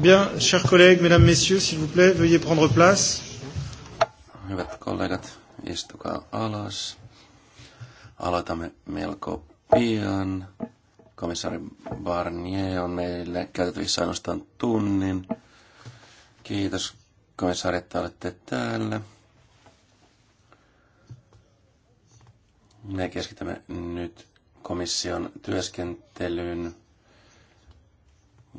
Bien, chers collègues, mesdames, messieurs, s'il vous plaît, veuillez prendre place. Hyvät kollegat, istukaa alas. Aloitamme melko pian. Komissaari Barnier on meille käytettävissä ainoastaan tunnin. Kiitos komissaari, että olette täällä. Me keskitymme nyt komission työskentelyyn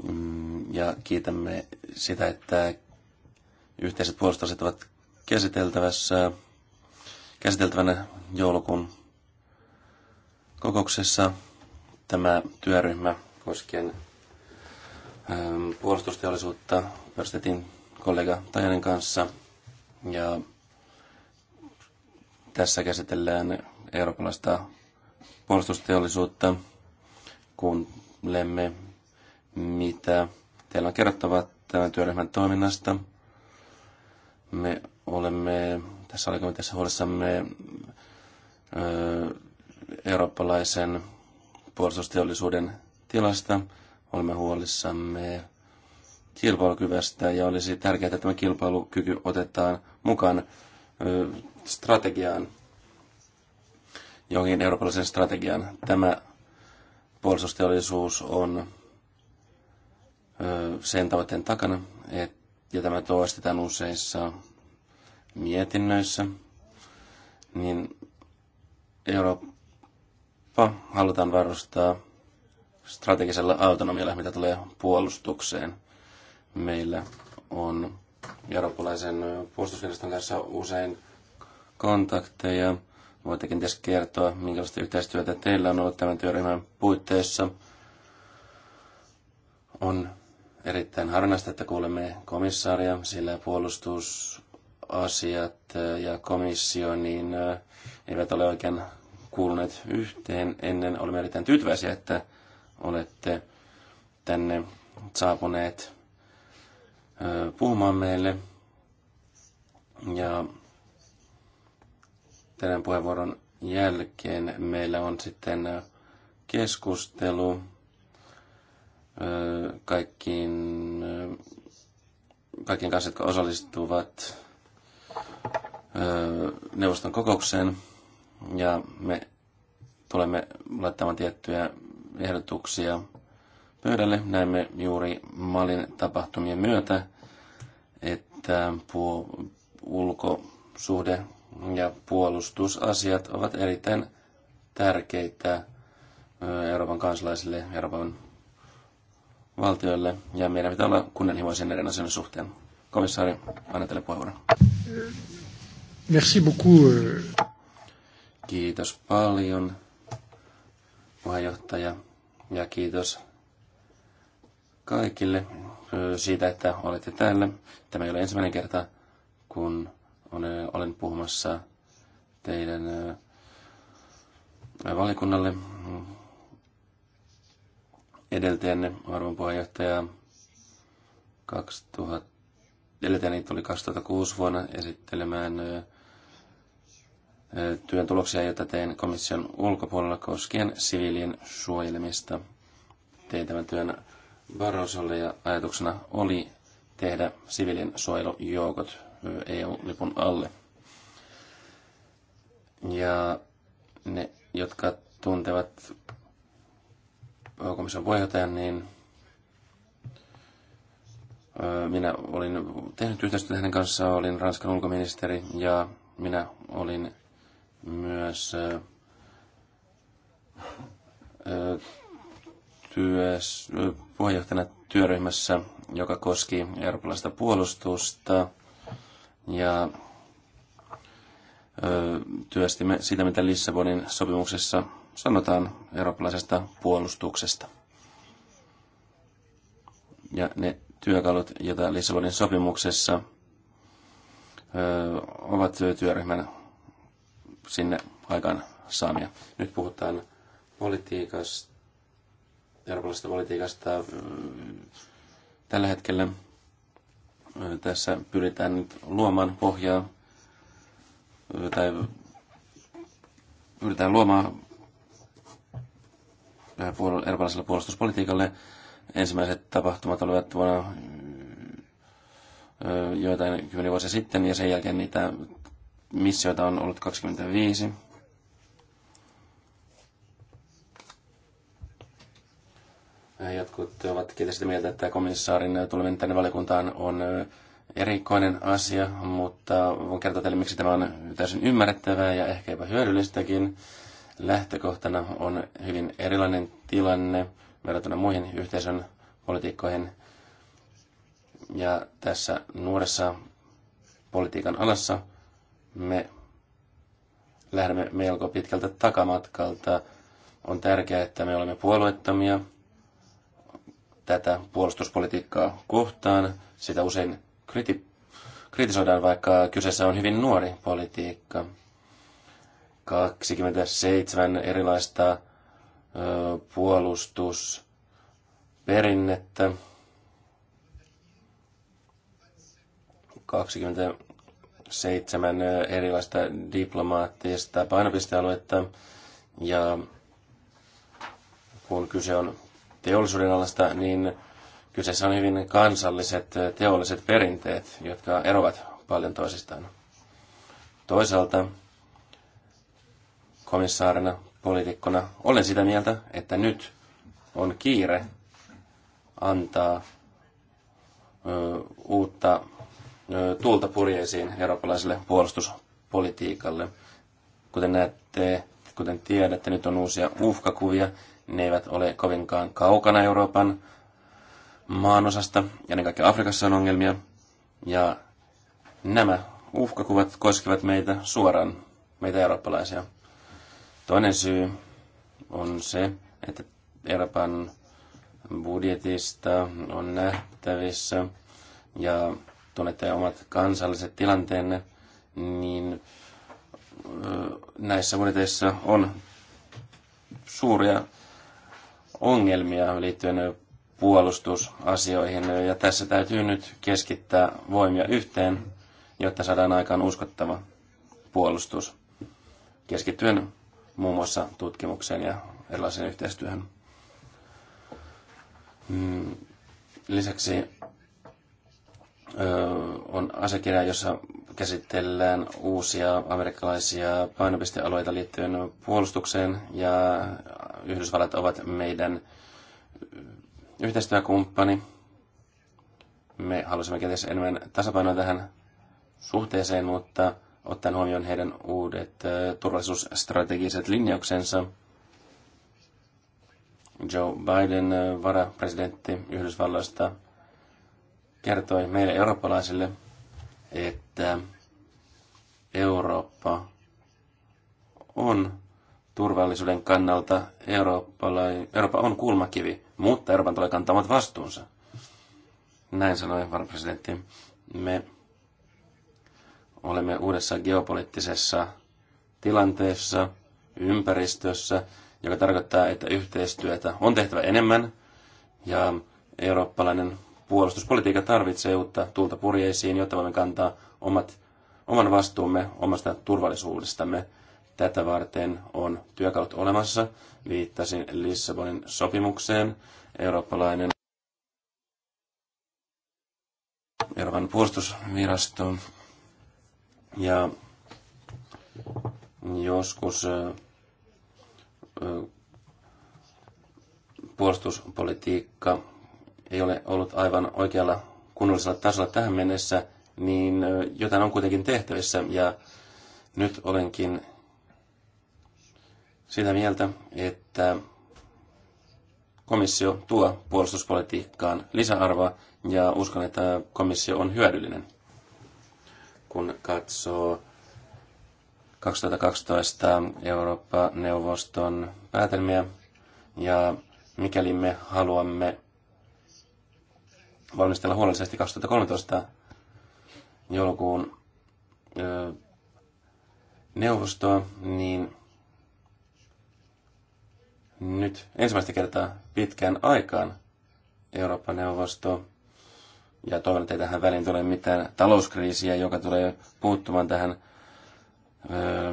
Mm, ja kiitämme sitä, että yhteiset puolustusasiat ovat käsiteltävässä, käsiteltävänä joulukuun kokouksessa tämä työryhmä koskien ähm, puolustusteollisuutta perustettiin kollega Tajanen kanssa ja tässä käsitellään eurooppalaista puolustusteollisuutta, kun lemme mitä teillä on kerrottava tämän työryhmän toiminnasta. Me olemme tässä alikomiteassa huolissamme eurooppalaisen puolustusteollisuuden tilasta. Olemme huolissamme kilpailukyvästä ja olisi tärkeää, että tämä kilpailukyky otetaan mukaan strategiaan, johonkin eurooppalaisen strategiaan. Tämä puolustusteollisuus on sen tavoitteen takana, et, ja tämä toistetaan useissa mietinnöissä, niin Eurooppa halutaan varustaa strategisella autonomialla, mitä tulee puolustukseen. Meillä on eurooppalaisen puolustusviraston kanssa usein kontakteja. voitakin kenties kertoa, minkälaista yhteistyötä teillä on ollut tämän työryhmän puitteissa. On erittäin harvinaista, että kuulemme komissaaria, sillä puolustusasiat äh, ja komissio niin äh, eivät ole oikein kuuluneet yhteen ennen. Olemme erittäin tyytyväisiä, että olette tänne saapuneet äh, puhumaan meille. Ja tämän puheenvuoron jälkeen meillä on sitten keskustelu kaikkiin, kaikkien kanssa, jotka osallistuvat neuvoston kokoukseen. Ja me tulemme laittamaan tiettyjä ehdotuksia pöydälle. Näemme juuri Malin tapahtumien myötä, että puo- ulkosuhde ja puolustusasiat ovat erittäin tärkeitä Euroopan kansalaisille, Euroopan valtioille ja meidän pitää olla kunnianhimoisen näiden asioiden suhteen. Komissaari, anna teille puheenvuoron. Merci beaucoup. Euh. Kiitos paljon, puheenjohtaja, ja kiitos kaikille äh, siitä, että olette täällä. Tämä ei ole ensimmäinen kerta, kun äh, olen puhumassa teidän äh, valikunnalle edeltäjänne arvon puheenjohtaja 2000, edeltäjäni tuli 2006 vuonna esittelemään työn tuloksia, joita tein komission ulkopuolella koskien siviilien suojelemista. Tein tämän työn Barrosolle ja ajatuksena oli tehdä siviilien suojelujoukot EU-lipun alle. Ja ne, jotka tuntevat komission puheenjohtajan, niin minä olin tehnyt yhteistyötä hänen kanssaan, olin Ranskan ulkoministeri ja minä olin myös työs, puheenjohtajana työryhmässä, joka koski eurooppalaista puolustusta ja työstimme sitä, mitä Lissabonin sopimuksessa sanotaan eurooppalaisesta puolustuksesta. Ja ne työkalut, joita Lissabonin sopimuksessa ovat työryhmän sinne aikaan saamia. Nyt puhutaan politiikasta, eurooppalaisesta politiikasta. Tällä hetkellä tässä pyritään nyt luomaan pohjaa tai pyritään luomaan Äh, eurooppalaiselle puolustuspolitiikalle. Ensimmäiset tapahtumat olivat vuonna äh, joitain kymmeniä vuosia sitten, ja sen jälkeen niitä missioita on ollut 25. Äh, jotkut ovat sitä mieltä, että komissaarin tuleminen tänne valiokuntaan on erikoinen asia, mutta voin kertoa teille, miksi tämä on täysin ymmärrettävää ja ehkä jopa hyödyllistäkin lähtökohtana on hyvin erilainen tilanne verrattuna muihin yhteisön politiikkoihin. Ja tässä nuoressa politiikan alassa me lähdemme melko pitkältä takamatkalta. On tärkeää, että me olemme puolueettomia tätä puolustuspolitiikkaa kohtaan. Sitä usein kriti- kritisoidaan, vaikka kyseessä on hyvin nuori politiikka. 27 erilaista puolustusperinnettä. 27 erilaista diplomaattista painopistealuetta ja kun kyse on teollisuuden alasta, niin kyseessä on hyvin kansalliset teolliset perinteet, jotka eroavat paljon toisistaan. Toisaalta komissaarina, poliitikkona, olen sitä mieltä, että nyt on kiire antaa ö, uutta ö, tuulta purjeisiin eurooppalaiselle puolustuspolitiikalle. Kuten näette, kuten tiedätte, nyt on uusia uhkakuvia. Ne eivät ole kovinkaan kaukana Euroopan maanosasta. ja Ennen kaikkea Afrikassa on ongelmia. Ja nämä uhkakuvat koskevat meitä suoraan, meitä eurooppalaisia. Toinen syy on se, että Euroopan budjetista on nähtävissä ja tunnette omat kansalliset tilanteenne, niin näissä budjeteissa on suuria ongelmia liittyen puolustusasioihin, ja tässä täytyy nyt keskittää voimia yhteen, jotta saadaan aikaan uskottava puolustus. Keskittyen muun muassa tutkimukseen ja erilaiseen yhteistyöhön. Mm, lisäksi on asiakirja, jossa käsitellään uusia amerikkalaisia painopistealueita liittyen puolustukseen ja Yhdysvallat ovat meidän yhteistyökumppani. Me halusimme kenties enemmän tasapainoa tähän suhteeseen, mutta ottaen huomioon heidän uudet turvallisuusstrategiset linjauksensa. Joe Biden, varapresidentti Yhdysvalloista, kertoi meille eurooppalaisille, että Eurooppa on turvallisuuden kannalta, Eurooppa on kulmakivi, mutta Euroopan tulee kantamat vastuunsa. Näin sanoi varapresidentti. Me Olemme uudessa geopoliittisessa tilanteessa, ympäristössä, joka tarkoittaa, että yhteistyötä on tehtävä enemmän ja eurooppalainen puolustuspolitiikka tarvitsee uutta tulta purjeisiin, jotta voimme kantaa omat, oman vastuumme omasta turvallisuudestamme. Tätä varten on työkalut olemassa. Viittasin Lissabonin sopimukseen. Eurooppalainen Euroopan puolustusvirasto ja joskus puolustuspolitiikka ei ole ollut aivan oikealla kunnollisella tasolla tähän mennessä, niin jotain on kuitenkin tehtävissä. Ja nyt olenkin sitä mieltä, että komissio tuo puolustuspolitiikkaan lisäarvoa ja uskon, että komissio on hyödyllinen kun katsoo 2012 Eurooppa-neuvoston päätelmiä. Ja mikäli me haluamme valmistella huolellisesti 2013 joulukuun ö, neuvostoa, niin nyt ensimmäistä kertaa pitkään aikaan Euroopan neuvosto ja toivon, että ei tähän väliin tule mitään talouskriisiä, joka tulee puuttumaan tähän öö,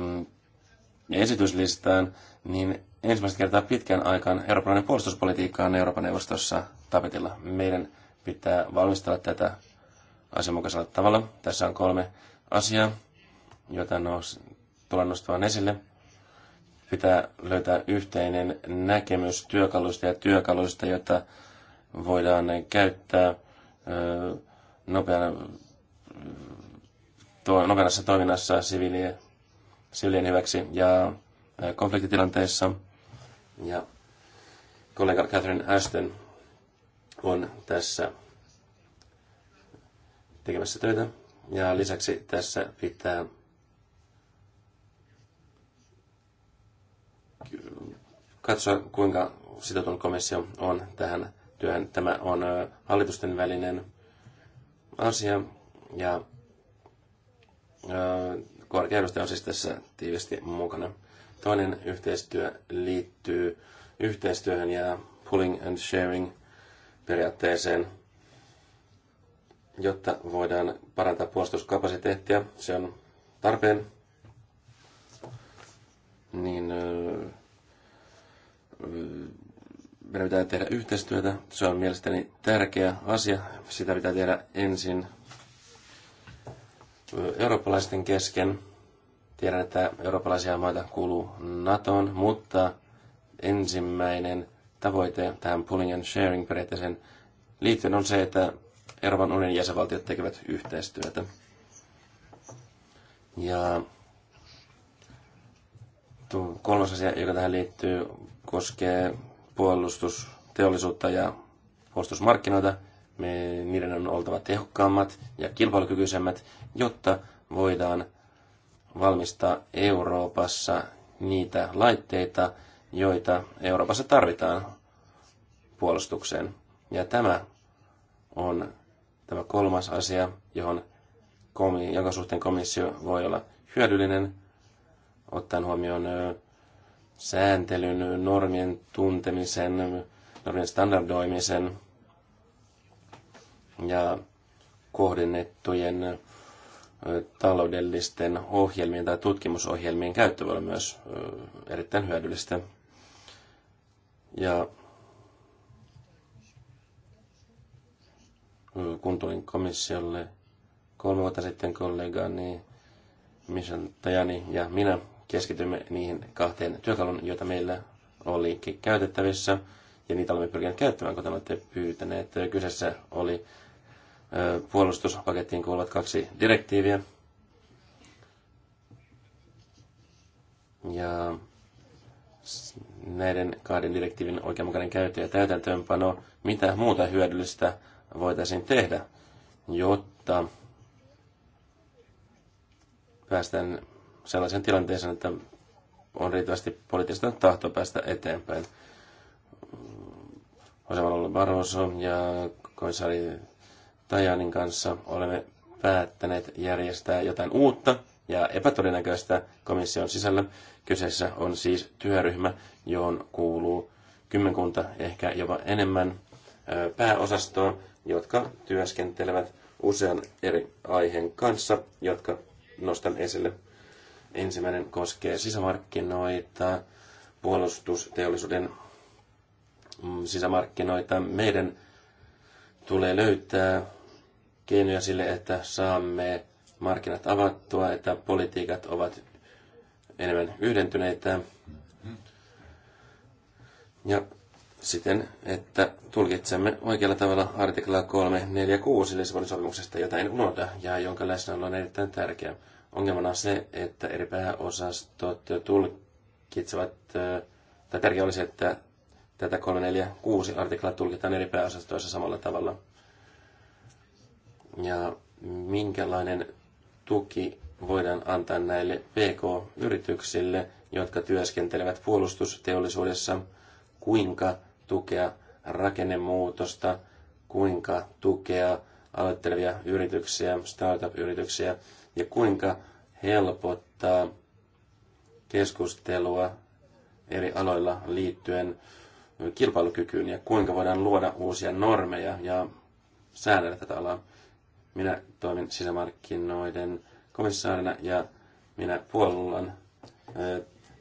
esityslistaan, niin ensimmäistä kertaa pitkään aikaan eurooppalainen puolustuspolitiikka on Euroopan neuvostossa tapetilla. Meidän pitää valmistella tätä asianmukaisella tavalla. Tässä on kolme asiaa, joita nous, tullaan nostamaan esille. Pitää löytää yhteinen näkemys työkaluista ja työkaluista, joita voidaan käyttää – nopeana, to, nopeassa toiminnassa siviilien, siviilien hyväksi ja konfliktitilanteissa. Ja kollega Catherine Ashton on tässä tekemässä töitä. Ja lisäksi tässä pitää katsoa, kuinka sitoutunut komissio on tähän työn Tämä on hallitusten välinen asia ja korkea on siis tässä tiivisti mukana. Toinen yhteistyö liittyy yhteistyöhön ja pulling and sharing periaatteeseen, jotta voidaan parantaa puolustuskapasiteettia. Se on tarpeen. Niin meidän pitää tehdä yhteistyötä. Se on mielestäni tärkeä asia. Sitä pitää tehdä ensin eurooppalaisten kesken. Tiedän, että eurooppalaisia maita kuuluu NATOon, mutta ensimmäinen tavoite tähän pooling and sharing periaatteeseen liittyen on se, että Euroopan unionin jäsenvaltiot tekevät yhteistyötä. Ja kolmas asia, joka tähän liittyy, koskee puolustusteollisuutta ja puolustusmarkkinoita, me, niiden on oltava tehokkaammat ja kilpailukykyisemmät, jotta voidaan valmistaa Euroopassa niitä laitteita, joita Euroopassa tarvitaan puolustukseen. Ja tämä on tämä kolmas asia, johon komi, jonka suhteen komissio voi olla hyödyllinen, ottaen huomioon sääntelyn, normien tuntemisen, normien standardoimisen ja kohdennettujen taloudellisten ohjelmien tai tutkimusohjelmien käyttö voi olla myös erittäin hyödyllistä. Ja kun tulin komissiolle kolme vuotta sitten kollegani Michel Tajani ja minä keskitymme niihin kahteen työkalun, joita meillä oli käytettävissä, ja niitä olemme pyrkineet käyttämään, kuten olette pyytäneet. Kyseessä oli puolustuspakettiin kuuluvat kaksi direktiiviä. Ja näiden kahden direktiivin oikeanmukainen käyttö ja täytäntöönpano, mitä muuta hyödyllistä voitaisiin tehdä, jotta päästään sellaisen tilanteeseen, että on riittävästi poliittista tahtoa päästä eteenpäin. Osavallalla Barroso ja komissaari Tajanin kanssa olemme päättäneet järjestää jotain uutta ja epätodennäköistä komission sisällä. Kyseessä on siis työryhmä, johon kuuluu kymmenkunta, ehkä jopa enemmän pääosastoa, jotka työskentelevät usean eri aiheen kanssa, jotka nostan esille Ensimmäinen koskee sisämarkkinoita, puolustusteollisuuden mm, sisämarkkinoita. Meidän tulee löytää keinoja sille, että saamme markkinat avattua, että politiikat ovat enemmän yhdentyneitä ja siten, että tulkitsemme oikealla tavalla artikla 346 Lissabonin sopimuksesta, jota en unohda ja jonka läsnäolo on erittäin tärkeä. Ongelmana on se, että eri pääosastot tulkitsevat, tai tärkeää olisi, että tätä 346 artiklaa tulkitaan eri pääosastoissa samalla tavalla. Ja minkälainen tuki voidaan antaa näille PK-yrityksille, jotka työskentelevät puolustusteollisuudessa, kuinka tukea rakennemuutosta, kuinka tukea aloittelevia yrityksiä, startup-yrityksiä, ja kuinka helpottaa keskustelua eri aloilla liittyen kilpailukykyyn ja kuinka voidaan luoda uusia normeja ja säädellä tätä alaa. Minä toimin sisämarkkinoiden komissaarina ja minä puolellan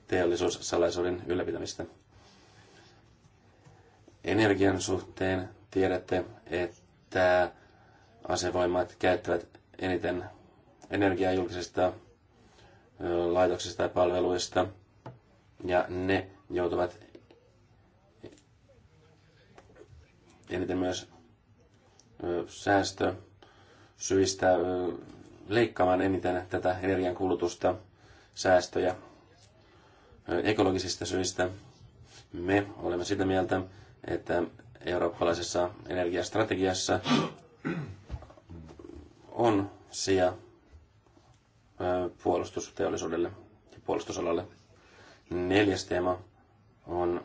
teollisuussalaisuuden ylläpitämistä. Energian suhteen tiedätte, että asevoimat käyttävät eniten energiaa julkisista laitoksista ja palveluista, ja ne joutuvat eniten myös säästösyistä leikkaamaan eniten tätä energiankulutusta, säästöjä ekologisista syistä. Me olemme sitä mieltä, että eurooppalaisessa energiastrategiassa on sija puolustusteollisuudelle ja puolustusalalle. Neljäs teema on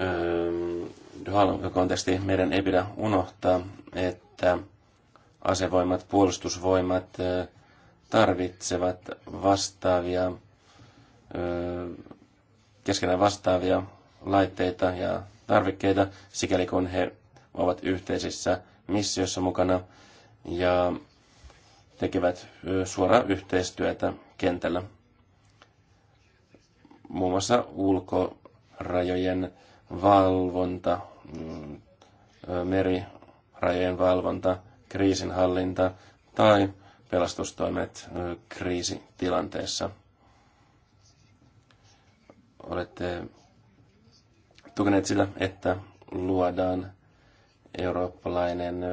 ähm, dual konteksti Meidän ei pidä unohtaa, että asevoimat, puolustusvoimat tarvitsevat vastaavia, keskenään vastaavia laitteita ja tarvikkeita, sikäli kun he ovat yhteisissä missiossa mukana. Ja tekevät suoraa yhteistyötä kentällä. Muun muassa ulkorajojen valvonta, mm, merirajojen valvonta, kriisinhallinta tai pelastustoimet kriisitilanteessa. Olette tukeneet sillä, että luodaan eurooppalainen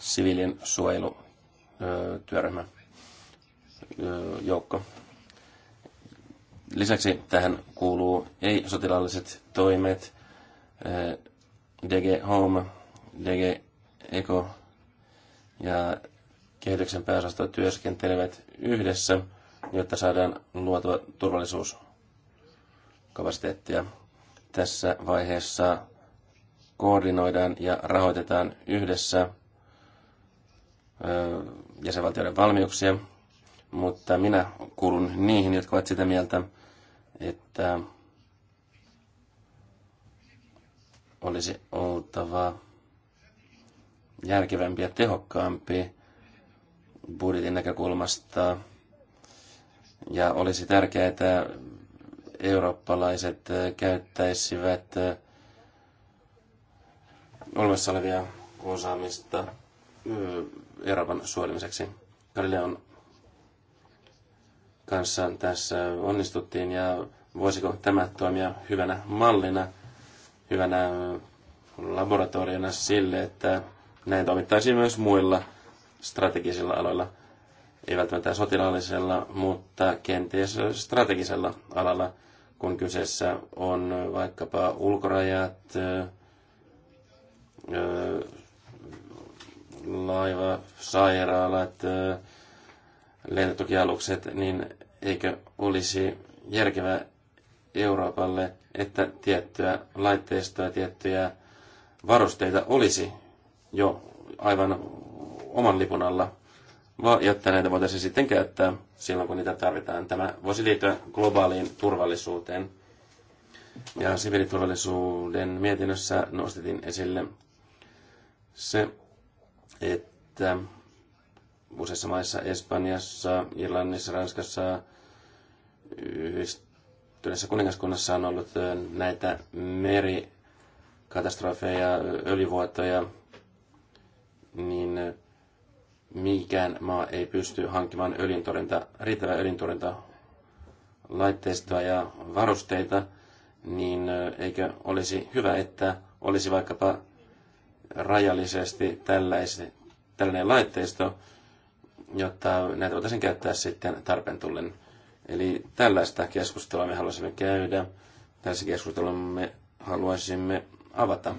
siviilien suojelutyöryhmän joukko. Lisäksi tähän kuuluu ei-sotilaalliset toimet, DG Home, DG Eco ja kehityksen pääosasto työskentelevät yhdessä, jotta saadaan luotua turvallisuuskapasiteettia. Tässä vaiheessa koordinoidaan ja rahoitetaan yhdessä jäsenvaltioiden valmiuksia, mutta minä kuulun niihin, jotka ovat sitä mieltä, että olisi oltava järkevämpi ja tehokkaampi budjetin näkökulmasta. Ja olisi tärkeää, että eurooppalaiset käyttäisivät olemassa olevia osaamista Euroopan suojelemiseksi. Galileon kanssa tässä onnistuttiin ja voisiko tämä toimia hyvänä mallina, hyvänä laboratoriona sille, että näin toimittaisiin myös muilla strategisilla aloilla. Ei välttämättä sotilaallisella, mutta kenties strategisella alalla, kun kyseessä on vaikkapa ulkorajat, laiva, sairaalat, lentotukialukset, niin eikö olisi järkevää Euroopalle, että tiettyä laitteistoa, tiettyjä varusteita olisi jo aivan oman lipun alla, jotta näitä voitaisiin sitten käyttää silloin, kun niitä tarvitaan. Tämä voisi liittyä globaaliin turvallisuuteen. Ja siviiliturvallisuuden mietinnössä nostettiin esille se, että useissa maissa, Espanjassa, Irlannissa, Ranskassa, Yhdistyneessä kuningaskunnassa on ollut näitä merikatastrofeja, öljyvuotoja, niin mikään maa ei pysty hankkimaan öljyntorjunta, riittävää öljyntorjunta laitteistoa ja varusteita, niin eikö olisi hyvä, että olisi vaikkapa rajallisesti tällaisi, tällainen laitteisto, jotta näitä voitaisiin käyttää sitten tarpeen tullen. Eli tällaista keskustelua me haluaisimme käydä. Tässä keskustelua me haluaisimme avata.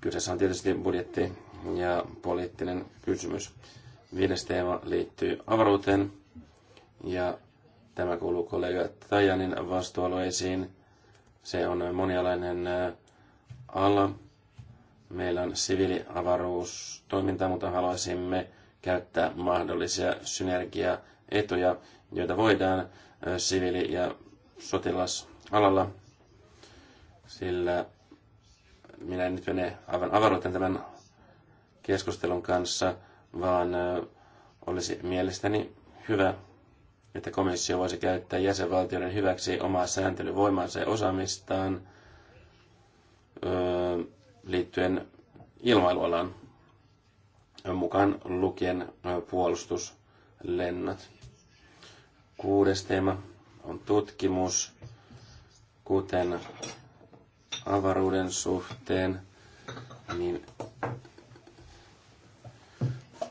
Kyseessä on tietysti budjetti ja poliittinen kysymys. Viides teema liittyy avaruuteen ja tämä kuuluu kollega Tajanin vastuualueisiin. Se on monialainen ala, Meillä on siviiliavaruustoimintaa, mutta haluaisimme käyttää mahdollisia synergiaetuja, joita voidaan siviili- ja sotilasalalla, sillä minä en nyt mene aivan avaruuteen tämän keskustelun kanssa, vaan olisi mielestäni hyvä, että komissio voisi käyttää jäsenvaltioiden hyväksi omaa sääntelyvoimaansa ja osaamistaan liittyen ilmailualaan mukaan lukien puolustuslennot. Kuudes teema on tutkimus, kuten avaruuden suhteen, niin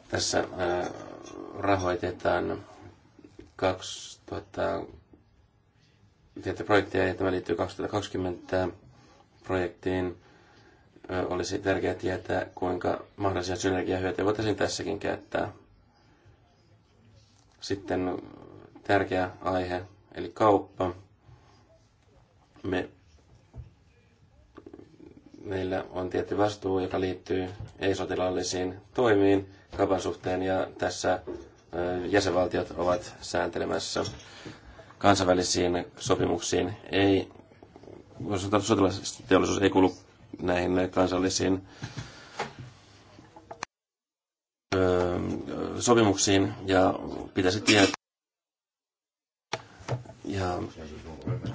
tässä rahoitetaan 2000 tiettyä projektia, ja tämä liittyy 2020 projektiin olisi tärkeää tietää, kuinka mahdollisia synergiahyötyjä voitaisiin tässäkin käyttää. Sitten tärkeä aihe, eli kauppa. Me, meillä on tietty vastuu, joka liittyy ei-sotilaallisiin toimiin kaupan suhteen, ja tässä jäsenvaltiot ovat sääntelemässä kansainvälisiin sopimuksiin. Ei, sotilasteollisuus ei kuulu näihin kansallisiin sopimuksiin ja pitäisi tietää, ja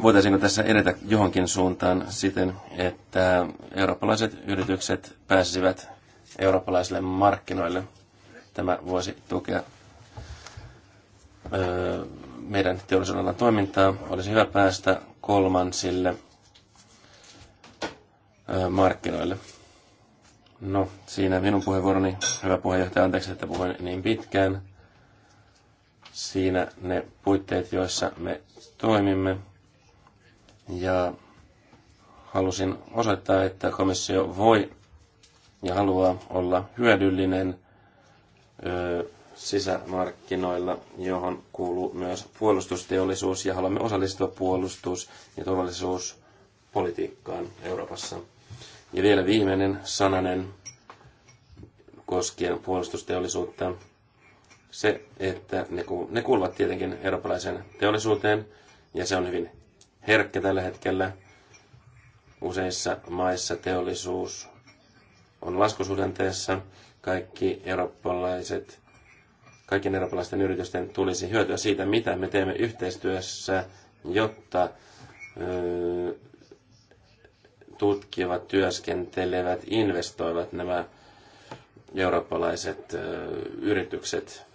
voitaisiinko tässä edetä johonkin suuntaan siten, että eurooppalaiset yritykset pääsisivät eurooppalaisille markkinoille. Tämä voisi tukea meidän teollisuuden toimintaa. Olisi hyvä päästä kolmansille markkinoille. No, siinä minun puheenvuoroni. Hyvä puheenjohtaja, anteeksi, että puhuin niin pitkään. Siinä ne puitteet, joissa me toimimme. Ja halusin osoittaa, että komissio voi ja haluaa olla hyödyllinen ö, sisämarkkinoilla, johon kuuluu myös puolustusteollisuus ja haluamme osallistua puolustus- ja turvallisuuspolitiikkaan Euroopassa. Ja vielä viimeinen sananen koskien puolustusteollisuutta. Se, että ne, ku, ne kuuluvat tietenkin eurooppalaiseen teollisuuteen, ja se on hyvin herkkä tällä hetkellä. Useissa maissa teollisuus on laskusuhdanteessa. Kaikki eurooppalaiset, kaikkien eurooppalaisten yritysten tulisi hyötyä siitä, mitä me teemme yhteistyössä, jotta öö, tutkivat, työskentelevät, investoivat nämä eurooppalaiset yritykset.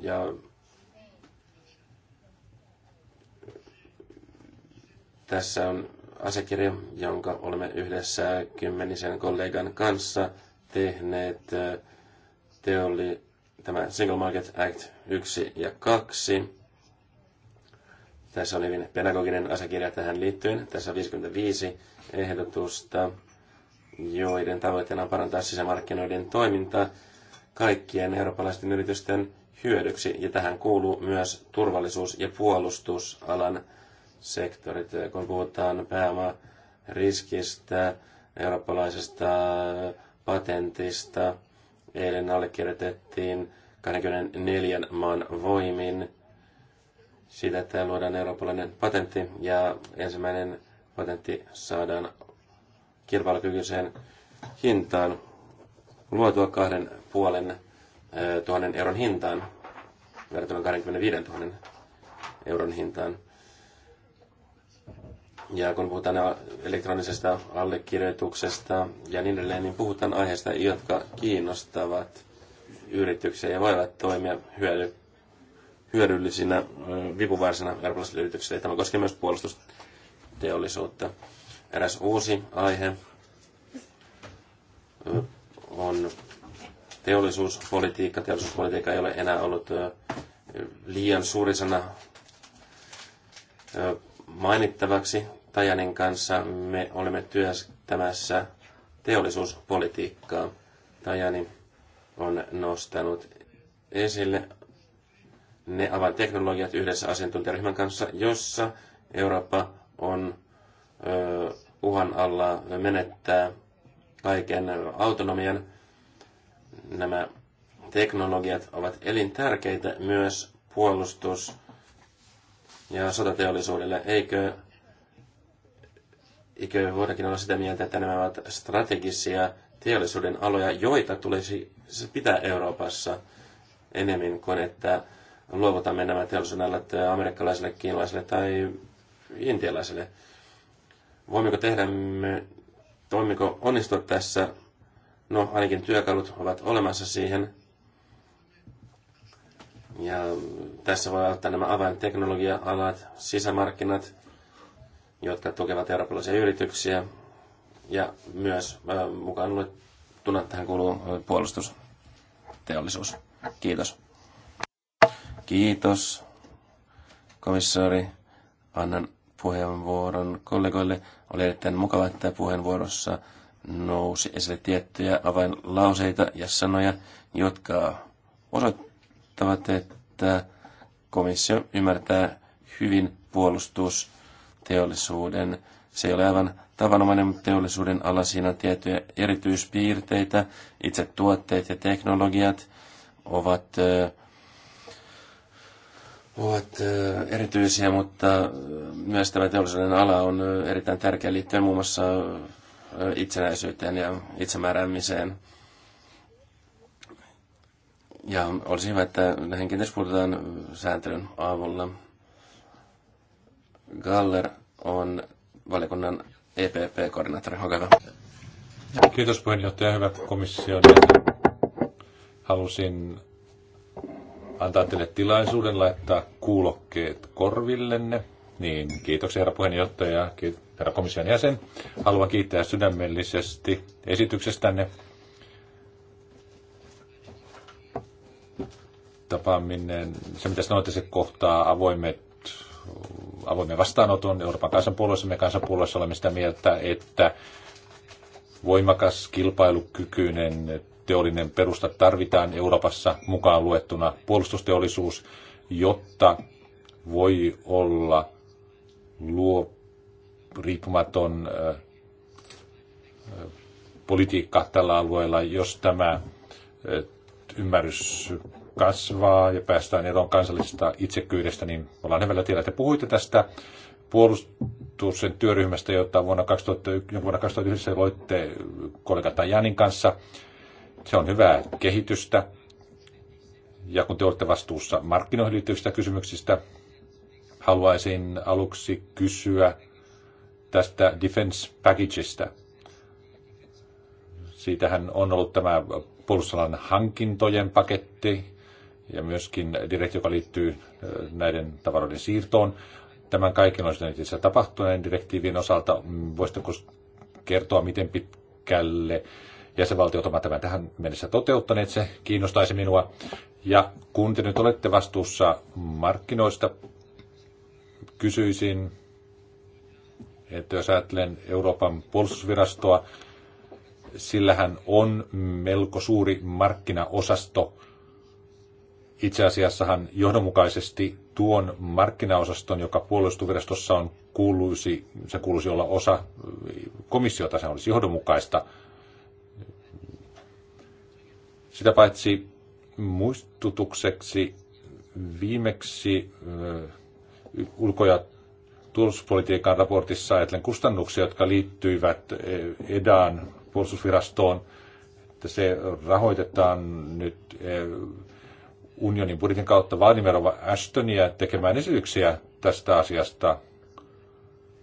Ja tässä on asiakirja, jonka olemme yhdessä kymmenisen kollegan kanssa tehneet. Te oli tämä Single Market Act 1 ja 2 tässä on hyvin pedagoginen asiakirja tähän liittyen. Tässä on 55 ehdotusta, joiden tavoitteena on parantaa sisämarkkinoiden toimintaa kaikkien eurooppalaisten yritysten hyödyksi. Ja tähän kuuluu myös turvallisuus- ja puolustusalan sektorit. Kun puhutaan pääomariskistä, eurooppalaisesta patentista, eilen allekirjoitettiin 24 maan voimin siitä, että luodaan eurooppalainen patentti ja ensimmäinen patentti saadaan kilpailukykyiseen hintaan luotua kahden puolen tuhannen euron hintaan verrattuna 25 000 euron hintaan. Ja kun puhutaan elektronisesta allekirjoituksesta ja niin edelleen, niin puhutaan aiheista, jotka kiinnostavat yrityksiä ja voivat toimia hyödy hyödyllisinä vipuvarsina eurooppalaisille yrityksille. tämä koskee myös puolustusteollisuutta. Eräs uusi aihe on teollisuuspolitiikka. Teollisuuspolitiikka ei ole enää ollut liian suurisena mainittavaksi. Tajanin kanssa me olemme työstämässä teollisuuspolitiikkaa. Tajani on nostanut esille ne avainteknologiat yhdessä asiantuntijaryhmän kanssa, jossa Eurooppa on ö, uhan alla menettää kaiken autonomian. Nämä teknologiat ovat elintärkeitä myös puolustus- ja sotateollisuudelle. Eikö, eikö voidakin olla sitä mieltä, että nämä ovat strategisia teollisuuden aloja, joita tulisi pitää Euroopassa enemmän kuin että luovutamme nämä teollisuudenalat amerikkalaisille, kiinalaisille tai intialaisille. Voimmeko tehdä, toimiko onnistua tässä? No, ainakin työkalut ovat olemassa siihen. Ja tässä voi auttaa nämä avainteknologia-alat, sisämarkkinat, jotka tukevat eurooppalaisia yrityksiä. Ja myös mukaan luettuna tähän kuuluu puolustusteollisuus. Kiitos. Kiitos, komissaari. Annan puheenvuoron kollegoille. Oli erittäin mukava, että puheenvuorossa nousi esille tiettyjä avainlauseita ja sanoja, jotka osoittavat, että komissio ymmärtää hyvin puolustusteollisuuden. Se ei ole aivan tavanomainen teollisuuden ala, siinä on tiettyjä erityispiirteitä, itse tuotteet ja teknologiat ovat ovat erityisiä, mutta myös tämä teollisuuden ala on erittäin tärkeä liittyen muun muassa itsenäisyyteen ja itsemääräämiseen. Ja olisi hyvä, että näihin kenties puututaan sääntelyn avulla. Galler on valiokunnan EPP-koordinaattori. Olkaa Kiitos puheenjohtaja. Hyvät komission Halusin antaa teille tilaisuuden laittaa kuulokkeet korvillenne. Niin, kiitoksia herra puheenjohtaja, herra komission jäsen. Haluan kiittää sydämellisesti esityksestänne. Tapaaminen, se mitä sanoitte, se kohtaa avoimet avoimen vastaanoton Euroopan kansanpuolueessa. Me kansanpuolueessa olemme sitä mieltä, että voimakas, kilpailukykyinen puolustusteollinen perusta tarvitaan Euroopassa mukaan luettuna puolustusteollisuus, jotta voi olla luo riippumaton politiikka tällä alueella, jos tämä ymmärrys kasvaa ja päästään eroon kansallisesta itsekyydestä, niin ollaan hyvällä tiellä. Te puhuitte tästä puolustuksen työryhmästä, jota vuonna, 2000, vuonna 2009 voitte kollega Tajanin kanssa. Se on hyvää kehitystä. Ja kun te olette vastuussa markkinoihin liittyvistä kysymyksistä, haluaisin aluksi kysyä tästä defense packageista. Siitähän on ollut tämä puolustusalan hankintojen paketti ja myöskin direkti, joka liittyy näiden tavaroiden siirtoon. Tämän kaiken on itse tapahtuneen direktiivin osalta. Voisitteko kertoa, miten pitkälle jäsenvaltiot ovat tämän tähän mennessä toteuttaneet, se kiinnostaisi minua. Ja kun te nyt olette vastuussa markkinoista, kysyisin, että jos ajattelen Euroopan puolustusvirastoa, sillähän on melko suuri markkinaosasto. Itse asiassahan johdonmukaisesti tuon markkinaosaston, joka puolustusvirastossa on, kuuluisi, se kuuluisi olla osa komissiota, se olisi johdonmukaista – sitä paitsi muistutukseksi viimeksi ulko- ja turvallisuuspolitiikan raportissa ajatellen kustannuksia, jotka liittyivät EDAan puolustusvirastoon, että se rahoitetaan nyt unionin budjetin kautta vaadimerova Ashtonia tekemään esityksiä tästä asiasta.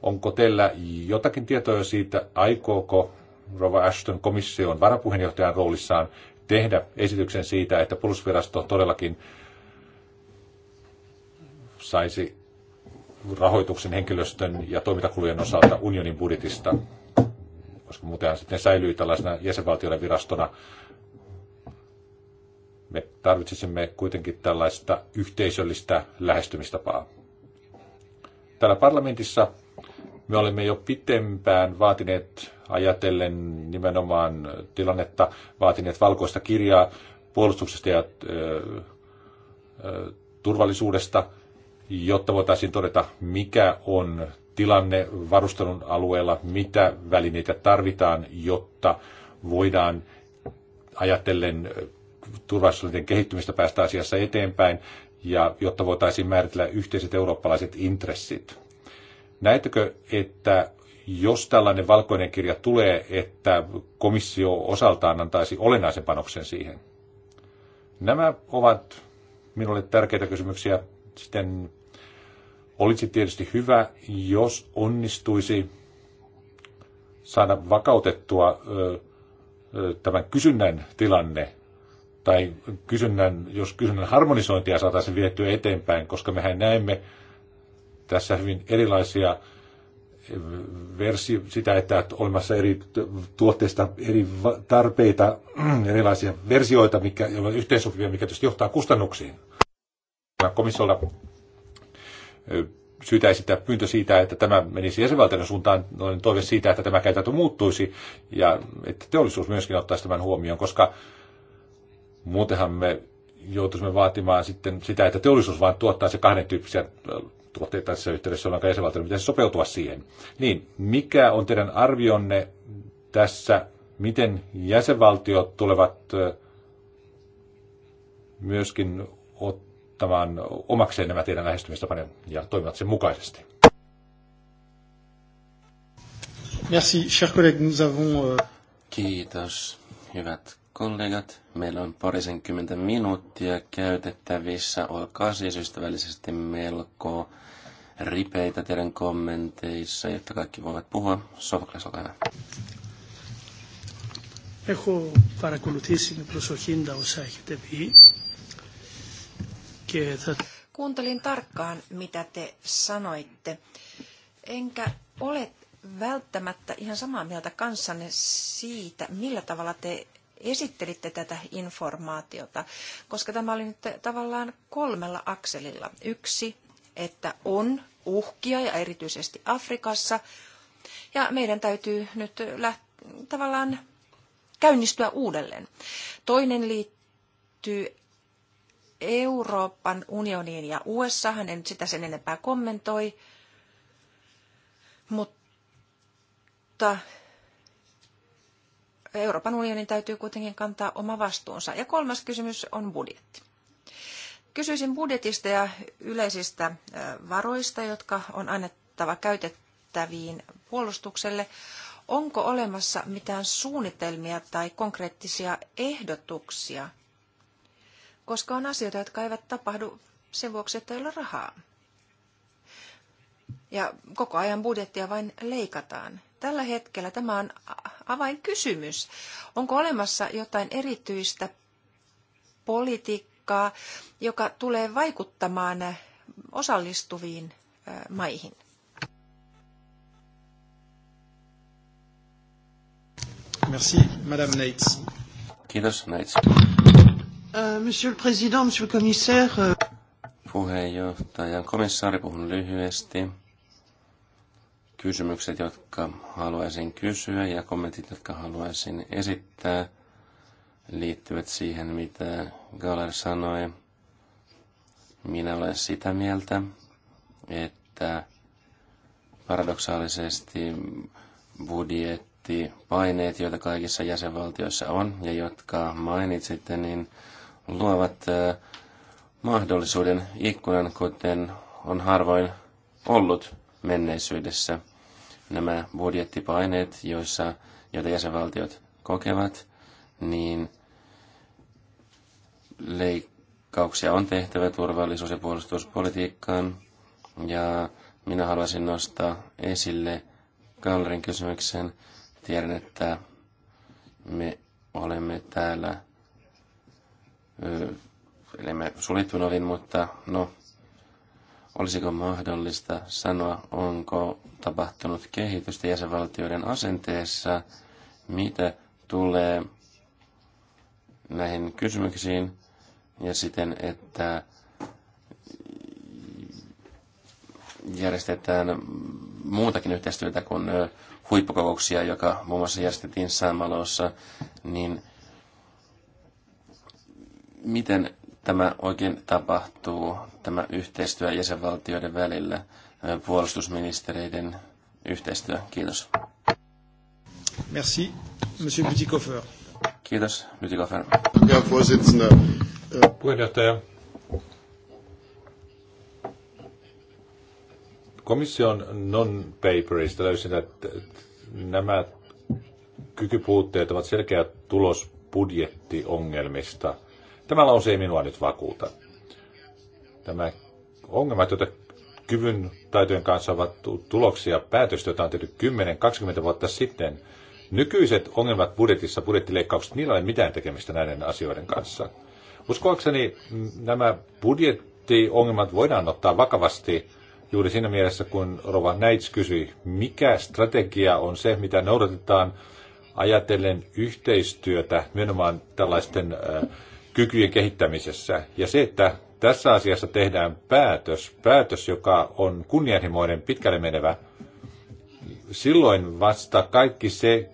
Onko teillä jotakin tietoja siitä, aikooko Rova Ashton komission varapuheenjohtajan roolissaan tehdä esityksen siitä, että puolustusvirasto todellakin saisi rahoituksen henkilöstön ja toimintakulujen osalta unionin budjetista, koska muuten sitten säilyy tällaisena jäsenvaltioiden virastona. Me tarvitsisimme kuitenkin tällaista yhteisöllistä lähestymistapaa. Täällä parlamentissa me olemme jo pitempään vaatineet, ajatellen nimenomaan tilannetta, vaatineet valkoista kirjaa puolustuksesta ja ö, ö, turvallisuudesta, jotta voitaisiin todeta, mikä on tilanne varustelun alueella, mitä välineitä tarvitaan, jotta voidaan ajatellen turvallisuuden kehittymistä päästä asiassa eteenpäin ja jotta voitaisiin määritellä yhteiset eurooppalaiset intressit. Näettekö, että jos tällainen valkoinen kirja tulee, että komissio osaltaan antaisi olennaisen panoksen siihen? Nämä ovat minulle tärkeitä kysymyksiä. Sitten olisi tietysti hyvä, jos onnistuisi saada vakautettua tämän kysynnän tilanne tai kysynnän, jos kysynnän harmonisointia saataisiin vietyä eteenpäin, koska mehän näemme, tässä hyvin erilaisia versioita sitä, että on olemassa eri tuotteista eri tarpeita, erilaisia versioita, mikä, on yhteensopivia, mikä tietysti johtaa kustannuksiin. Komissiolla syytä esittää pyyntö siitä, että tämä menisi jäsenvaltioiden suuntaan, noin niin toive siitä, että tämä käytäntö muuttuisi ja että teollisuus myöskin ottaisi tämän huomioon, koska muutenhan me joutuisimme vaatimaan sitten sitä, että teollisuus vain tuottaa se kahden tyyppisiä tuotteet tässä yhteydessä, ollaan jäsenvaltioiden pitäisi sopeutua siihen. Niin, mikä on teidän arvionne tässä, miten jäsenvaltiot tulevat myöskin ottamaan omakseen nämä teidän lähestymistapanne ja toimivat sen mukaisesti? Merci, cher collègue, nous avons... Kiitos, hyvät kollegat. Meillä on parisenkymmentä minuuttia käytettävissä. Olkaa siis ystävällisesti melko ripeitä teidän kommenteissa, jotta kaikki voivat puhua. Sofokles, olkaa hyvä. Έχω παρακολουθήσει με προσοχή τα όσα έχετε πει και θα... Kuuntelin tarkkaan, mitä te sanoitte, enkä ole välttämättä ihan samaa mieltä kanssanne siitä, millä tavalla te esittelitte tätä informaatiota, koska tämä oli nyt tavallaan kolmella akselilla. Yksi, että on uhkia ja erityisesti Afrikassa. Ja meidän täytyy nyt läht- tavallaan käynnistyä uudelleen. Toinen liittyy Euroopan unioniin ja USA. Hän en sitä sen enempää kommentoi. Mutta Euroopan unionin täytyy kuitenkin kantaa oma vastuunsa. Ja kolmas kysymys on budjetti. Kysyisin budjetista ja yleisistä varoista, jotka on annettava käytettäviin puolustukselle. Onko olemassa mitään suunnitelmia tai konkreettisia ehdotuksia? Koska on asioita, jotka eivät tapahdu sen vuoksi, että ei ole rahaa. Ja koko ajan budjettia vain leikataan. Tällä hetkellä tämä on avainkysymys. Onko olemassa jotain erityistä politiikkaa? taakkaa, joka tulee vaikuttamaan osallistuviin maihin? Merci, Madame Neitz. Kiitos, Nates. Monsieur le Président, Monsieur le Commissaire. puheenjohtajan komissaari, puhun lyhyesti. Kysymykset, jotka haluaisin kysyä ja kommentit, jotka haluaisin esittää, liittyvät siihen, mitä Galer sanoi. Minä olen sitä mieltä, että paradoksaalisesti budjettipaineet, joita kaikissa jäsenvaltioissa on ja jotka mainitsitte, niin luovat mahdollisuuden ikkunan, kuten on harvoin ollut menneisyydessä. Nämä budjettipaineet, joissa, joita jäsenvaltiot kokevat, niin leikkauksia on tehtävä turvallisuus- ja puolustuspolitiikkaan. Ja minä haluaisin nostaa esille Kallerin kysymyksen. Tiedän, että me olemme täällä elämme suljettuun ovin, mutta no, olisiko mahdollista sanoa, onko tapahtunut kehitystä jäsenvaltioiden asenteessa, mitä tulee näihin kysymyksiin, ja siten, että järjestetään muutakin yhteistyötä kuin huippukokouksia, joka muun muassa järjestettiin Saamalossa, niin miten tämä oikein tapahtuu, tämä yhteistyö jäsenvaltioiden välillä, puolustusministereiden yhteistyö? Kiitos. Merci, Monsieur Kiitos, Mytikofer. Äh, Puheenjohtaja. Komission non-paperista löysin, että nämä kykypuutteet ovat selkeä tulos budjettiongelmista. Tämä lause ei minua nyt vakuuta. Tämä ongelmat, joita kyvyn taitojen kanssa ovat tuloksia päätöstä, joita on tehty 10-20 vuotta sitten, Nykyiset ongelmat budjetissa, budjettileikkaukset, niillä ei ole mitään tekemistä näiden asioiden kanssa. Uskoakseni nämä budjettiongelmat voidaan ottaa vakavasti juuri siinä mielessä, kun Rova Neitz kysyi, mikä strategia on se, mitä noudatetaan ajatellen yhteistyötä nimenomaan tällaisten kykyjen kehittämisessä. Ja se, että tässä asiassa tehdään päätös, päätös, joka on kunnianhimoinen, pitkälle menevä, silloin vasta kaikki se,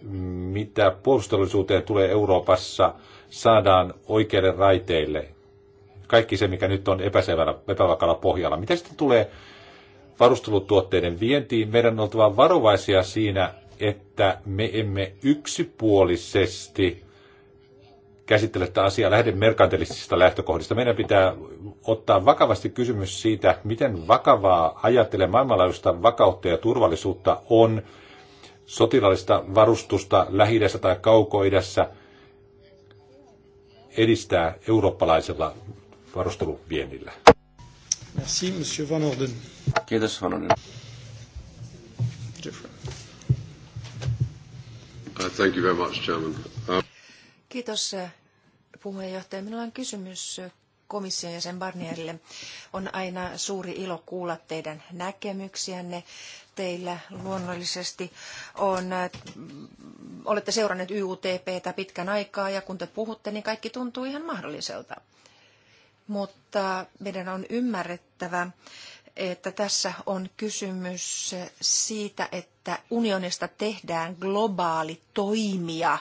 mitä puolustollisuuteen tulee Euroopassa, saadaan oikeille raiteille. Kaikki se, mikä nyt on epäselvällä, epävakalla pohjalla. Mitä sitten tulee varustelutuotteiden vientiin? Meidän on oltava varovaisia siinä, että me emme yksipuolisesti käsittele tätä asiaa lähde merkantilisista lähtökohdista. Meidän pitää ottaa vakavasti kysymys siitä, miten vakavaa ajattelee maailmanlaajuista vakautta ja turvallisuutta on sotilaallista varustusta lähi tai kauko edistää eurooppalaisella varusteluviennillä. Merci, Monsieur Van Orden. Kiitos, Van Orden. Uh, thank you very much, Chairman. Uh... Kiitos puheenjohtaja. Minulla on kysymys komission jäsen Barnierille. On aina suuri ilo kuulla teidän näkemyksiänne. Teillä luonnollisesti on, äh, olette seuranneet YUTPtä pitkän aikaa ja kun te puhutte, niin kaikki tuntuu ihan mahdolliselta. Mutta meidän on ymmärrettävä, että tässä on kysymys siitä, että että unionista tehdään globaali toimija.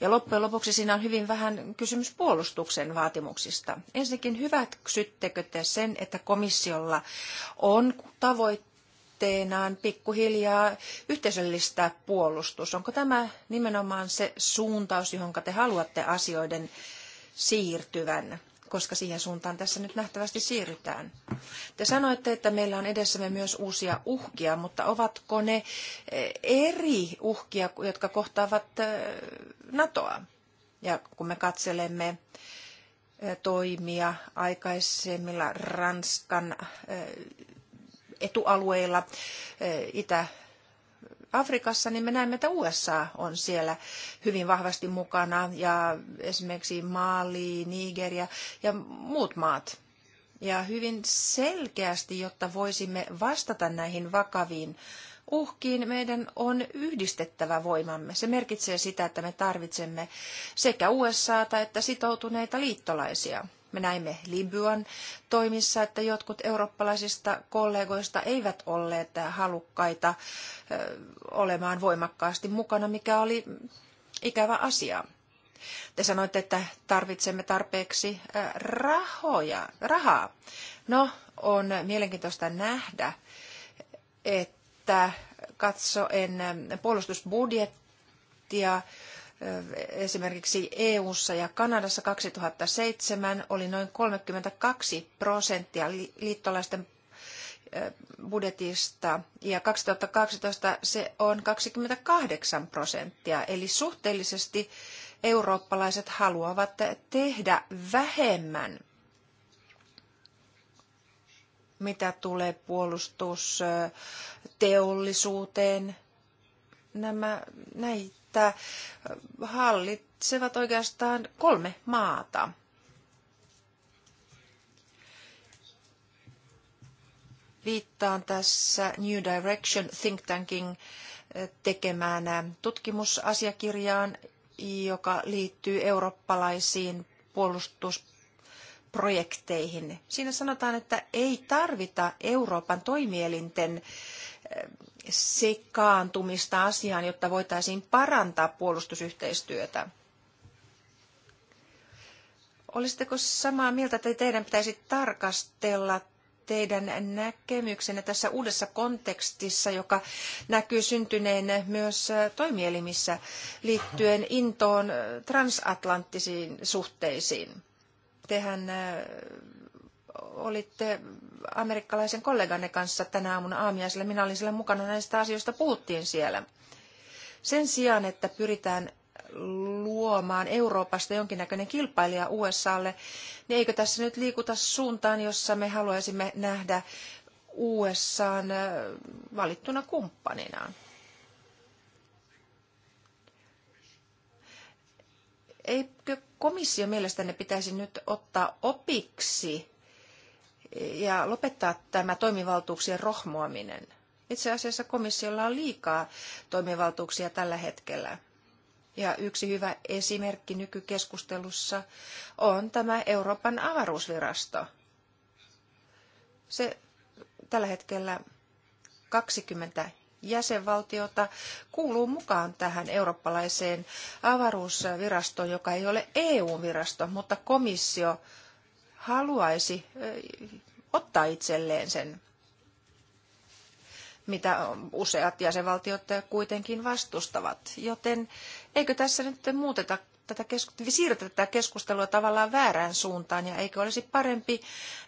Ja loppujen lopuksi siinä on hyvin vähän kysymys puolustuksen vaatimuksista. Ensinnäkin hyväksyttekö te sen, että komissiolla on tavoitteenaan pikkuhiljaa yhteisöllistää puolustus? Onko tämä nimenomaan se suuntaus, johon te haluatte asioiden siirtyvän? koska siihen suuntaan tässä nyt nähtävästi siirrytään. Te sanoitte, että meillä on edessämme myös uusia uhkia, mutta ovatko ne eh, eri uhkia, jotka kohtaavat eh, NATOa? Ja kun me katselemme eh, toimia aikaisemmilla Ranskan etualueilla Itä- Afrikassa, niin me näemme, että USA on siellä hyvin vahvasti mukana ja esimerkiksi Mali, Nigeria ja muut maat. Ja hyvin selkeästi, jotta voisimme vastata näihin vakaviin uhkiin meidän on yhdistettävä voimamme. Se merkitsee sitä, että me tarvitsemme sekä USAta että sitoutuneita liittolaisia. Me näimme Libyan toimissa, että jotkut eurooppalaisista kollegoista eivät olleet halukkaita olemaan voimakkaasti mukana, mikä oli ikävä asia. Te sanoitte, että tarvitsemme tarpeeksi rahoja, rahaa. No, on mielenkiintoista nähdä, että katsoen puolustusbudjettia, esimerkiksi EU:ssa ja Kanadassa 2007 oli noin 32 prosenttia liittolaisten budjetista ja 2012 se on 28 prosenttia. Eli suhteellisesti eurooppalaiset haluavat tehdä vähemmän, mitä tulee puolustusteollisuuteen. Nämä, näitä että hallitsevat oikeastaan kolme maata. Viittaan tässä New Direction Think Tankin eh, tekemään eh, tutkimusasiakirjaan, joka liittyy eurooppalaisiin puolustusprojekteihin. Siinä sanotaan, että ei tarvita Euroopan toimielinten sekaantumista asiaan, jotta voitaisiin parantaa puolustusyhteistyötä. Olisitteko samaa mieltä, että teidän pitäisi tarkastella teidän näkemyksenne tässä uudessa kontekstissa, joka näkyy syntyneen myös toimielimissä liittyen intoon transatlanttisiin suhteisiin? Tehän olitte amerikkalaisen kolleganne kanssa tänä aamuna aamiaisella. Minä olin siellä mukana, näistä asioista puhuttiin siellä. Sen sijaan, että pyritään luomaan Euroopasta jonkinnäköinen kilpailija USAlle, niin eikö tässä nyt liikuta suuntaan, jossa me haluaisimme nähdä USAn äh, valittuna kumppaninaan? Eikö komissio mielestäni pitäisi nyt ottaa opiksi ja lopettaa tämä toimivaltuuksien rohmuaminen. Itse asiassa komissiolla on liikaa toimivaltuuksia tällä hetkellä. Ja yksi hyvä esimerkki nykykeskustelussa on tämä Euroopan avaruusvirasto. Se tällä hetkellä 20 jäsenvaltiota kuuluu mukaan tähän eurooppalaiseen avaruusvirastoon, joka ei ole EU-virasto, mutta komissio haluaisi ottaa itselleen sen, mitä useat jäsenvaltiot kuitenkin vastustavat. Joten eikö tässä nyt muuteta tätä keskustelua, siirretä tätä keskustelua tavallaan väärään suuntaan ja eikö olisi parempi,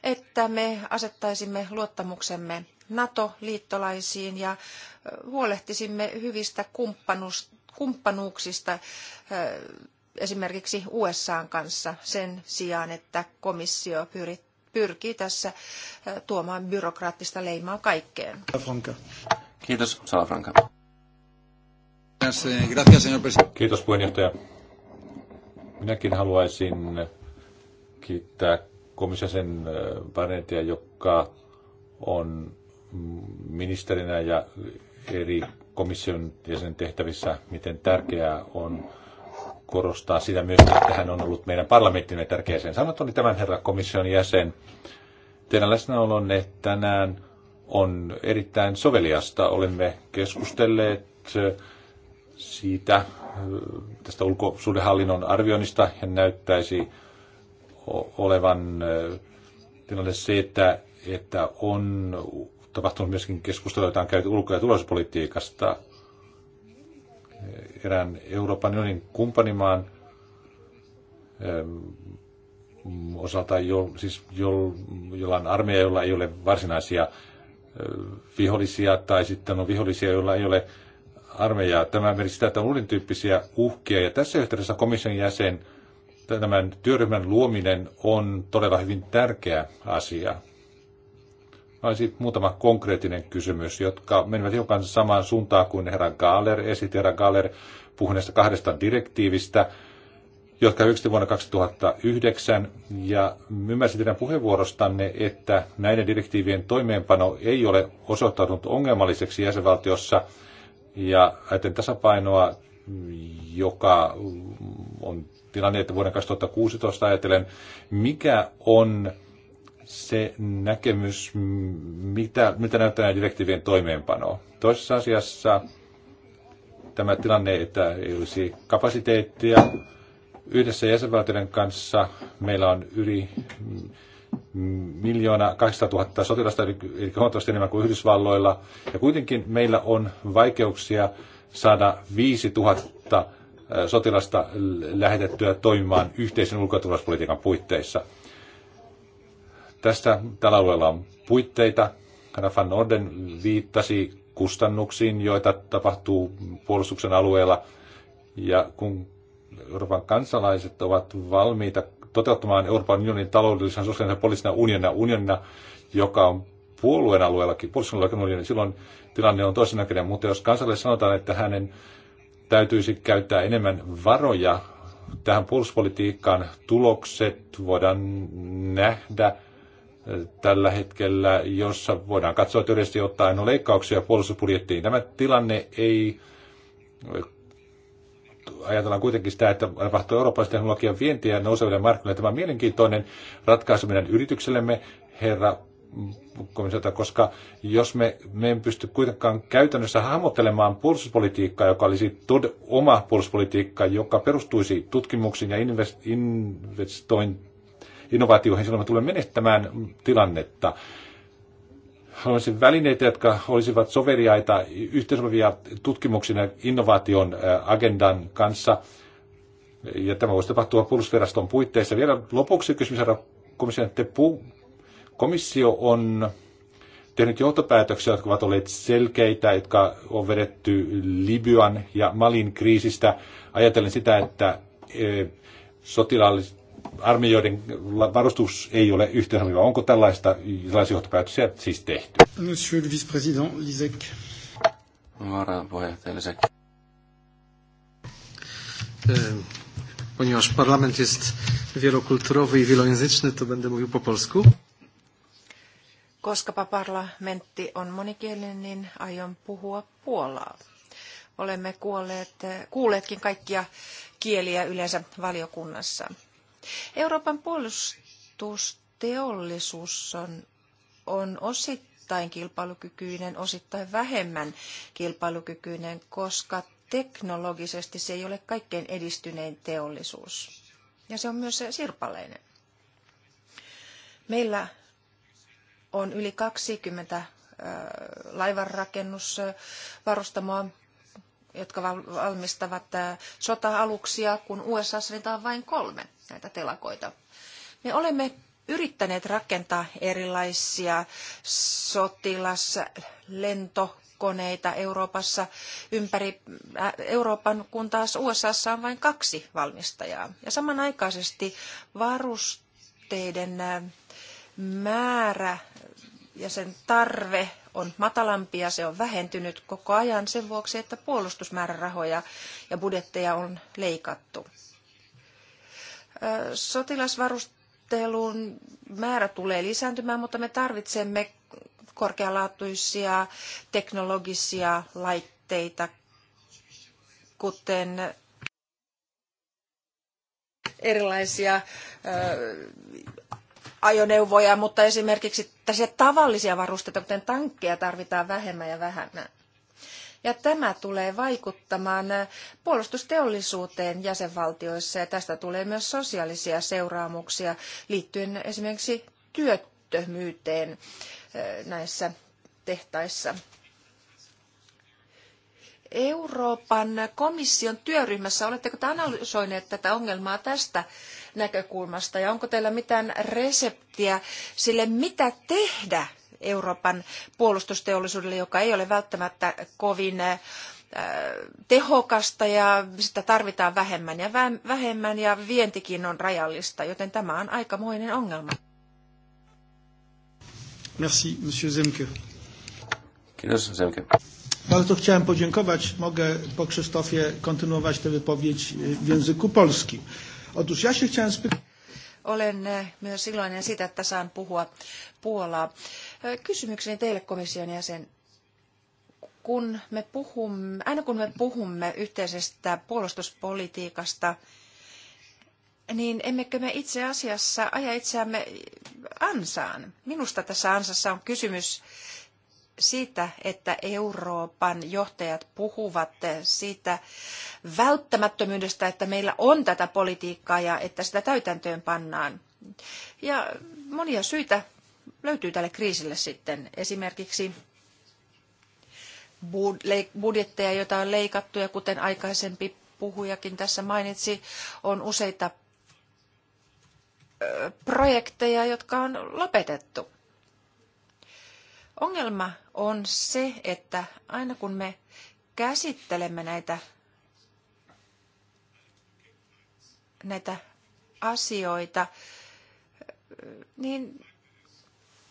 että me asettaisimme luottamuksemme NATO-liittolaisiin ja huolehtisimme hyvistä kumppanuuksista esimerkiksi USAn kanssa sen sijaan, että komissio pyri, pyrkii tässä tuomaan byrokraattista leimaa kaikkeen. Kiitos, Salafranca. Kiitos puheenjohtaja. Minäkin haluaisin kiittää komissiosen Barnettia, joka on ministerinä ja eri komission jäsen tehtävissä, miten tärkeää on korostaa sitä myös, että hän on ollut meidän parlamenttimme tärkeä sen. Sanot oli tämän herra komission jäsen. Teidän läsnäolonne tänään on erittäin soveliasta. Olemme keskustelleet äh, siitä äh, tästä ulkosuhdehallinnon arvioinnista ja näyttäisi olevan äh, tilanne se, että, että on tapahtunut myöskin keskustelua, jota on käyty ulko- ja tulospolitiikasta erään Euroopan unionin kumppanimaan ähm, osalta, jo, siis jo, jolla on armeija, jolla ei ole varsinaisia äh, vihollisia, tai sitten on vihollisia, joilla ei ole armeijaa. Tämä merkitsee sitä, että on uuden tyyppisiä uhkia, ja tässä yhteydessä komission jäsen tämän työryhmän luominen on todella hyvin tärkeä asia olisi muutama konkreettinen kysymys, jotka menevät hiukan samaan suuntaan kuin herra Gaaler esitti. Herra Gaaler puhui näistä kahdesta direktiivistä, jotka yksi vuonna 2009. Ja ymmärsin teidän puheenvuorostanne, että näiden direktiivien toimeenpano ei ole osoittautunut ongelmalliseksi jäsenvaltiossa. Ja ajatellen tasapainoa, joka on tilanne, että vuoden 2016 ajatellen, mikä on se näkemys, mitä, mitä näyttää näiden direktiivien toimeenpano. Toisessa asiassa tämä tilanne, että ei olisi kapasiteettia. Yhdessä jäsenvaltioiden kanssa meillä on yli miljoona 800 000 sotilasta, eli huomattavasti enemmän kuin Yhdysvalloilla. Ja kuitenkin meillä on vaikeuksia saada 5000 sotilasta lähetettyä toimimaan yhteisen ulko- puitteissa. Tästä tällä alueella on puitteita. Van Orden viittasi kustannuksiin, joita tapahtuu puolustuksen alueella. Ja kun Euroopan kansalaiset ovat valmiita toteuttamaan Euroopan unionin taloudellisena, sosiaalisen ja poliittisena unionina, unionina, joka on puolueen alueellakin, puolustuksen alueellakin unioni, niin silloin tilanne on toisen Mutta jos kansalle sanotaan, että hänen täytyisi käyttää enemmän varoja tähän puolustuspolitiikkaan, tulokset voidaan nähdä tällä hetkellä, jossa voidaan katsoa, että yleisesti ottaen on leikkauksia puolustusbudjettiin. Tämä tilanne ei ajatellaan kuitenkin sitä, että tapahtuu eurooppalaisen teknologian vientiä ja nouseville markkinoille. Tämä on mielenkiintoinen ratkaisu meidän yrityksellemme, herra komissiota, koska jos me, me emme pysty kuitenkaan käytännössä hahmottelemaan puolustuspolitiikkaa, joka olisi tod, oma puolustuspolitiikka, joka perustuisi tutkimuksiin ja invest, investointiin, innovaatioihin, silloin me tulemme menettämään tilannetta. Haluaisin välineitä, jotka olisivat soveliaita yhteensopivia tutkimuksen ja innovaation agendan kanssa. Ja tämä voisi tapahtua puolustusviraston puitteissa. Vielä lopuksi kysymys, herra komission, että komissio on tehnyt johtopäätöksiä, jotka ovat olleet selkeitä, jotka on vedetty Libyan ja Malin kriisistä. Ajatellen sitä, että sotilaalliset armeijoiden varustus ei ole yhteensopiva. Onko tällaista, tällaisia johtopäätöksiä siis tehty? Monsieur le vice-président Lisek. Varapuheenjohtaja Lisek. E, ponieważ parlament jest wielokulturowy i wielojęzyczny, to będę mówił po polsku. Koskapa parlamentti on monikielinen, niin aion puhua puolaa. Olemme kuolleet, kuulleetkin kaikkia kieliä yleensä valiokunnassa. Euroopan puolustusteollisuus on, on osittain kilpailukykyinen, osittain vähemmän kilpailukykyinen, koska teknologisesti se ei ole kaikkein edistynein teollisuus. Ja se on myös sirpaleinen. Meillä on yli 20 laivanrakennusvarustamoa jotka valmistavat sota-aluksia, kun USA niitä on vain kolme näitä telakoita. Me olemme yrittäneet rakentaa erilaisia sotilaslentokoneita Euroopassa ympäri Euroopan, kun taas USAssa on vain kaksi valmistajaa. Ja samanaikaisesti varusteiden määrä ja sen tarve on matalampi ja se on vähentynyt koko ajan sen vuoksi, että puolustusmäärärahoja ja budjetteja on leikattu. Sotilasvarustelun määrä tulee lisääntymään, mutta me tarvitsemme korkealaatuisia teknologisia laitteita, kuten erilaisia ajoneuvoja, mutta esimerkiksi tällaisia tavallisia varusteita, kuten tankkeja, tarvitaan vähemmän ja vähemmän. Ja tämä tulee vaikuttamaan puolustusteollisuuteen jäsenvaltioissa ja tästä tulee myös sosiaalisia seuraamuksia liittyen esimerkiksi työttömyyteen näissä tehtaissa. Euroopan komission työryhmässä, oletteko te analysoineet tätä ongelmaa tästä näkökulmasta ja onko teillä mitään reseptiä sille, mitä tehdä Euroopan puolustusteollisuudelle, joka ei ole välttämättä kovin äh, tehokasta ja sitä tarvitaan vähemmän ja vähemmän ja vientikin on rajallista, joten tämä on aikamoinen ongelma. Merci, monsieur Zemke. Kiitos, Zemke. Bardzo chciałem podziękować. Mogę po Krzysztofie kontynuować tę wypowiedź w języku polskim. Olen eh, myös iloinen siitä, että saan puhua Puolaa. Eh, kysymykseni teille komission jäsen. Kun me puhumme, aina kun me puhumme yhteisestä puolustuspolitiikasta, niin emmekö me itse asiassa aja itseämme ansaan? Minusta tässä ansassa on kysymys siitä, että Euroopan johtajat puhuvat siitä välttämättömyydestä, että meillä on tätä politiikkaa ja että sitä täytäntöön pannaan. Ja monia syitä löytyy tälle kriisille sitten. Esimerkiksi budjetteja, joita on leikattu ja kuten aikaisempi puhujakin tässä mainitsi, on useita projekteja, jotka on lopetettu. Ongelma on se, että aina kun me käsittelemme näitä, näitä asioita, niin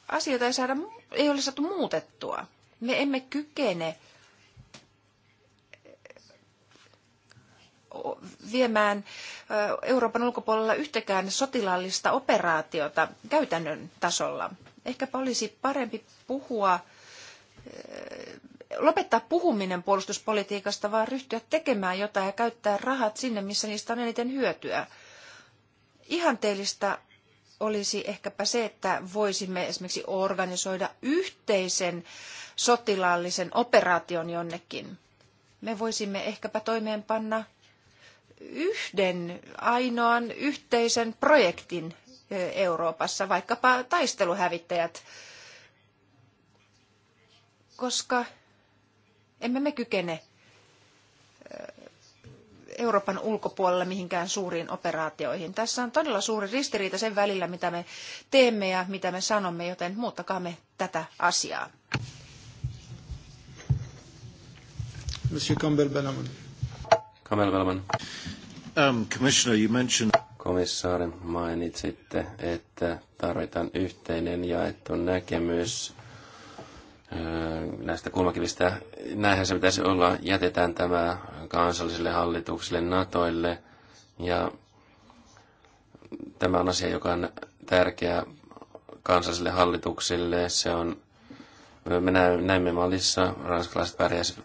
asioita ei, saada, ei ole saatu muutettua. Me emme kykene viemään Euroopan ulkopuolella yhtäkään sotilaallista operaatiota käytännön tasolla. Ehkäpä olisi parempi puhua, eh, lopettaa puhuminen puolustuspolitiikasta, vaan ryhtyä tekemään jotain ja käyttää rahat sinne, missä niistä on eniten hyötyä. Ihanteellista olisi ehkäpä se, että voisimme esimerkiksi organisoida yhteisen sotilaallisen operaation jonnekin. Me voisimme ehkäpä toimeenpanna yhden ainoan yhteisen projektin Euroopassa, vaikkapa taisteluhävittäjät, koska emme me kykene Euroopan ulkopuolella mihinkään suuriin operaatioihin. Tässä on todella suuri ristiriita sen välillä, mitä me teemme ja mitä me sanomme, joten muuttakaamme tätä asiaa. Monsieur Campbell Campbell Um, commissioner, you mentioned komissaari, mainitsitte, että tarvitaan yhteinen jaettu näkemys näistä kulmakivistä. Näinhän se pitäisi olla. Jätetään tämä kansallisille hallituksille, Natoille. Ja tämä on asia, joka on tärkeä kansallisille hallituksille. Se on, me näimme mallissa, ranskalaiset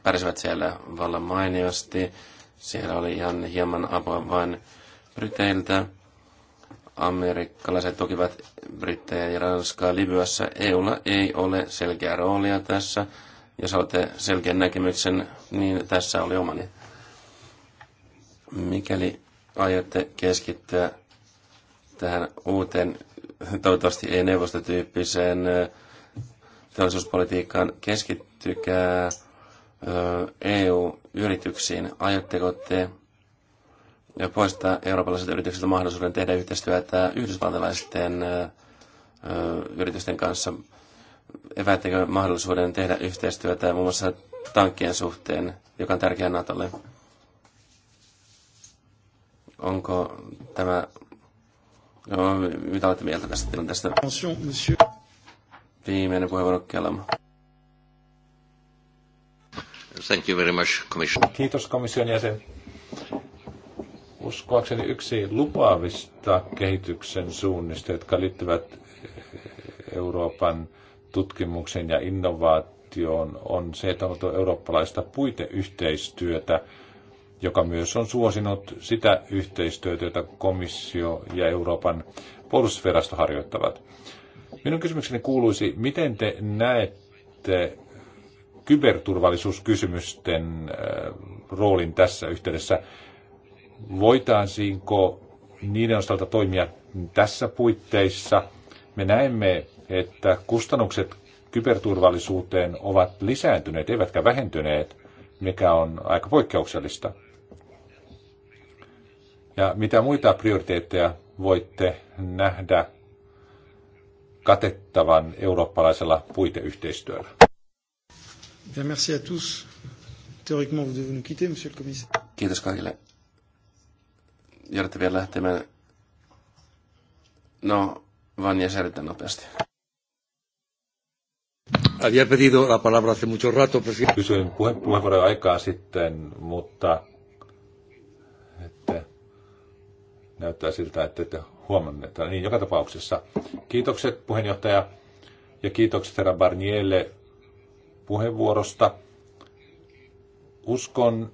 pärjäsivät siellä vallan mainiosti. Siellä oli ihan hieman apua vain Briteiltä. Amerikkalaiset tukivat Brittejä ja Ranskaa Libyassa. EUlla ei ole selkeää roolia tässä. Jos olette selkeän näkemyksen, niin tässä oli omani. Mikäli aiotte keskittyä tähän uuteen, toivottavasti ei neuvostotyyppiseen teollisuuspolitiikkaan, keskittykää EU-yrityksiin. Aiotteko te poistaa eurooppalaisilta yrityksiltä mahdollisuuden tehdä yhteistyötä yhdysvaltalaisten yritysten kanssa. Eväättekö mahdollisuuden tehdä yhteistyötä muun muassa tankkien suhteen, joka on tärkeä Natolle? Onko tämä... No, mitä olette mieltä tästä tilanteesta? Viimeinen puheenvuoro kelma. Thank you very much, Kiitos komission jäsen uskoakseni yksi lupaavista kehityksen suunnista, jotka liittyvät eh, Euroopan tutkimuksen ja innovaatioon, on se, että on ollut eurooppalaista puiteyhteistyötä, joka myös on suosinut sitä yhteistyötä, jota komissio ja Euroopan puolustusvirasto harjoittavat. Minun kysymykseni kuuluisi, miten te näette kyberturvallisuuskysymysten eh, roolin tässä yhteydessä? voitaisiinko niiden osalta toimia tässä puitteissa. Me näemme, että kustannukset kyberturvallisuuteen ovat lisääntyneet, eivätkä vähentyneet, mikä on aika poikkeuksellista. Ja mitä muita prioriteetteja voitte nähdä katettavan eurooppalaisella puiteyhteistyöllä? Kiitos kaikille Joudutte vielä lähtemään. No, Vanja, selittää nopeasti. Había pedido la palabra hace mucho rato, presidente. Kysyin puheenvuoroja aikaa sitten, mutta että näyttää siltä, että ette huomanneet. Niin, joka tapauksessa. Kiitokset puheenjohtaja ja kiitokset herra Barnielle puheenvuorosta. Uskon,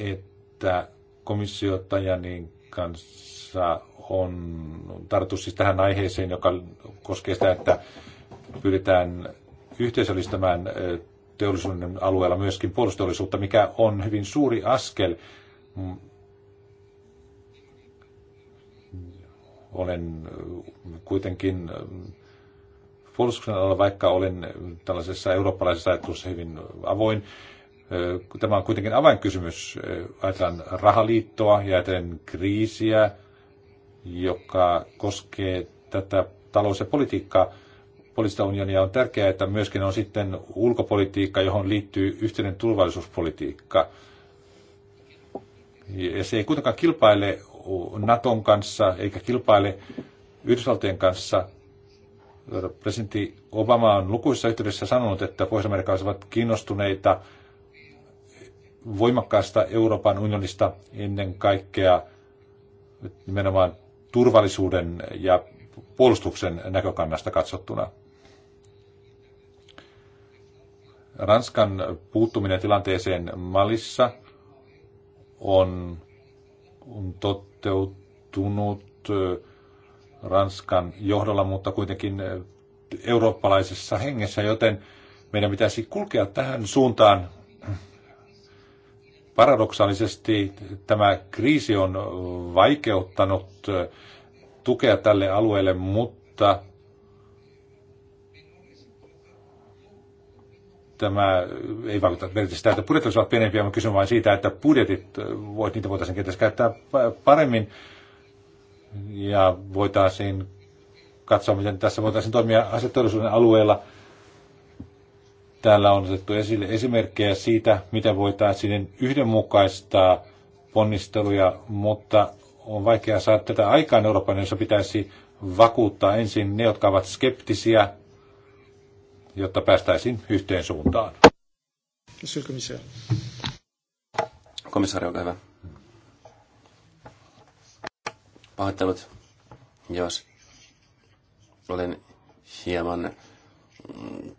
että ja niin kanssa on tarttu siis tähän aiheeseen, joka koskee sitä, että pyritään yhteisöllistämään teollisuuden alueella myöskin puolustusteollisuutta, mikä on hyvin suuri askel. Olen kuitenkin puolustuksen alalla, vaikka olen tällaisessa eurooppalaisessa ajattelussa hyvin avoin, Tämä on kuitenkin avainkysymys. Ajatellaan rahaliittoa ja ajatellen kriisiä, joka koskee tätä talous- ja politiikkaa. Poliittista unionia on tärkeää, että myöskin on sitten ulkopolitiikka, johon liittyy yhteinen turvallisuuspolitiikka. Ja se ei kuitenkaan kilpaile Naton kanssa eikä kilpaile Yhdysvaltojen kanssa. Presidentti Obama on lukuisissa yhteydessä sanonut, että pohjois ovat kiinnostuneita – voimakkaasta Euroopan unionista ennen kaikkea nimenomaan turvallisuuden ja puolustuksen näkökannasta katsottuna. Ranskan puuttuminen tilanteeseen Malissa on, on toteutunut Ranskan johdolla, mutta kuitenkin eurooppalaisessa hengessä, joten meidän pitäisi kulkea tähän suuntaan Paradoksaalisesti tämä kriisi on vaikeuttanut tukea tälle alueelle, mutta tämä ei vaikuta merkitä sitä, että budjetit ovat pienempiä, vaan kysyn vain siitä, että budjetit, niitä voitaisiin kenties käyttää paremmin ja voitaisiin katsoa, miten tässä voitaisiin toimia aseteollisuuden alueella – Täällä on otettu esille esimerkkejä siitä, mitä voitaisiin yhdenmukaistaa ponnisteluja, mutta on vaikea saada tätä aikaan Euroopan, jossa pitäisi vakuuttaa ensin ne, jotka ovat skeptisiä, jotta päästäisiin yhteen suuntaan. komissaari. Komissaari, olkaa hyvä. Pahoittelut, jos olen hieman mm,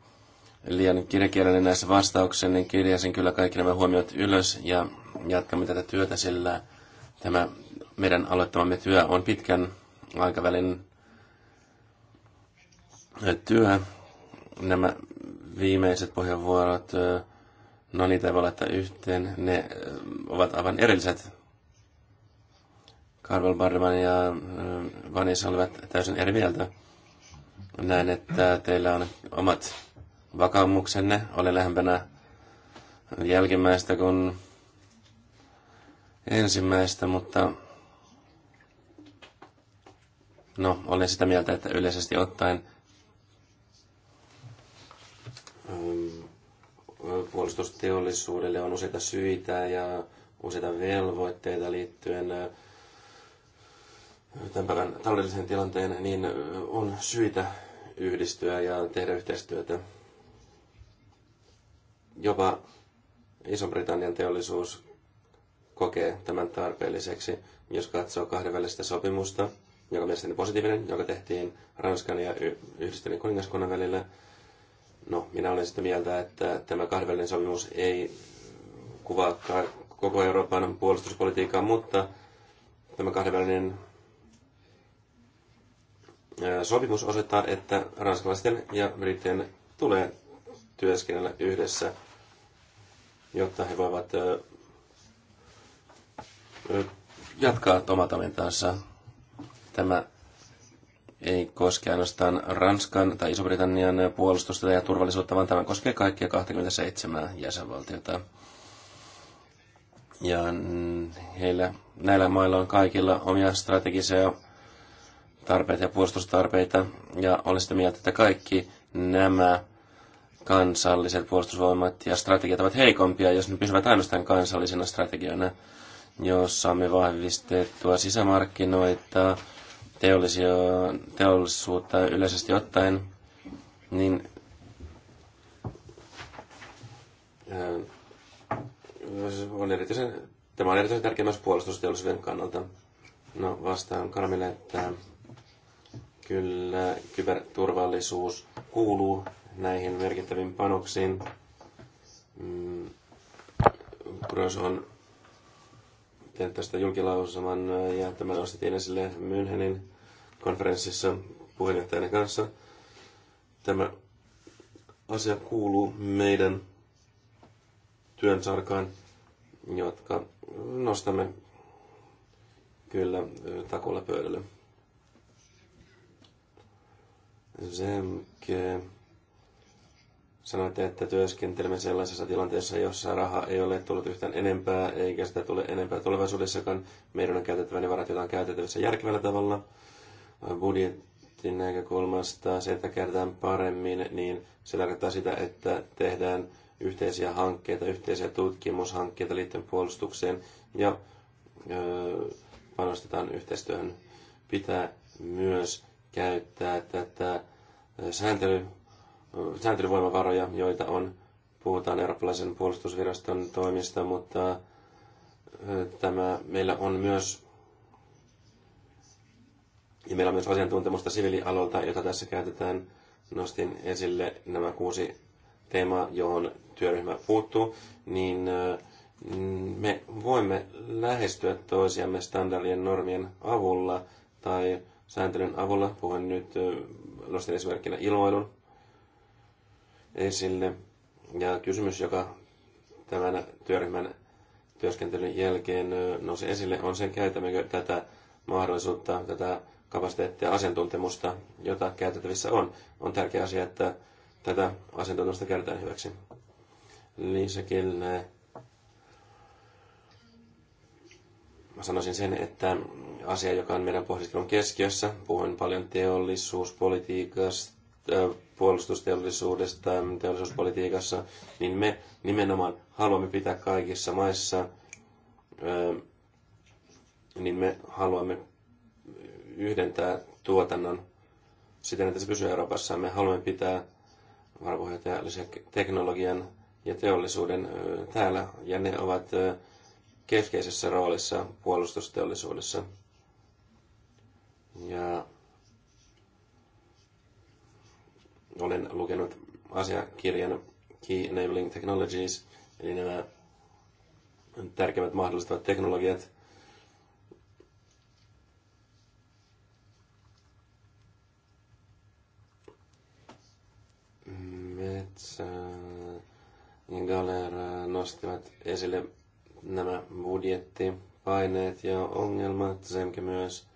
liian kirjakielinen näissä vastauksissa, niin kirjasin kyllä kaikki nämä huomiot ylös ja jatkamme tätä työtä, sillä tämä meidän aloittamamme työ on pitkän aikavälin työ. Nämä viimeiset puheenvuorot, no niitä ei voi laittaa yhteen, ne ovat aivan erilliset. Karvel Barman ja Vanis olivat täysin eri mieltä. Näen, että teillä on omat vakaumuksenne oli lähempänä jälkimmäistä kuin ensimmäistä, mutta no, olen sitä mieltä, että yleisesti ottaen ähm, puolustusteollisuudelle on useita syitä ja useita velvoitteita liittyen äh, tämän päivän taloudelliseen tilanteen, niin äh, on syitä yhdistyä ja tehdä yhteistyötä Jopa Iso-Britannian teollisuus kokee tämän tarpeelliseksi, jos katsoo kahdenvälistä sopimusta, joka mielestäni positiivinen, joka tehtiin Ranskan ja Yhdistyneen kuningaskunnan välillä. No, minä olen sitä mieltä, että tämä kahdenvälinen sopimus ei kuvaa koko Euroopan puolustuspolitiikkaa, mutta tämä kahdenvälinen sopimus osoittaa, että ranskalaisten ja brittien tulee työskennellä yhdessä, jotta he voivat jatkaa omatoimintaansa. Tämä ei koske ainoastaan Ranskan tai Iso-Britannian puolustusta ja turvallisuutta, vaan tämä koskee kaikkia 27 jäsenvaltiota. Ja heillä, näillä mailla on kaikilla omia strategisia tarpeita ja puolustustarpeita, ja olen sitä mieltä, että kaikki nämä kansalliset puolustusvoimat ja strategiat ovat heikompia, jos ne pysyvät ainoastaan kansallisena strategiana, jos saamme vahvistettua sisämarkkinoita, teollisia, teollisuutta yleisesti ottaen, niin äh, on erityisen, tämä on erityisen tärkeä myös puolustusteollisuuden kannalta. No vastaan Karmille, että kyllä kyberturvallisuus kuuluu näihin merkittäviin panoksiin. Gros mm, on tehnyt tästä julkilausuman äh, ja tämä nostettiin esille Münchenin konferenssissa puheenjohtajan kanssa. Tämä asia kuuluu meidän työn sarkaan, jotka nostamme kyllä äh, takolla pöydälle. Zemke Sanoitte, että työskentelemme sellaisessa tilanteessa, jossa raha ei ole tullut yhtään enempää, eikä sitä tule enempää tulevaisuudessakaan. Meidän on käytettävä ne varat, joita on käytettävissä järkevällä tavalla. Budjetin näkökulmasta se, että käytetään paremmin, niin se tarkoittaa sitä, että tehdään yhteisiä hankkeita, yhteisiä tutkimushankkeita liittyen puolustukseen ja öö, panostetaan yhteistyöhön. Pitää myös käyttää tätä sääntelyä sääntelyvoimavaroja, joita on. Puhutaan Eurooppalaisen puolustusviraston toimista, mutta tämä meillä on myös ja meillä on myös asiantuntemusta siviilialalta, jota tässä käytetään. Nostin esille nämä kuusi teemaa, johon työryhmä puuttuu, niin me voimme lähestyä toisiamme standardien normien avulla tai sääntelyn avulla. Puhun nyt nostin esimerkkinä iloilun esille. Ja kysymys, joka tämän työryhmän työskentelyn jälkeen nousi esille, on se, käytämmekö tätä mahdollisuutta, tätä kapasiteettia ja asiantuntemusta, jota käytettävissä on. On tärkeä asia, että tätä asiantuntemusta käytetään hyväksi. Lisäkin mä sanoisin sen, että asia, joka on meidän pohdiskelun keskiössä, puhuin paljon teollisuuspolitiikasta, puolustusteollisuudesta, teollisuuspolitiikassa, niin me nimenomaan haluamme pitää kaikissa maissa, niin me haluamme yhdentää tuotannon siten, että se pysyy Euroopassa. Me haluamme pitää varapuheenjohtajallisen teknologian ja teollisuuden täällä, ja ne ovat keskeisessä roolissa puolustusteollisuudessa. Ja olen lukenut asiakirjan Key Enabling Technologies, eli nämä tärkeimmät mahdollistavat teknologiat. Metsä niin Galera nostivat esille nämä budjettipaineet ja ongelmat, senkä myös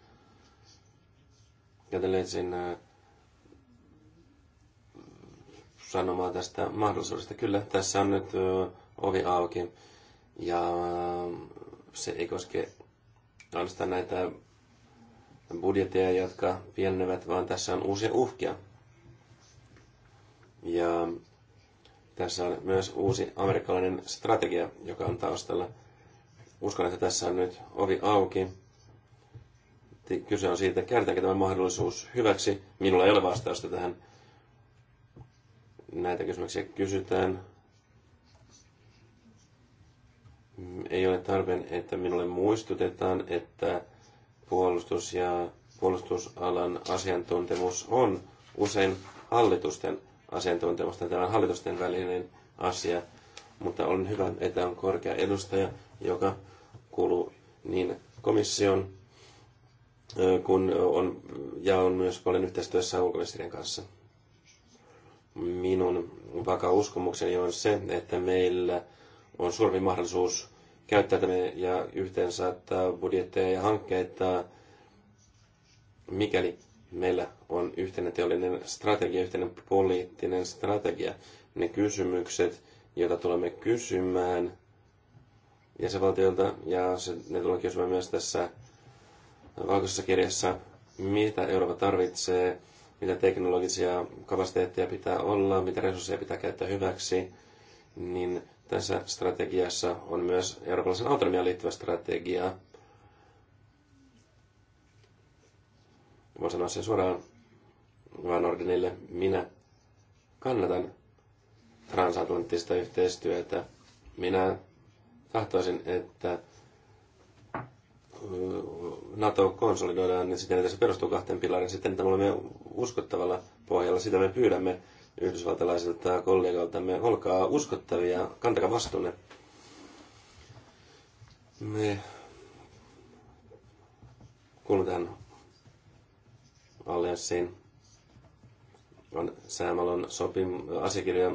sinne sanomaan tästä mahdollisuudesta. Kyllä, tässä on nyt ovi auki ja se ei koske ainoastaan näitä budjetteja, jotka pienenevät, vaan tässä on uusia uhkia. Ja tässä on myös uusi amerikkalainen strategia, joka on taustalla. Uskon, että tässä on nyt ovi auki. Kyse on siitä, käytetäänkö tämä mahdollisuus hyväksi. Minulla ei ole vastausta tähän näitä kysymyksiä kysytään. Ei ole tarpeen, että minulle muistutetaan, että puolustus ja puolustusalan asiantuntemus on usein hallitusten asiantuntemusta. Tämä on hallitusten välinen asia, mutta on hyvä, että on korkea edustaja, joka kuuluu niin komission kun on, ja on myös paljon yhteistyössä ulkoministeriön kanssa. Minun vakaa on se, että meillä on suurempi mahdollisuus käyttää tämä ja yhteen saattaa budjetteja ja hankkeita, mikäli meillä on yhteinen teollinen strategia, yhteinen poliittinen strategia. Ne kysymykset, joita tulemme kysymään jäsenvaltioilta, ja se, ne tulemme kysymään myös tässä valkoisessa kirjassa, mitä Eurooppa tarvitsee mitä teknologisia kapasiteetteja pitää olla, mitä resursseja pitää käyttää hyväksi, niin tässä strategiassa on myös eurooppalaisen autonomiaan liittyvä strategia. Voin sanoa sen suoraan Van Ordenille. Minä kannatan transatlanttista yhteistyötä. Minä tahtoisin, että NATO konsolidoidaan, niin siten, että se perustuu kahteen pilariin sitten, että me olemme uskottavalla pohjalla. Sitä me pyydämme yhdysvaltalaisilta kollegoiltamme, olkaa uskottavia, kantakaa vastuunne. Me kuulun tähän allianssiin. On Säämalon sopim, asiakirja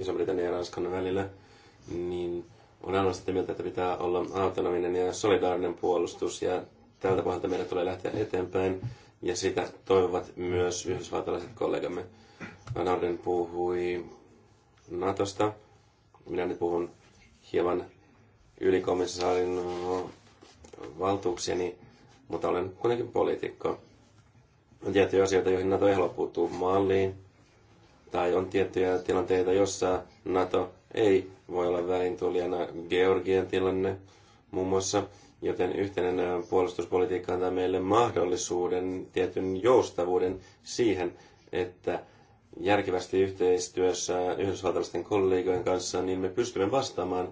Iso-Britannian ja Ranskan välillä, niin on aina sitä mieltä, että pitää olla autonominen ja solidaarinen puolustus ja tältä pohjalta meidän tulee lähteä eteenpäin ja sitä toivovat myös yhdysvaltalaiset kollegamme. Norden puhui Natosta. Minä nyt puhun hieman ylikomissaarin no, valtuuksieni, mutta olen kuitenkin poliitikko. On tiettyjä asioita, joihin NATO ei halua puuttua malliin, tai on tiettyjä tilanteita, jossa NATO ei voi olla välintulijana Georgian tilanne muun muassa, joten yhteinen puolustuspolitiikka antaa meille mahdollisuuden, tietyn joustavuuden siihen, että järkevästi yhteistyössä yhdysvaltalaisten kollegojen kanssa, niin me pystymme vastaamaan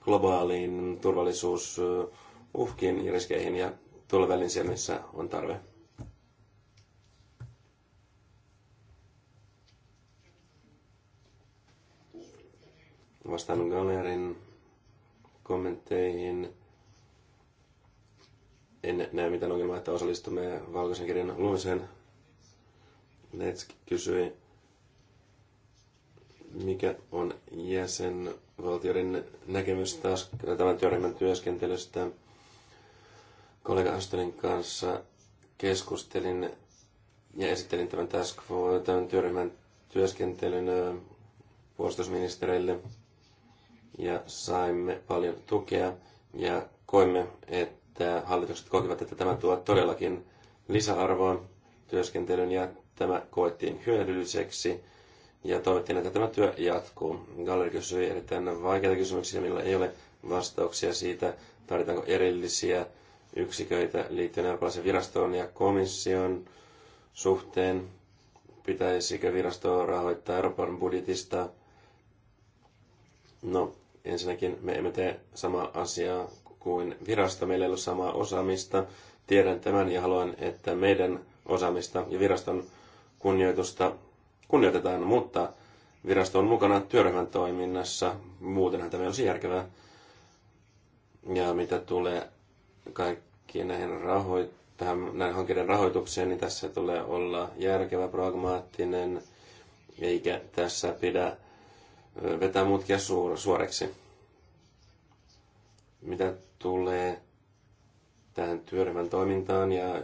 globaaliin turvallisuusuhkiin ja riskeihin ja tuolla välin siellä, missä on tarve. vastaan Galerin kommentteihin. En näe mitään ongelmaa, että osallistumme valkoisen kirjan luomiseen. Netsk kysyi, mikä on jäsenvaltioiden näkemys taas tämän työryhmän työskentelystä. Kollega Astonin kanssa keskustelin ja esittelin tämän, task tämän työryhmän työskentelyn äh, puolustusministereille ja saimme paljon tukea ja koimme, että hallitukset kokivat, että tämä tuo todellakin lisäarvoa työskentelyn ja tämä koettiin hyödylliseksi ja toivottiin, että tämä työ jatkuu. Galleri kysyi erittäin vaikeita kysymyksiä, millä ei ole vastauksia siitä, tarvitaanko erillisiä yksiköitä liittyen eurooppalaisen virastoon ja komission suhteen, pitäisikö virasto rahoittaa Euroopan budjetista. No, Ensinnäkin me emme tee samaa asiaa kuin virasto. Meillä ei ole samaa osaamista. Tiedän tämän ja haluan, että meidän osaamista ja viraston kunnioitusta kunnioitetaan, mutta virasto on mukana työryhmän toiminnassa. Muutenhan tämä olisi järkevää. Ja mitä tulee kaikkiin näihin rahoit- tähän, näiden hankkeiden rahoitukseen, niin tässä tulee olla järkevä, pragmaattinen, eikä tässä pidä vetää mutkia suoreksi. Mitä tulee tähän työryhmän toimintaan ja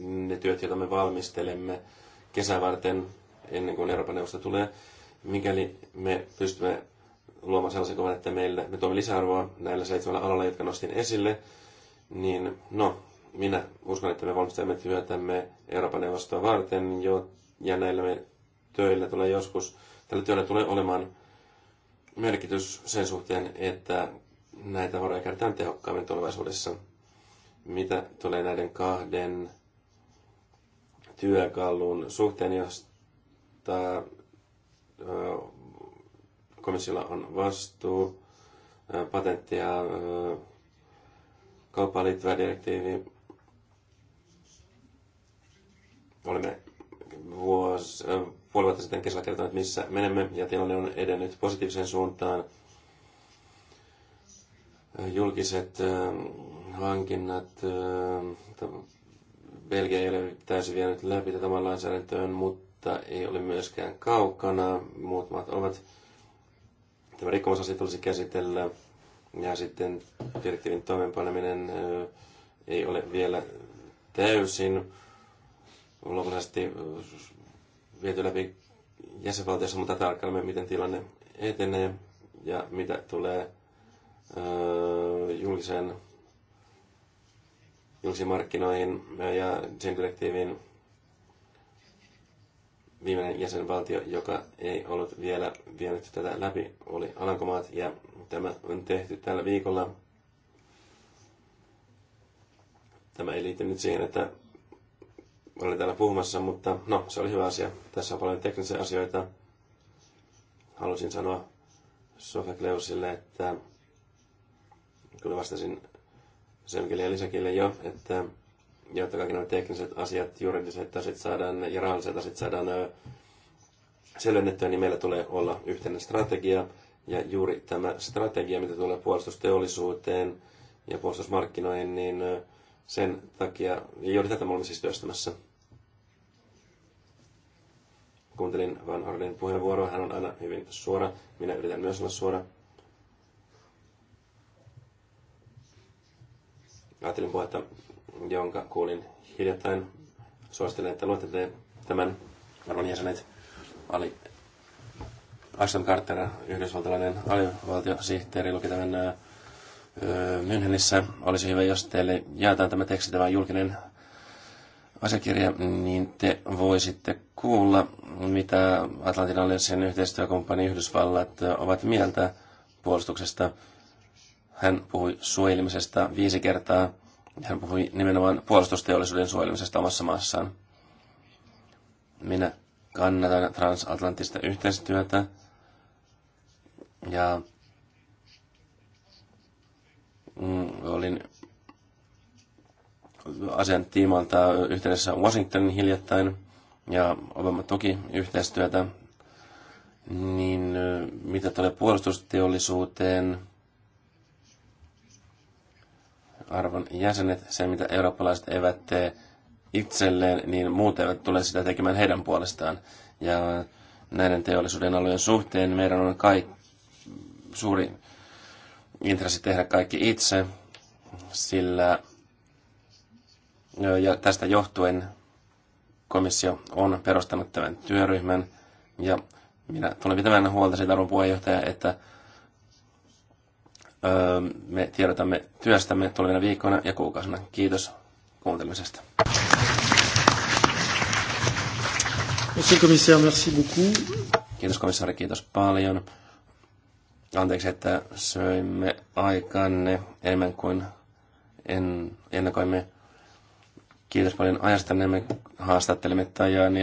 ne työt, joita me valmistelemme kesää varten ennen kuin Euroopan neuvosto tulee, mikäli me pystymme luomaan sellaisen kuvan, että meillä, me tuomme lisäarvoa näillä seitsemällä alalla, jotka nostin esille, niin no, minä uskon, että me valmistelemme työtämme Euroopan neuvostoa varten jo, ja näillä me töillä tulee joskus Tällä työllä tulee olemaan merkitys sen suhteen, että näitä varoja käytetään tehokkaammin tulevaisuudessa. Mitä tulee näiden kahden työkalun suhteen, josta komissiolla on vastuu, patentti ja kauppaan liittyvä direktiivi. Olemme vuosi, puoli vuotta sitten kesällä kertonut, missä menemme, ja tilanne on edennyt positiiviseen suuntaan. Julkiset äh, hankinnat, äh, Belgia ei ole täysin vienyt läpi tätä oman lainsäädäntöön, mutta ei ole myöskään kaukana. Muut maat ovat. Tämä rikkomusasia tulisi käsitellä ja sitten direktiivin toimeenpaneminen äh, ei ole vielä täysin lopullisesti viety läpi jäsenvaltiossa, mutta tarkkailemme, miten tilanne etenee ja mitä tulee julkiseen, julkisiin markkinoihin ja sen direktiiviin viimeinen jäsenvaltio, joka ei ollut vielä vienyt tätä läpi, oli Alankomaat ja tämä on tehty tällä viikolla. Tämä ei liity nyt siihen, että olen täällä puhumassa, mutta no, se oli hyvä asia. Tässä on paljon teknisiä asioita. Halusin sanoa Sofakleusille, että kyllä vastasin Semkille ja Lisäkille jo, että jotta kaikki nämä tekniset asiat, juridiset asiat saadaan ja rahalliset asiat saadaan selvennettyä, niin meillä tulee olla yhteinen strategia. Ja juuri tämä strategia, mitä tulee puolustusteollisuuteen ja puolustusmarkkinoihin, niin sen takia, juuri tätä me olemme siis työstämässä kuuntelin Van Orlin puheenvuoroa. Hän on aina hyvin suora. Minä yritän myös olla suora. Ajattelin puhetta, jonka kuulin hiljattain. Suosittelen, että luette te tämän arvon jäsenet. Ali Ashton Carter, yhdysvaltalainen alivaltiosihteeri, luki tämän Münchenissä. Olisi hyvä, jos teille jaetaan tämä teksti, tämä julkinen asiakirja, niin te voisitte kuulla, mitä Atlantin allianssin yhteistyökumppani Yhdysvallat ovat mieltä puolustuksesta. Hän puhui suojelemisesta viisi kertaa. Hän puhui nimenomaan puolustusteollisuuden suojelemisesta omassa maassaan. Minä kannatan transatlanttista yhteistyötä ja mm, olin asian tiimalta yhteydessä Washingtonin hiljattain ja Obama toki yhteistyötä, niin mitä tulee puolustusteollisuuteen, arvon jäsenet, se mitä eurooppalaiset eivät tee itselleen, niin muut eivät tule sitä tekemään heidän puolestaan. Ja näiden teollisuuden alojen suhteen meidän on kai suuri intressi tehdä kaikki itse, sillä ja tästä johtuen komissio on perustanut tämän työryhmän. Ja minä tulen pitämään huolta siitä arvon puheenjohtaja, että me tiedotamme työstämme tulevina viikkoina ja kuukausina. Kiitos kuuntelemisesta. Monsieur commissaire, merci beaucoup. Kiitos komissaari, kiitos paljon. Anteeksi, että söimme aikanne enemmän kuin en, ennakoimme. Kiitos paljon ajasta. Me haastattelemme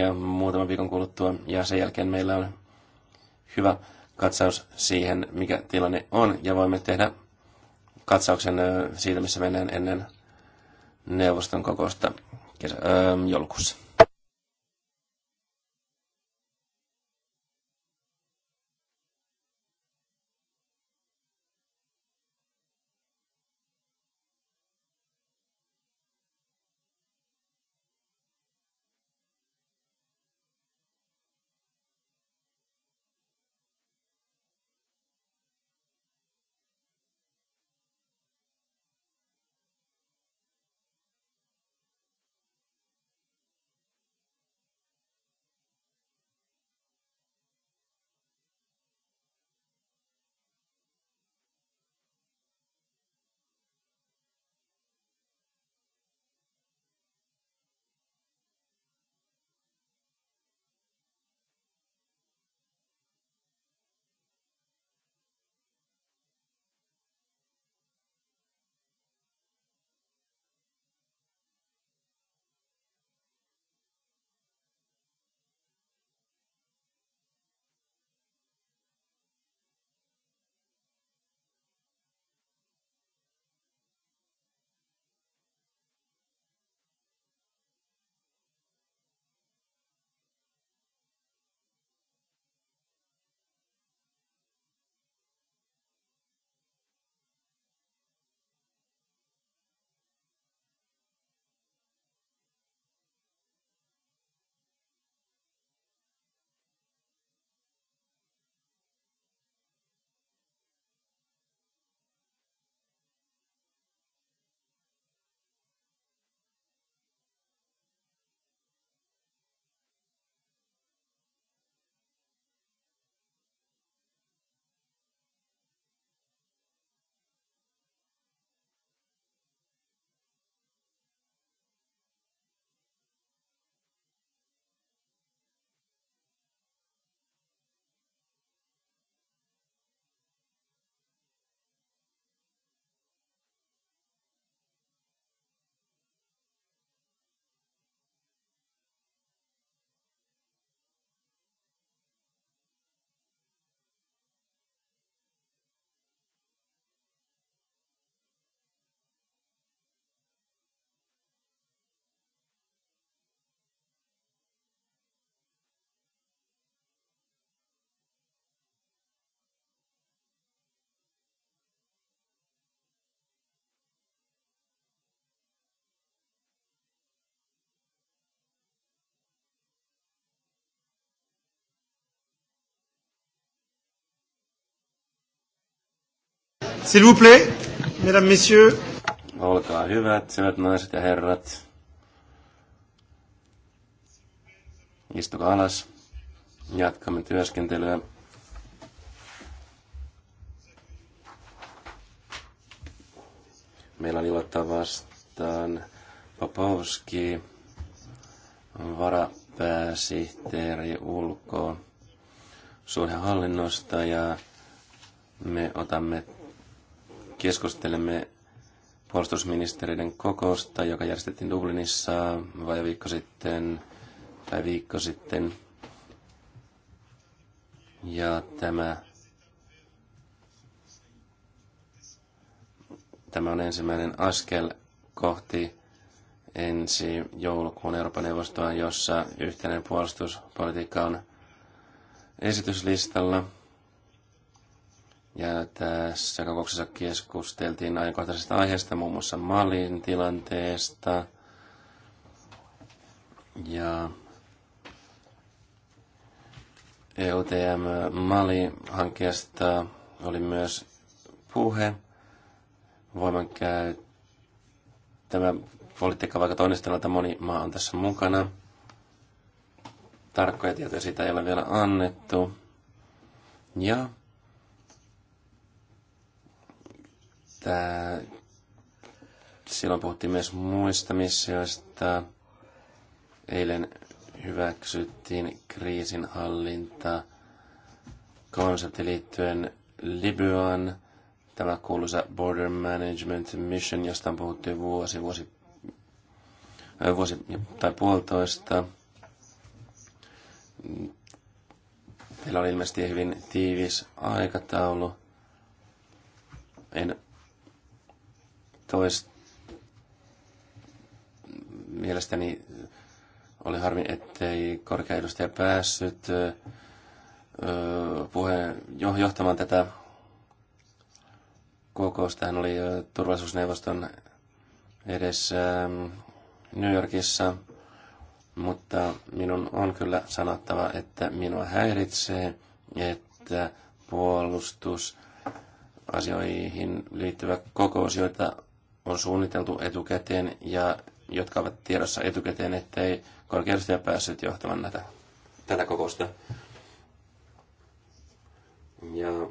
ja muutaman viikon kuluttua ja sen jälkeen meillä on hyvä katsaus siihen, mikä tilanne on ja voimme tehdä katsauksen siitä, missä mennään ennen neuvoston kokousta kesä, öö, joulukuussa. S'il vous plaît, mesdames, messieurs. Olkaa hyvät, hyvät naiset ja herrat. Istukaa alas. Jatkamme työskentelyä. Meillä on ilottaa vastaan Popovski, varapääsihteeri ulko suhdehallinnosta ja me otamme keskustelemme puolustusministeriöiden kokousta, joka järjestettiin Dublinissa vai viikko sitten, tai viikko sitten. Ja tämä, tämä on ensimmäinen askel kohti ensi joulukuun Euroopan neuvostoa, jossa yhteinen puolustuspolitiikka on esityslistalla – ja tässä kokouksessa keskusteltiin ajankohtaisesta aiheesta, muun muassa Malin tilanteesta. Ja EUTM Mali-hankkeesta oli myös puhe. Voiman Tämä politiikka vaikka toinnistella, moni maa on tässä mukana. Tarkkoja tietoja siitä ei ole vielä annettu. Ja että silloin puhuttiin myös muista missioista. Eilen hyväksyttiin kriisinhallinta konsepti liittyen Libyan, tämä kuuluisa Border Management Mission, josta on puhuttu vuosi, vuosi, vuosi tai puolitoista. Teillä oli ilmeisesti hyvin tiivis aikataulu. En Toista mielestäni oli harmi, ettei korkea edustaja päässyt puheen, johtamaan tätä kokousta. Hän oli turvallisuusneuvoston edessä ähm, New Yorkissa, mutta minun on kyllä sanottava, että minua häiritsee, että puolustusasioihin liittyvä kokous, joita on suunniteltu etukäteen ja jotka ovat tiedossa etukäteen, ettei korkeudestaan päässyt johtamaan näitä, tätä kokousta. Ja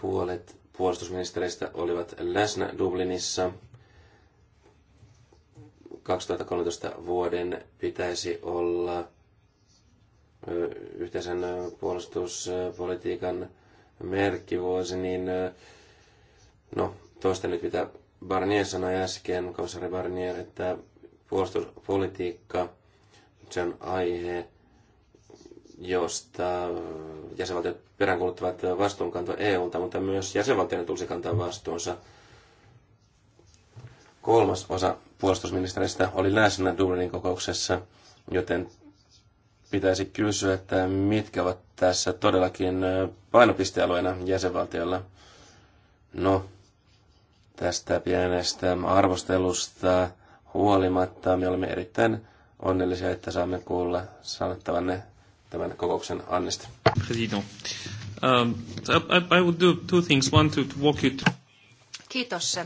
puolet puolustusministeristä olivat läsnä Dublinissa. 2013 vuoden pitäisi olla yhteisen puolustuspolitiikan merkkivuosi, niin no, toistan nyt, mitä Barnier sanoi äsken, komissaari Barnier, että puolustuspolitiikka, se on aihe, josta jäsenvaltiot peräänkuuluttavat vastuunkantoa EUlta, mutta myös jäsenvaltioiden tulisi kantaa vastuunsa. Kolmas osa puolustusministeristä oli läsnä Dublinin kokouksessa, joten pitäisi kysyä, että mitkä ovat tässä todellakin painopistealueena jäsenvaltiolla. No, tästä pienestä arvostelusta huolimatta. Me olemme erittäin onnellisia, että saamme kuulla sanottavanne tämän kokouksen Annista. Um, I, would do two things. One to walk you Kiitos.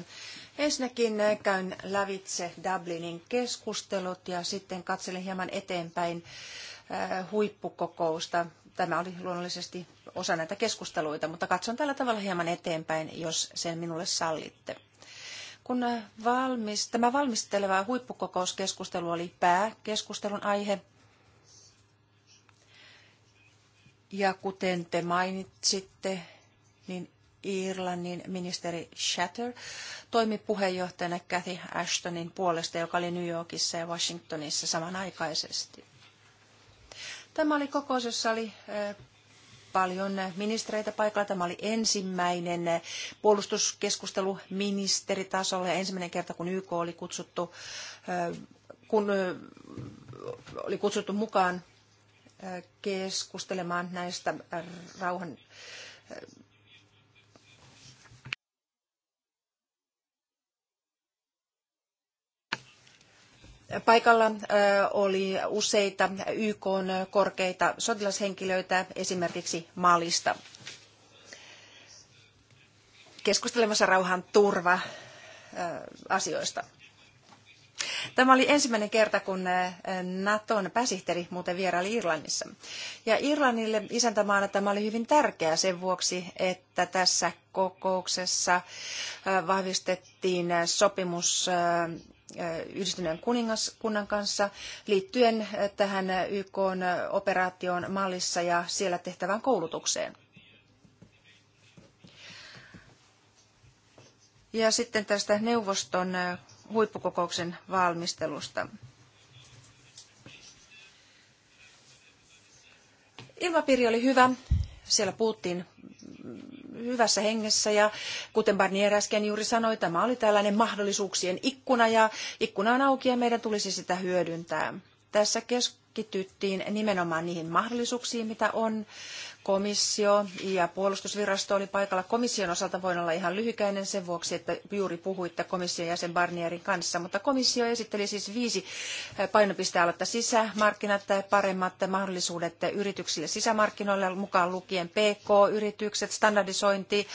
Ensinnäkin käyn lävitse Dublinin keskustelut ja sitten katselen hieman eteenpäin äh, huippukokousta. Tämä oli luonnollisesti osa näitä keskusteluita, mutta katson tällä tavalla hieman eteenpäin, jos sen minulle sallitte. Kun äh, valmis, tämä valmisteleva huippukokouskeskustelu oli pääkeskustelun aihe, ja kuten te mainitsitte, niin Irlannin ministeri Shatter toimi puheenjohtajana Cathy Ashtonin puolesta, joka oli New Yorkissa ja Washingtonissa samanaikaisesti. Tämä oli kokous, jossa oli äh, paljon ministereitä paikalla. Tämä oli ensimmäinen puolustuskeskustelu ministeritasolla ja ensimmäinen kerta, kun YK oli kutsuttu, kun oli kutsuttu mukaan keskustelemaan näistä rauhan Paikalla oli useita YK korkeita sotilashenkilöitä esimerkiksi Malista keskustelemassa rauhan turva asioista. Tämä oli ensimmäinen kerta, kun Naton pääsihteeri muuten vieraili Irlannissa. Ja Irlannille isäntämaana tämä oli hyvin tärkeää sen vuoksi, että tässä kokouksessa vahvistettiin sopimus yhdistyneen kuningaskunnan kanssa liittyen tähän YK-operaatioon mallissa ja siellä tehtävään koulutukseen. Ja sitten tästä neuvoston huippukokouksen valmistelusta. Ilmapiiri oli hyvä. Siellä puhuttiin hyvässä hengessä ja kuten Barnier äsken juuri sanoi, tämä oli tällainen mahdollisuuksien ikkuna ja ikkuna on auki ja meidän tulisi sitä hyödyntää. Tässä keskityttiin nimenomaan niihin mahdollisuuksiin, mitä on, komissio ja puolustusvirasto oli paikalla. Komission osalta voin olla ihan lyhykäinen sen vuoksi, että juuri puhuitte komission jäsen Barnierin kanssa, mutta komissio esitteli siis viisi eh, painopistealuetta sisämarkkinat tai eh, paremmat mahdollisuudet eh, yrityksille sisämarkkinoille mukaan lukien PK-yritykset, standardisointi,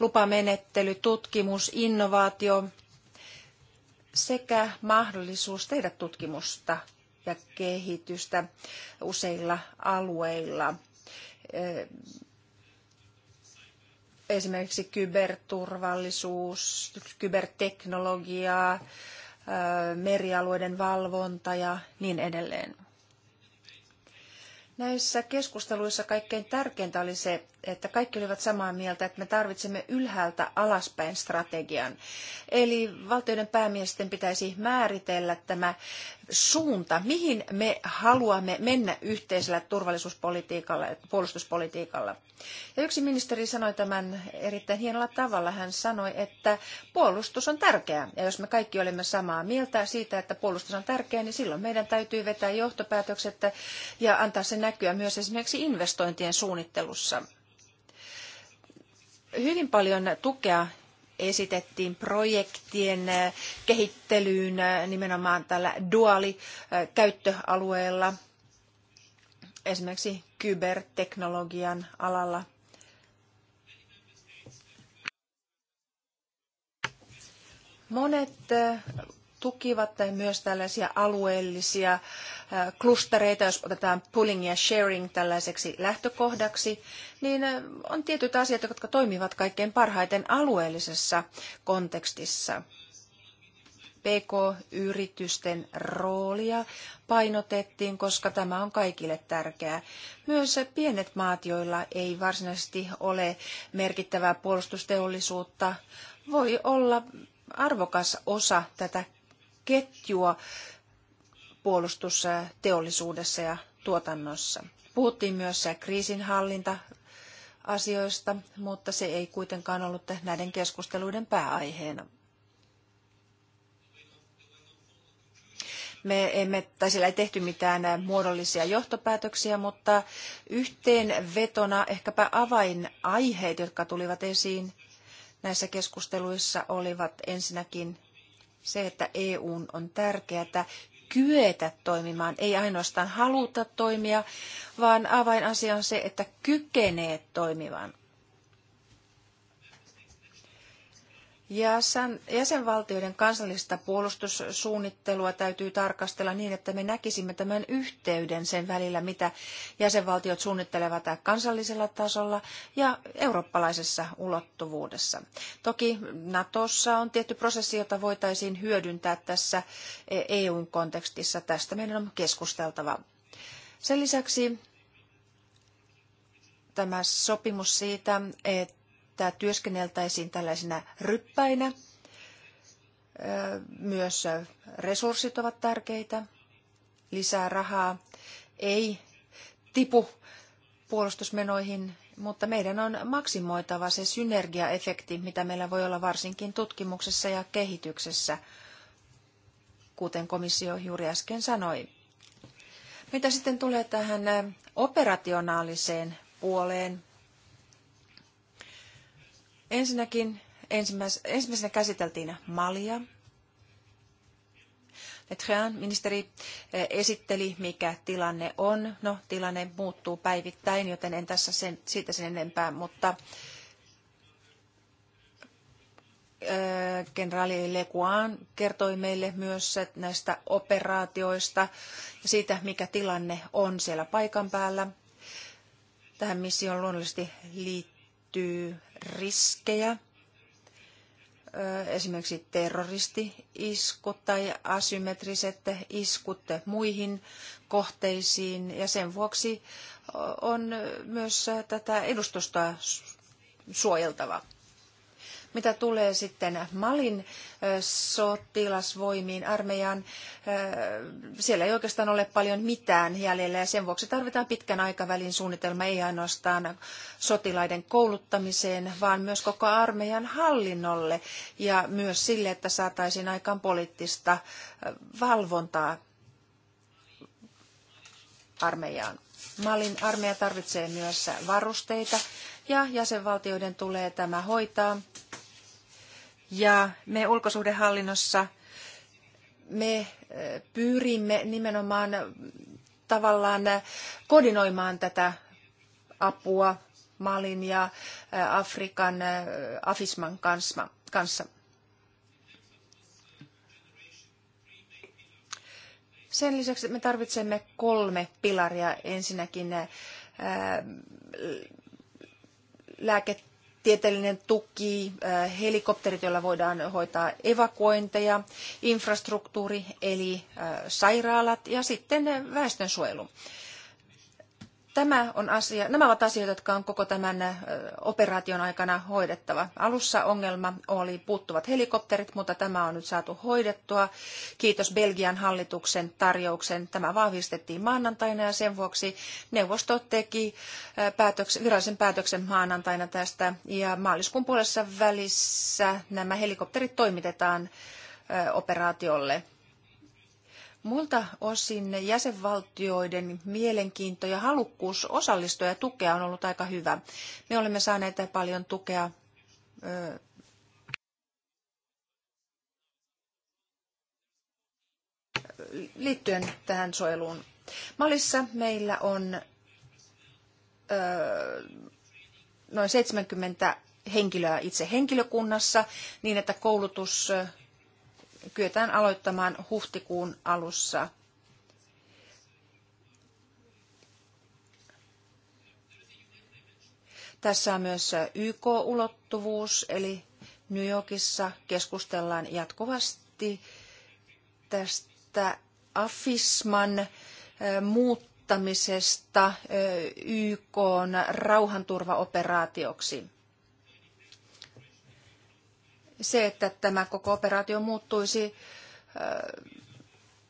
lupamenettely, tutkimus, innovaatio sekä mahdollisuus tehdä tutkimusta ja kehitystä useilla alueilla Eh, esimerkiksi kyberturvallisuus, kyberteknologiaa, eh, merialueiden valvonta ja niin edelleen. Näissä keskusteluissa kaikkein tärkeintä oli se, että kaikki olivat samaa mieltä, että me tarvitsemme ylhäältä alaspäin strategian. Eli valtioiden päämiesten pitäisi määritellä tämä suunta, mihin me haluamme mennä yhteisellä turvallisuuspolitiikalla ja puolustuspolitiikalla. Ja yksi ministeri sanoi tämän erittäin hienolla tavalla. Hän sanoi, että puolustus on tärkeää. Ja jos me kaikki olemme samaa mieltä siitä, että puolustus on tärkeää, niin silloin meidän täytyy vetää johtopäätökset ja antaa se näkyä myös esimerkiksi investointien suunnittelussa. Hyvin paljon tukea esitettiin projektien äh, kehittelyyn äh, nimenomaan tällä duaalikäyttöalueella, äh, esimerkiksi kyberteknologian alalla. Monet tukivat myös tällaisia alueellisia äh, klustereita, jos otetaan pooling ja sharing tällaiseksi lähtökohdaksi, niin äh, on tietyt asiat, jotka toimivat kaikkein parhaiten alueellisessa kontekstissa. PK-yritysten roolia painotettiin, koska tämä on kaikille tärkeää. Myös pienet maat, joilla ei varsinaisesti ole merkittävää puolustusteollisuutta, voi olla arvokas osa tätä ketjua puolustusteollisuudessa ja tuotannossa. Puhuttiin myös kriisinhallinta asioista, mutta se ei kuitenkaan ollut näiden keskusteluiden pääaiheena. Me emme, tai siellä ei tehty mitään muodollisia johtopäätöksiä, mutta yhteenvetona ehkäpä avainaiheet, jotka tulivat esiin näissä keskusteluissa, olivat ensinnäkin se, että EU on tärkeää kyetä toimimaan, ei ainoastaan haluta toimia, vaan avainasia on se, että kykenee toimimaan. jäsenvaltioiden kansallista puolustussuunnittelua täytyy tarkastella niin, että me näkisimme tämän yhteyden sen välillä, mitä jäsenvaltiot suunnittelevat kansallisella tasolla ja eurooppalaisessa ulottuvuudessa. Toki Natossa on tietty prosessi, jota voitaisiin hyödyntää tässä eu kontekstissa. Tästä meidän on keskusteltava. Sen lisäksi tämä sopimus siitä, että että työskenneltäisiin tällaisina ryppäinä. Myös resurssit ovat tärkeitä. Lisää rahaa ei tipu puolustusmenoihin, mutta meidän on maksimoitava se synergiaefekti, mitä meillä voi olla varsinkin tutkimuksessa ja kehityksessä, kuten komissio juuri äsken sanoi. Mitä sitten tulee tähän operationaaliseen puoleen, Ensinnäkin ensimmäis, ensimmäisenä käsiteltiin Malia. Letrean ministeri eh, esitteli, mikä tilanne on. No, tilanne muuttuu päivittäin, joten en tässä sen, siitä sen enempää, mutta eh, kenraali Leguan kertoi meille myös näistä operaatioista ja siitä, mikä tilanne on siellä paikan päällä. Tähän missioon luonnollisesti liittyy liittyy riskejä, esimerkiksi terroristi-iskut tai asymmetriset iskut muihin kohteisiin. Ja sen vuoksi on myös tätä edustusta suojeltava. Mitä tulee sitten Malin sotilasvoimiin, armeijaan, siellä ei oikeastaan ole paljon mitään jäljellä ja sen vuoksi tarvitaan pitkän aikavälin suunnitelma ei ainoastaan sotilaiden kouluttamiseen, vaan myös koko armeijan hallinnolle ja myös sille, että saataisiin aikaan poliittista valvontaa armeijaan. Malin armeija tarvitsee myös varusteita ja jäsenvaltioiden tulee tämä hoitaa. Ja me ulkosuhdehallinnossa me eh, pyrimme nimenomaan tavallaan eh, koordinoimaan tätä apua Malin ja eh, Afrikan Afisman kanssa. Sen lisäksi me tarvitsemme kolme pilaria. Ensinnäkin lääketieteellinen tuki, äh, helikopterit, joilla voidaan hoitaa evakuointeja, infrastruktuuri eli äh, sairaalat ja sitten väestönsuojelu. Tämä on asia, nämä ovat asioita, jotka on koko tämän operaation aikana hoidettava. Alussa ongelma oli puuttuvat helikopterit, mutta tämä on nyt saatu hoidettua. Kiitos Belgian hallituksen tarjouksen. Tämä vahvistettiin maanantaina ja sen vuoksi neuvosto teki päätöksen, virallisen päätöksen maanantaina tästä. Ja maaliskuun puolessa välissä nämä helikopterit toimitetaan operaatiolle. Muilta osin jäsenvaltioiden mielenkiinto ja halukkuus osallistua ja tukea on ollut aika hyvä. Me olemme saaneet paljon tukea liittyen tähän suojeluun. Malissa meillä on noin 70 henkilöä itse henkilökunnassa niin, että koulutus kyetään aloittamaan huhtikuun alussa. Tässä on myös YK-ulottuvuus, eli New Yorkissa keskustellaan jatkuvasti tästä afisman muuttamisesta YK rauhanturvaoperaatioksi se, että tämä koko operaatio muuttuisi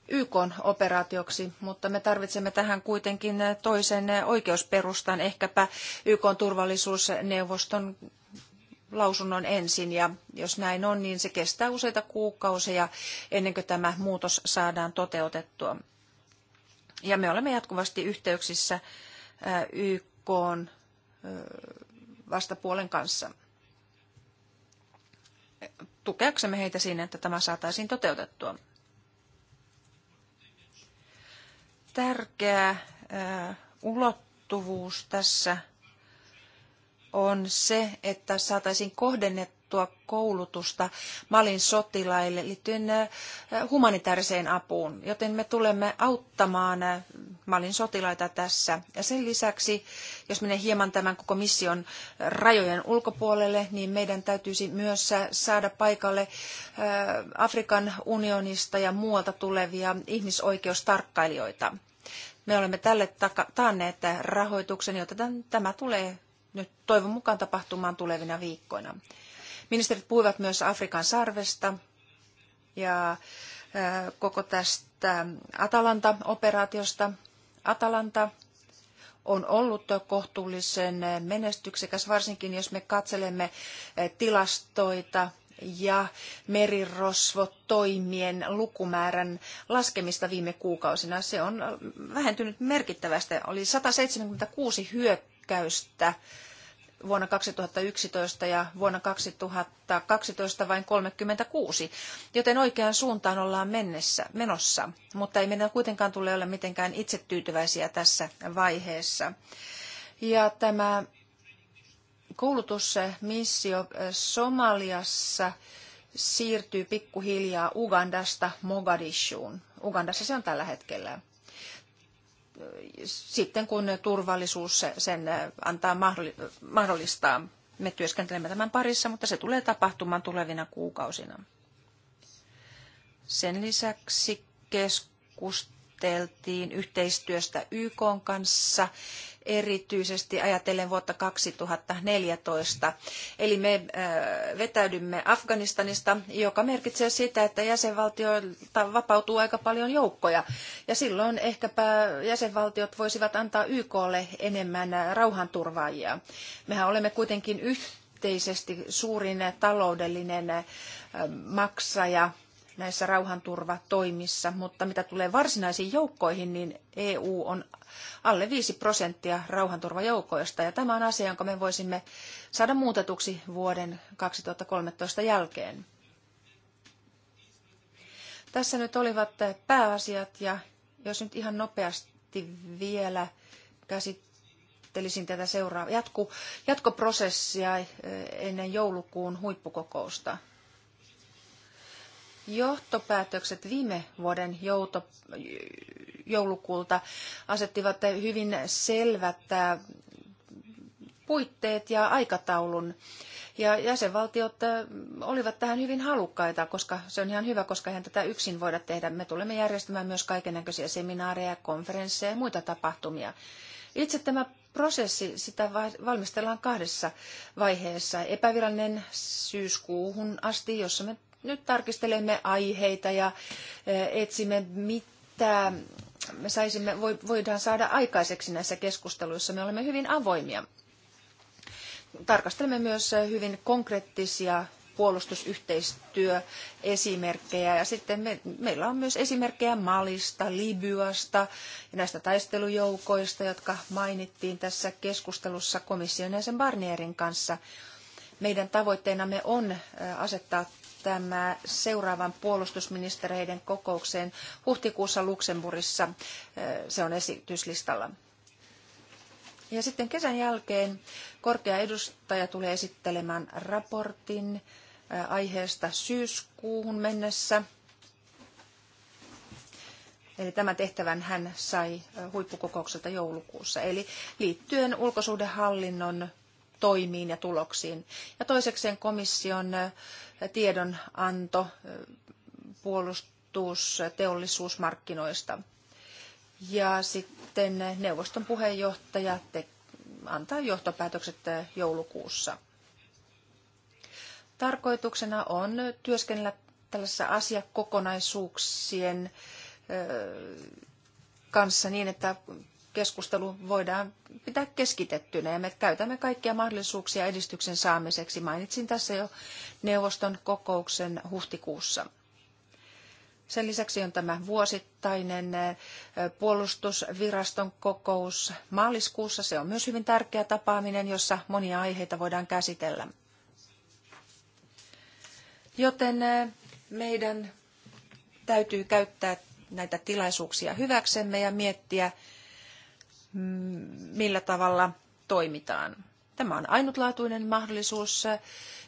YK-operaatioksi, mutta me tarvitsemme tähän kuitenkin toisen oikeusperustan, ehkäpä YK-turvallisuusneuvoston lausunnon ensin ja jos näin on, niin se kestää useita kuukausia ennen kuin tämä muutos saadaan toteutettua. Ja me olemme jatkuvasti yhteyksissä YK vastapuolen kanssa tukeaksemme heitä siinä, että tämä saataisiin toteutettua. Tärkeä ulottuvuus tässä on se, että saataisiin kohdennettua annettua koulutusta Malin sotilaille liittyen äh, äh, humanitaariseen apuun, joten me tulemme auttamaan äh, Malin sotilaita tässä. Ja sen lisäksi, jos menen hieman tämän koko mission rajojen ulkopuolelle, niin meidän täytyisi myös saada paikalle Afrikan unionista ja muualta tulevia ihmisoikeustarkkailijoita. Me olemme tälle taanneet rahoituksen, jotta tämä tulee nyt toivon mukaan tapahtumaan tulevina viikkoina. Ministerit puhuivat myös Afrikan sarvesta ja koko tästä Atalanta-operaatiosta. Atalanta on ollut kohtuullisen menestyksekäs, varsinkin jos me katselemme tilastoita ja merirosvotoimien lukumäärän laskemista viime kuukausina. Se on vähentynyt merkittävästi. Oli 176 hyökkäystä vuonna 2011 ja vuonna 2012 vain 36, joten oikeaan suuntaan ollaan mennessä, menossa, mutta ei meidän kuitenkaan tule olla mitenkään itsetyytyväisiä tässä vaiheessa. Ja tämä koulutusmissio Somaliassa siirtyy pikkuhiljaa Ugandasta Mogadishuun. Ugandassa se on tällä hetkellä sitten kun turvallisuus sen antaa mahdollistaa. Me työskentelemme tämän parissa, mutta se tulee tapahtumaan tulevina kuukausina. Sen lisäksi keskustelu keskusteltiin yhteistyöstä YK kanssa, erityisesti ajatellen vuotta 2014. Eli me äh, vetäydymme Afganistanista, joka merkitsee sitä, että jäsenvaltioilta vapautuu aika paljon joukkoja. Ja silloin ehkäpä jäsenvaltiot voisivat antaa YKlle enemmän rauhanturvaajia. Mehän olemme kuitenkin yhteisesti suurin taloudellinen äh, maksaja näissä rauhanturvatoimissa, mutta mitä tulee varsinaisiin joukkoihin, niin EU on alle 5 prosenttia rauhanturvajoukoista, ja tämä on asia, jonka me voisimme saada muutetuksi vuoden 2013 jälkeen. Tässä nyt olivat pääasiat, ja jos nyt ihan nopeasti vielä käsittelisin tätä seuraavaa jatku, jatkoprosessia ennen joulukuun huippukokousta johtopäätökset viime vuoden jouto, joulukuulta asettivat hyvin selvät puitteet ja aikataulun. Ja jäsenvaltiot olivat tähän hyvin halukkaita, koska se on ihan hyvä, koska eihän tätä yksin voida tehdä. Me tulemme järjestämään myös kaikenlaisia seminaareja, konferensseja ja muita tapahtumia. Itse tämä prosessi, sitä valmistellaan kahdessa vaiheessa. Epävirallinen syyskuuhun asti, jossa me nyt tarkistelemme aiheita ja e, etsimme, mitä me saisimme, voidaan saada aikaiseksi näissä keskusteluissa. Me olemme hyvin avoimia. Tarkastelemme myös hyvin konkreettisia puolustusyhteistyöesimerkkejä. Ja sitten me, meillä on myös esimerkkejä Malista, Libyasta ja näistä taistelujoukoista, jotka mainittiin tässä keskustelussa komission jäsen Barnierin kanssa. Meidän tavoitteenamme on asettaa tämä seuraavan puolustusministereiden kokoukseen huhtikuussa Luxemburissa. Se on esityslistalla. Ja sitten kesän jälkeen korkea edustaja tulee esittelemään raportin aiheesta syyskuuhun mennessä. Eli tämän tehtävän hän sai huippukokoukselta joulukuussa, eli liittyen ulkosuhdehallinnon toimiin ja tuloksiin. Ja toisekseen komission tiedonanto puolustus teollisuusmarkkinoista. Ja sitten neuvoston puheenjohtaja te, antaa johtopäätökset joulukuussa. Tarkoituksena on työskennellä tällaisessa asiakokonaisuuksien kanssa niin, että keskustelu voidaan pitää keskitettynä ja me käytämme kaikkia mahdollisuuksia edistyksen saamiseksi. Mainitsin tässä jo neuvoston kokouksen huhtikuussa. Sen lisäksi on tämä vuosittainen eh, puolustusviraston kokous maaliskuussa. Se on myös hyvin tärkeä tapaaminen, jossa monia aiheita voidaan käsitellä. Joten eh, meidän täytyy käyttää näitä tilaisuuksia hyväksemme ja miettiä, millä tavalla toimitaan. Tämä on ainutlaatuinen mahdollisuus.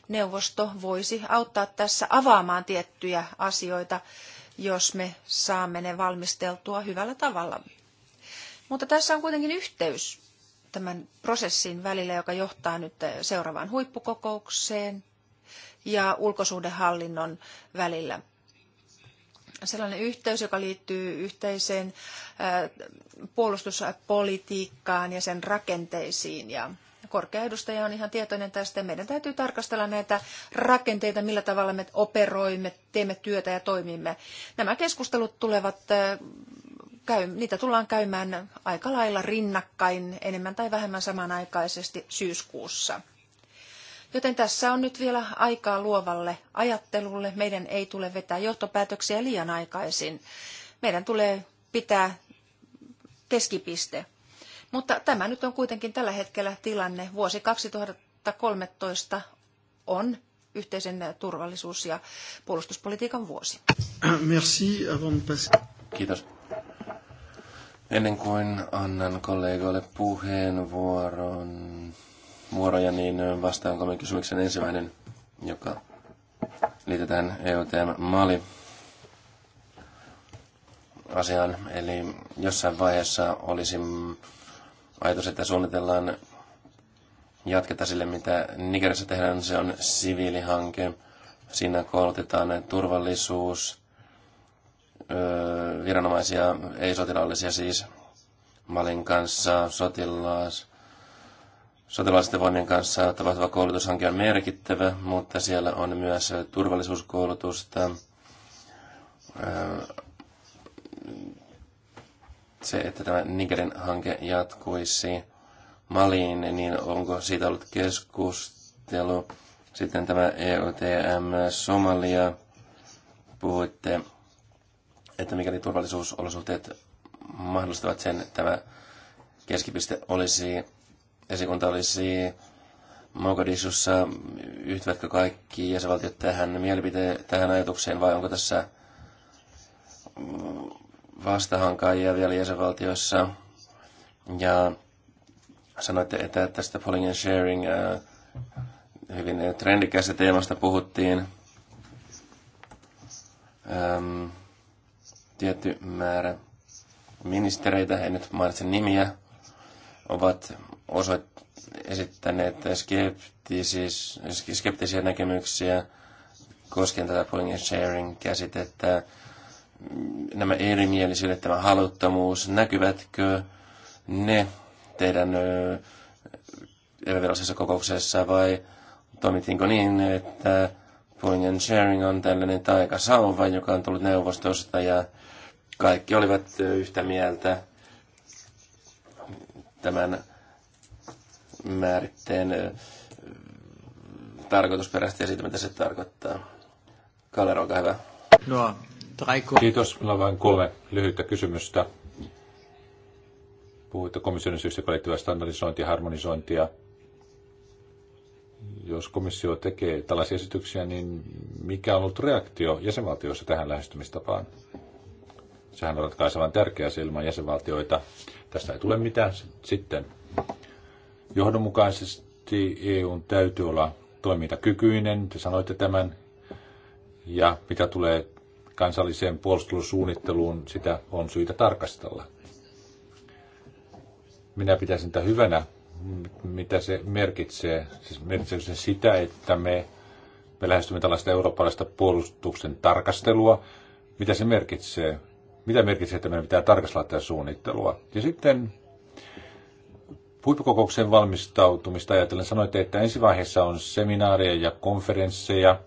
Neuvosto voisi auttaa tässä avaamaan tiettyjä asioita, jos me saamme ne valmisteltua hyvällä tavalla. Mutta tässä on kuitenkin yhteys tämän prosessin välillä, joka johtaa nyt seuraavaan huippukokoukseen ja ulkosuhdehallinnon välillä sellainen yhteys, joka liittyy yhteiseen puolustuspolitiikkaan ja sen rakenteisiin. Ja korkea edustaja on ihan tietoinen tästä. Meidän täytyy tarkastella näitä rakenteita, millä tavalla me operoimme, teemme työtä ja toimimme. Nämä keskustelut tulevat, käy, niitä tullaan käymään aika lailla rinnakkain, enemmän tai vähemmän samanaikaisesti syyskuussa. Joten tässä on nyt vielä aikaa luovalle ajattelulle. Meidän ei tule vetää johtopäätöksiä liian aikaisin. Meidän tulee pitää keskipiste. Mutta tämä nyt on kuitenkin tällä hetkellä tilanne. Vuosi 2013 on yhteisen turvallisuus- ja puolustuspolitiikan vuosi. Merci Kiitos. Ennen kuin annan kollegoille puheenvuoron, muoroja, niin vastaan kolmen kysymyksen ensimmäinen, joka liitetään EOTM Mali asiaan. Eli jossain vaiheessa olisi ajatus, että suunnitellaan jatketa sille, mitä Nigerissä tehdään. Se on siviilihanke. Siinä koulutetaan turvallisuus, viranomaisia, ei-sotilaallisia siis, Malin kanssa, sotilas, voimien kanssa tapahtuva koulutushanke on merkittävä, mutta siellä on myös äh, turvallisuuskoulutusta. Äh, se, että tämä Nigerin hanke jatkuisi Maliin, niin onko siitä ollut keskustelu? Sitten tämä EUTM Somalia. Puhuitte, että mikäli turvallisuusolosuhteet mahdollistavat sen, tämä keskipiste olisi esikunta olisi Mogadishussa, yhtyvätkö kaikki jäsenvaltiot tähän mielipiteen, tähän ajatukseen, vai onko tässä vastahankaajia vielä jäsenvaltioissa? Ja sanoitte, että tästä polling and sharing äh, hyvin trendikästä teemasta puhuttiin. Öm, ähm, tietty määrä ministereitä, en nyt mainitse nimiä, ovat osoit, esittäneet skeptisiä näkemyksiä koskien tätä pulling and sharing-käsitettä. Nämä erimielisyydet, tämä haluttomuus, näkyvätkö ne teidän epävirallisessa kokouksessa vai toimittiinko niin, että pulling and sharing on tällainen taikasauva, joka on tullut neuvostosta ja kaikki olivat yhtä mieltä tämän määritteen tarkoitusperästä ja siitä, mitä se tarkoittaa. Kalero, onko hyvä. No, Kiitos. Minulla on vain kolme lyhyttä kysymystä. Puhuitte komission syystä liittyvää standardisointia ja harmonisointia. Jos komissio tekee tällaisia esityksiä, niin mikä on ollut reaktio jäsenvaltioissa tähän lähestymistapaan? Sehän on ratkaisevan tärkeää, se ilman jäsenvaltioita. Tästä ei tule mitään sitten. Johdonmukaisesti EUn täytyy olla toimintakykyinen, te sanoitte tämän, ja mitä tulee kansalliseen puolustussuunnitteluun, sitä on syytä tarkastella. Minä pitäisin tätä hyvänä, mitä se merkitsee. Siis merkitsee se sitä, että me, me lähestymme tällaista eurooppalaista puolustuksen tarkastelua? Mitä se merkitsee? Mitä merkitsee, että meidän pitää tarkastella tätä suunnittelua? Ja sitten huippukokouksen valmistautumista ajatellen sanoitte, että vaiheessa on seminaareja ja konferensseja.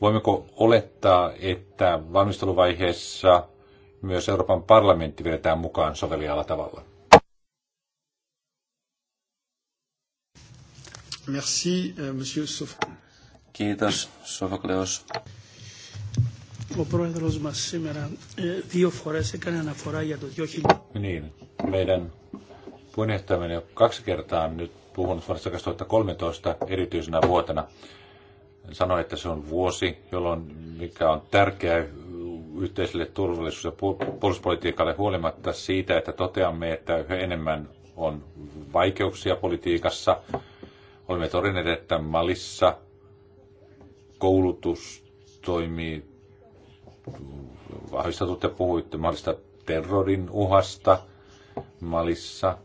Voimmeko olettaa, että valmisteluvaiheessa myös Euroopan parlamentti vedetään mukaan sovelijalla tavalla? Merci, euh, monsieur Sof. Kiitos, Sofokleos. Niin, meidän Puheenjohtajamme jo kaksi kertaa nyt puhunut vuodesta 2013 erityisenä vuotena. Sanoi, että se on vuosi, jolloin mikä on tärkeä yhteiselle turvallisuus- ja puolustuspolitiikalle huolimatta siitä, että toteamme, että yhä enemmän on vaikeuksia politiikassa. Olemme todenneet, että Malissa koulutus toimii vahvistetut ja puhuitte Malista terrorin uhasta Malissa.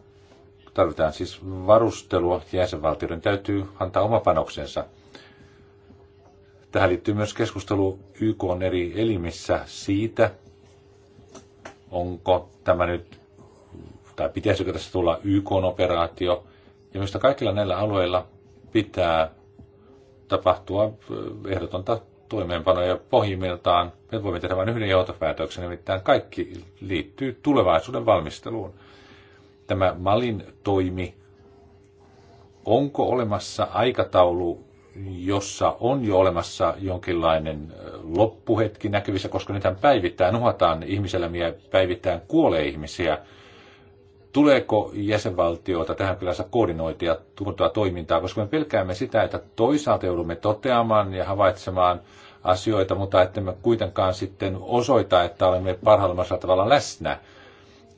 Tarvitaan siis varustelua, jäsenvaltioiden täytyy antaa oma panoksensa. Tähän liittyy myös keskustelu YK on eri elimissä siitä, onko tämä nyt, tai pitäisikö tässä tulla YK-operaatio. Ja mistä kaikilla näillä alueilla pitää tapahtua ehdotonta toimeenpanoja pohjimmiltaan. Me voimme tehdä vain yhden johtopäätöksen, nimittäin kaikki liittyy tulevaisuuden valmisteluun tämä Malin toimi, onko olemassa aikataulu, jossa on jo olemassa jonkinlainen loppuhetki näkyvissä, koska nythän päivittäin uhataan ihmiselämiä, päivittäin kuolee ihmisiä. Tuleeko jäsenvaltioita tähän kyllä koordinointia ja tuota toimintaa, koska me pelkäämme sitä, että toisaalta joudumme toteamaan ja havaitsemaan asioita, mutta että me kuitenkaan sitten osoita, että olemme parhaalla tavalla läsnä.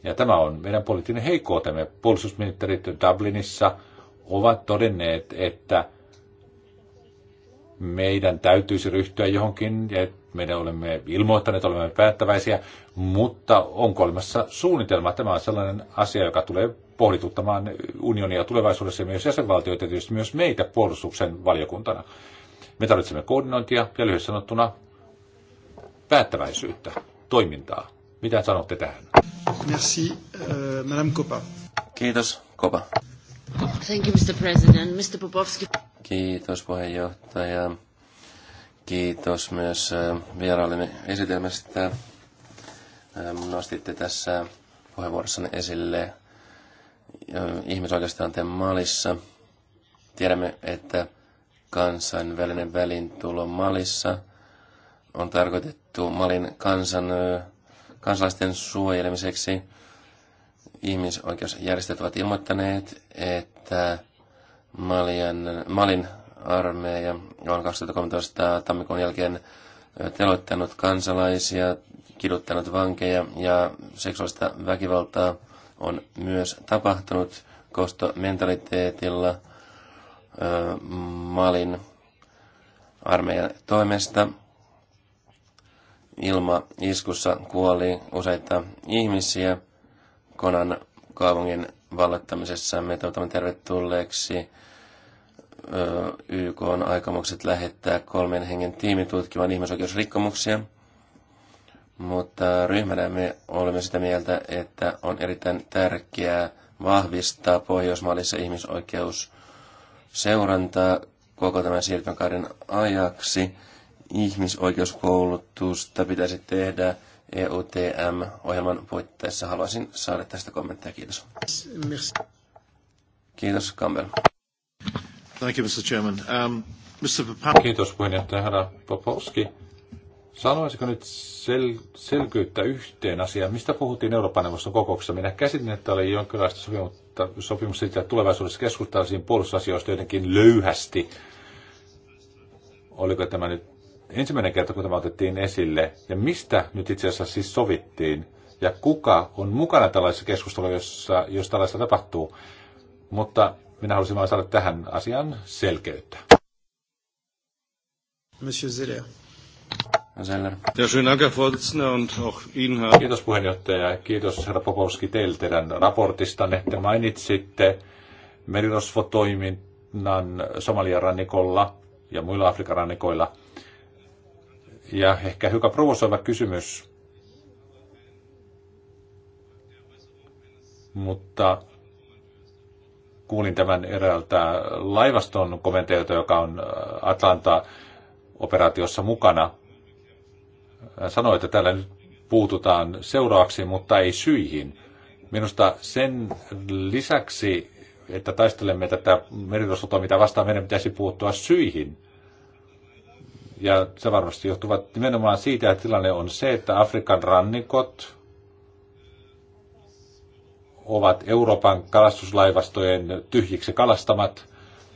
Ja tämä on meidän poliittinen heikkoutemme. Puolustusministerit Dublinissa ovat todenneet, että meidän täytyisi ryhtyä johonkin, ja meidän olemme ilmoittaneet, olemme päättäväisiä, mutta onko olemassa suunnitelma? Tämä on sellainen asia, joka tulee pohdituttamaan unionia tulevaisuudessa ja myös jäsenvaltioita, tietysti myös meitä puolustuksen valiokuntana. Me tarvitsemme koordinointia ja lyhyesti sanottuna päättäväisyyttä, toimintaa. Mitä sanotte tähän? Merci, uh, Madame Kopa. Kiitos, Kopa. Thank you, Mr. President. Mr. Popovski. Kiitos, puheenjohtaja. Kiitos myös äh, vieraillemme esitelmästä. Ähm, nostitte tässä puheenvuorossanne esille äh, ihmisoikeustilanteen Malissa. Tiedämme, että kansainvälinen välintulo Malissa on tarkoitettu Malin kansan kansalaisten suojelemiseksi. Ihmisoikeusjärjestöt ovat ilmoittaneet, että Malian, Malin armeija on 2013 tammikuun jälkeen teloittanut kansalaisia, kiduttanut vankeja ja seksuaalista väkivaltaa on myös tapahtunut kostomentaliteetilla Malin armeijan toimesta ilma iskussa kuoli useita ihmisiä Konan kaupungin vallattamisessa. Me toivotamme tervetulleeksi YK on aikomukset lähettää kolmen hengen tiimi tutkimaan ihmisoikeusrikkomuksia. Mutta ryhmänä me olemme sitä mieltä, että on erittäin tärkeää vahvistaa Pohjoismaalissa ihmisoikeusseurantaa koko tämän siirtymäkauden ajaksi – ihmisoikeuskoulutusta pitäisi tehdä EUTM-ohjelman puitteissa. Haluaisin saada tästä kommentteja. Kiitos. Kiitos, Campbell. Thank you, Mr. Chairman. Um, Mr. Papa... Kiitos, puheenjohtaja herra Popowski. Sanoisiko nyt sel- selkyyttä yhteen asiaan? Mistä puhuttiin Euroopan neuvoston kokouksessa? Minä käsitin, että oli jonkinlaista sopimusta, sopimus siitä, että tulevaisuudessa keskusteltaisiin puolustusasioista jotenkin löyhästi. Oliko tämä nyt ensimmäinen kerta, kun tämä otettiin esille, ja mistä nyt itse asiassa siis sovittiin, ja kuka on mukana tällaisessa keskustelussa, jos tällaista tapahtuu. Mutta minä haluaisin vain saada tähän asian selkeyttä. Monsieur Zeller. Ja Kiitos puheenjohtaja. Kiitos, herra Popovski teille teidän raportistanne. Te mainitsitte toiminnan Somalian rannikolla ja muilla Afrikan rannikoilla ja ehkä hiukan provosoiva kysymys, mutta kuulin tämän eräältä laivaston komentajalta, joka on äh, Atlanta-operaatiossa mukana. Hän sanoi, että täällä nyt puututaan seuraaksi, mutta ei syihin. Minusta sen lisäksi, että taistelemme tätä mitä vastaan, meidän pitäisi puuttua syihin. Ja se varmasti johtuvat nimenomaan siitä, että tilanne on se, että Afrikan rannikot ovat Euroopan kalastuslaivastojen tyhjiksi kalastamat,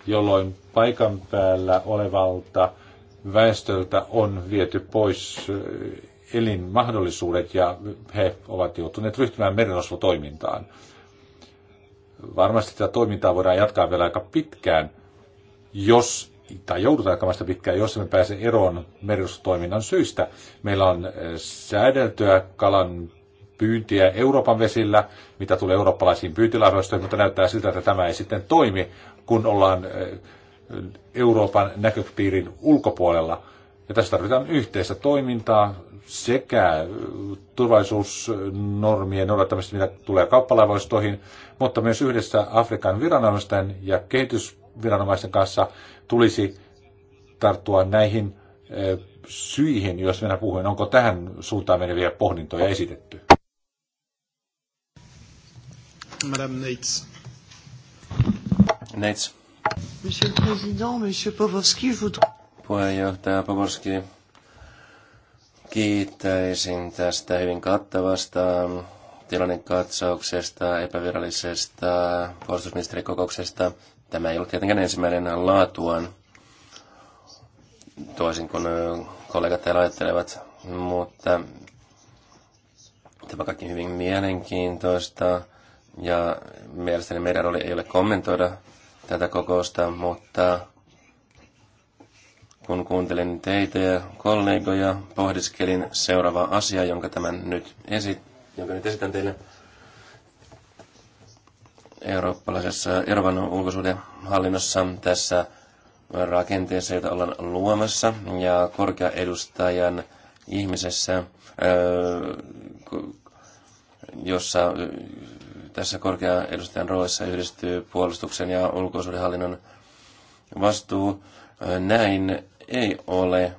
jolloin paikan päällä olevalta väestöltä on viety pois eh, elinmahdollisuudet ja he ovat joutuneet ryhtymään merenosvotoimintaan. Varmasti tätä toimintaa voidaan jatkaa vielä aika pitkään, jos tai joudutaan jakamaan sitä pitkään, jos me pääsemme eroon merensustoiminnan syistä. Meillä on eh, säädeltyä kalan pyyntiä Euroopan vesillä, mitä tulee eurooppalaisiin pyyntilaivoistoihin, mutta näyttää siltä, että tämä ei sitten toimi, kun ollaan eh, Euroopan näköpiirin ulkopuolella. Ja tässä tarvitaan yhteistä toimintaa sekä eh, turvallisuusnormien noudattamista, mitä tulee kauppalaivoistoihin, mutta myös yhdessä Afrikan viranomaisten ja kehitysviranomaisten kanssa, tulisi tarttua näihin syihin, jos minä puhuin. Onko tähän suuntaan meneviä pohdintoja esitetty? Madame Neitz. Neitz. Monsieur le Président, Monsieur Pavlovski, je voudrais... Puheenjohtaja Pavlovski, kiittäisin tästä hyvin kattavasta tilannekatsauksesta, epävirallisesta puolustusministerikokouksesta. Tämä ei ollut tietenkään ensimmäinen laatuaan, toisin kuin kollegat täällä ajattelevat, mutta tämä kaikki hyvin mielenkiintoista. Ja mielestäni meidän rooli ei ole kommentoida tätä kokousta, mutta kun kuuntelin teitä ja kollegoja, pohdiskelin seuraavaa asiaa, jonka, tämän nyt, esi- jonka nyt esitän teille – eurooppalaisessa Euroopan hallinnossa tässä rakenteessa, jota ollaan luomassa, ja korkea edustajan ihmisessä, jossa tässä korkea edustajan roolissa yhdistyy puolustuksen ja hallinnon vastuu. Näin ei ole.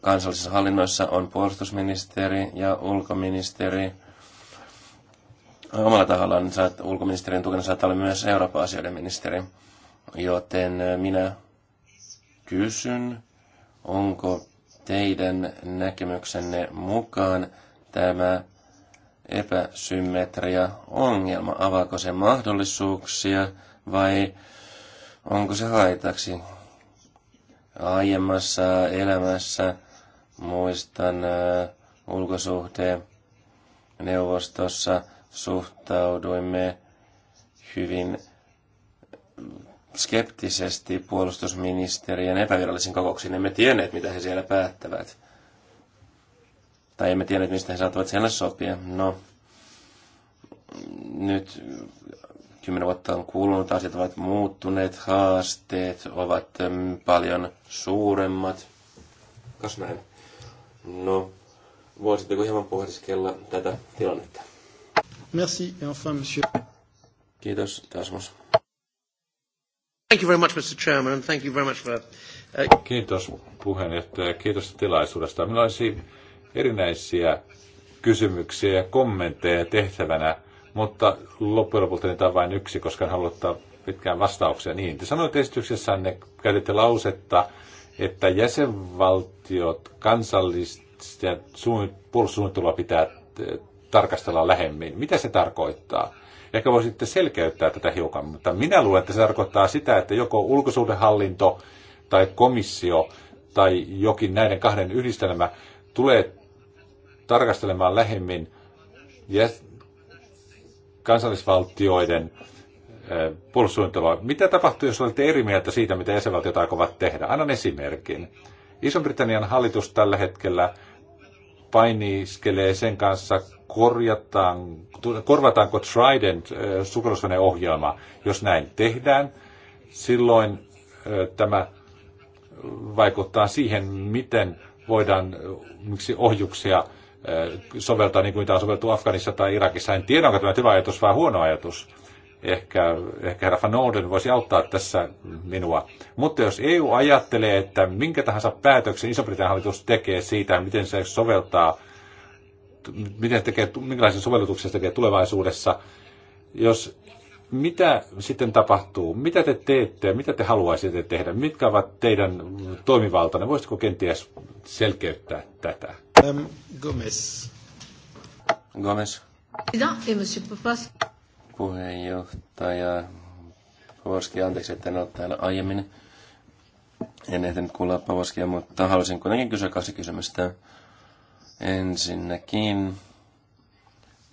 Kansallisissa hallinnoissa on puolustusministeri ja ulkoministeri omalla tahollaan niin saat, ulkoministerin tukena saattaa olla myös Euroopan asioiden ministeri. Joten minä kysyn, onko teidän näkemyksenne mukaan tämä epäsymmetria ongelma? Avaako se mahdollisuuksia vai onko se haitaksi? Aiemmassa elämässä muistan ulkosuhteen neuvostossa – suhtauduimme hyvin skeptisesti puolustusministerien epävirallisiin kokouksiin. Emme tienneet, mitä he siellä päättävät. Tai emme tienneet, mistä he saattavat siellä sopia. No, nyt kymmenen vuotta on kulunut, asiat ovat muuttuneet, haasteet ovat paljon suuremmat. Kas näin? No, voisitteko hieman pohdiskella tätä tilannetta? Merci. Et enfin, monsieur. Kiitos, Tasmus. Thank you very much, Mr. Chairman, and thank you very much for... Uh... Kiitos puheenjohtaja, kiitos tilaisuudesta. Minulla olisi erinäisiä kysymyksiä ja kommentteja tehtävänä, mutta loppujen lopulta niitä on vain yksi, koska en halua ottaa pitkään vastauksia niin. Te sanoitte esityksessänne, käytitte lausetta, että jäsenvaltiot kansallista puolustussuunnittelua pitää tarkastella lähemmin. Mitä se tarkoittaa? Ehkä voisitte selkeyttää tätä hiukan, mutta minä luulen, että se tarkoittaa sitä, että joko ulkosuhdehallinto tai komissio tai jokin näiden kahden yhdistelmä tulee tarkastelemaan lähemmin ja kansallisvaltioiden puolustussuunnittelua. Mitä tapahtuu, jos olette eri mieltä siitä, mitä jäsenvaltiot aikovat tehdä? Annan esimerkin. Iso-Britannian hallitus tällä hetkellä painiskelee sen kanssa, korjataan, korvataanko Trident äh, sukellusveneohjelma. Jos näin tehdään, silloin äh, tämä vaikuttaa siihen, miten voidaan äh, miksi ohjuksia soveltaa niin kuin mitä on soveltu Afganissa tai Irakissa. En tiedä, onko tämä hyvä ajatus vai huono ajatus. Ehkä, ehkä herra Van Orden voisi auttaa tässä minua. Mutta jos EU ajattelee, että minkä tahansa päätöksen Iso-Britannian hallitus tekee siitä, miten se soveltaa miten tekee, minkälaisen sovellutuksen se tekee tulevaisuudessa, jos mitä sitten tapahtuu, mitä te teette, mitä te haluaisitte tehdä, mitkä ovat teidän toimivaltanne, voisitko kenties selkeyttää tätä? Um, Gomez. Gomez. Puheenjohtaja Pavoski, anteeksi, että en ole täällä aiemmin. En ehtinyt kuulla Pavoskia, mutta haluaisin kuitenkin kysyä kaksi kysymystä. Ensinnäkin,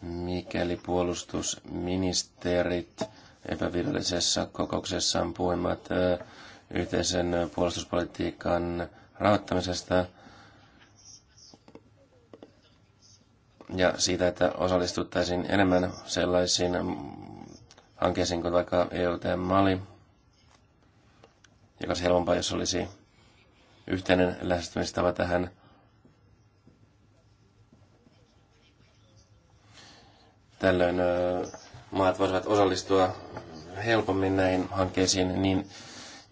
mikäli puolustusministerit epävirallisessa kokouksessaan puhuivat yhteisen puolustuspolitiikan rahoittamisesta ja siitä, että osallistuttaisiin enemmän sellaisiin hankkeisiin kuin vaikka EUTM-mali, joka olisi helpompaa, jos olisi yhteinen lähestymistapa tähän Tällöin maat voisivat osallistua helpommin näihin hankkeisiin, niin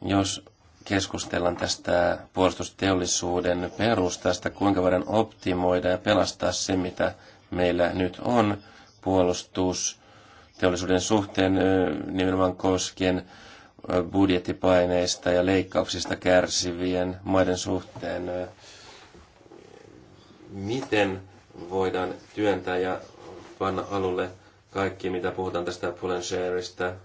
jos keskustellaan tästä puolustusteollisuuden perustasta, kuinka voidaan optimoida ja pelastaa se, mitä meillä nyt on puolustusteollisuuden suhteen nimenomaan koskien budjettipaineista ja leikkauksista kärsivien maiden suhteen. Miten voidaan työntää ja panna alulle kaikki, mitä puhutaan tästä pull and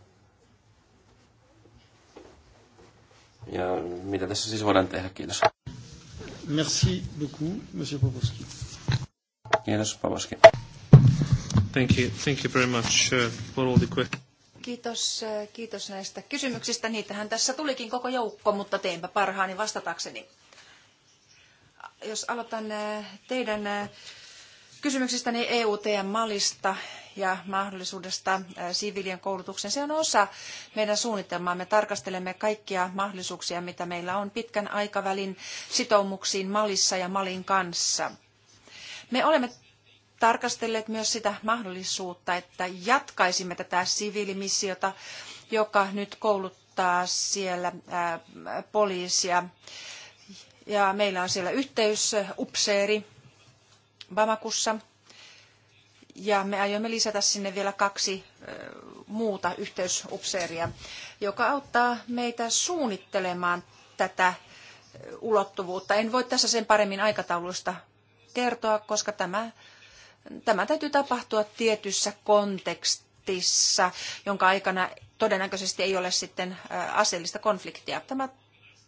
Ja mitä tässä siis voidaan tehdä? Kiitos. Merci beaucoup, Monsieur Popovski. Kiitos, Popovski. Thank you, thank you very much uh, for all the questions. Kiitos, uh, kiitos näistä kysymyksistä. Niitähän tässä tulikin koko joukko, mutta teenpä parhaani vastatakseni. Jos aloitan uh, teidän kysymyksestäni EUTM-mallista ja mahdollisuudesta siviilien koulutuksen. Se on osa meidän suunnitelmaa. Me tarkastelemme kaikkia mahdollisuuksia, mitä meillä on pitkän aikavälin sitoumuksiin Malissa ja Malin kanssa. Me olemme tarkastelleet myös sitä mahdollisuutta, että jatkaisimme tätä siviilimissiota, joka nyt kouluttaa siellä poliisia. Ja meillä on siellä yhteysupseeri, Bamakussa. Ja me aiomme lisätä sinne vielä kaksi muuta yhteysupseeria, joka auttaa meitä suunnittelemaan tätä ulottuvuutta. En voi tässä sen paremmin aikatauluista kertoa, koska tämä, tämä täytyy tapahtua tietyssä kontekstissa, jonka aikana todennäköisesti ei ole sitten aseellista konfliktia. Tämä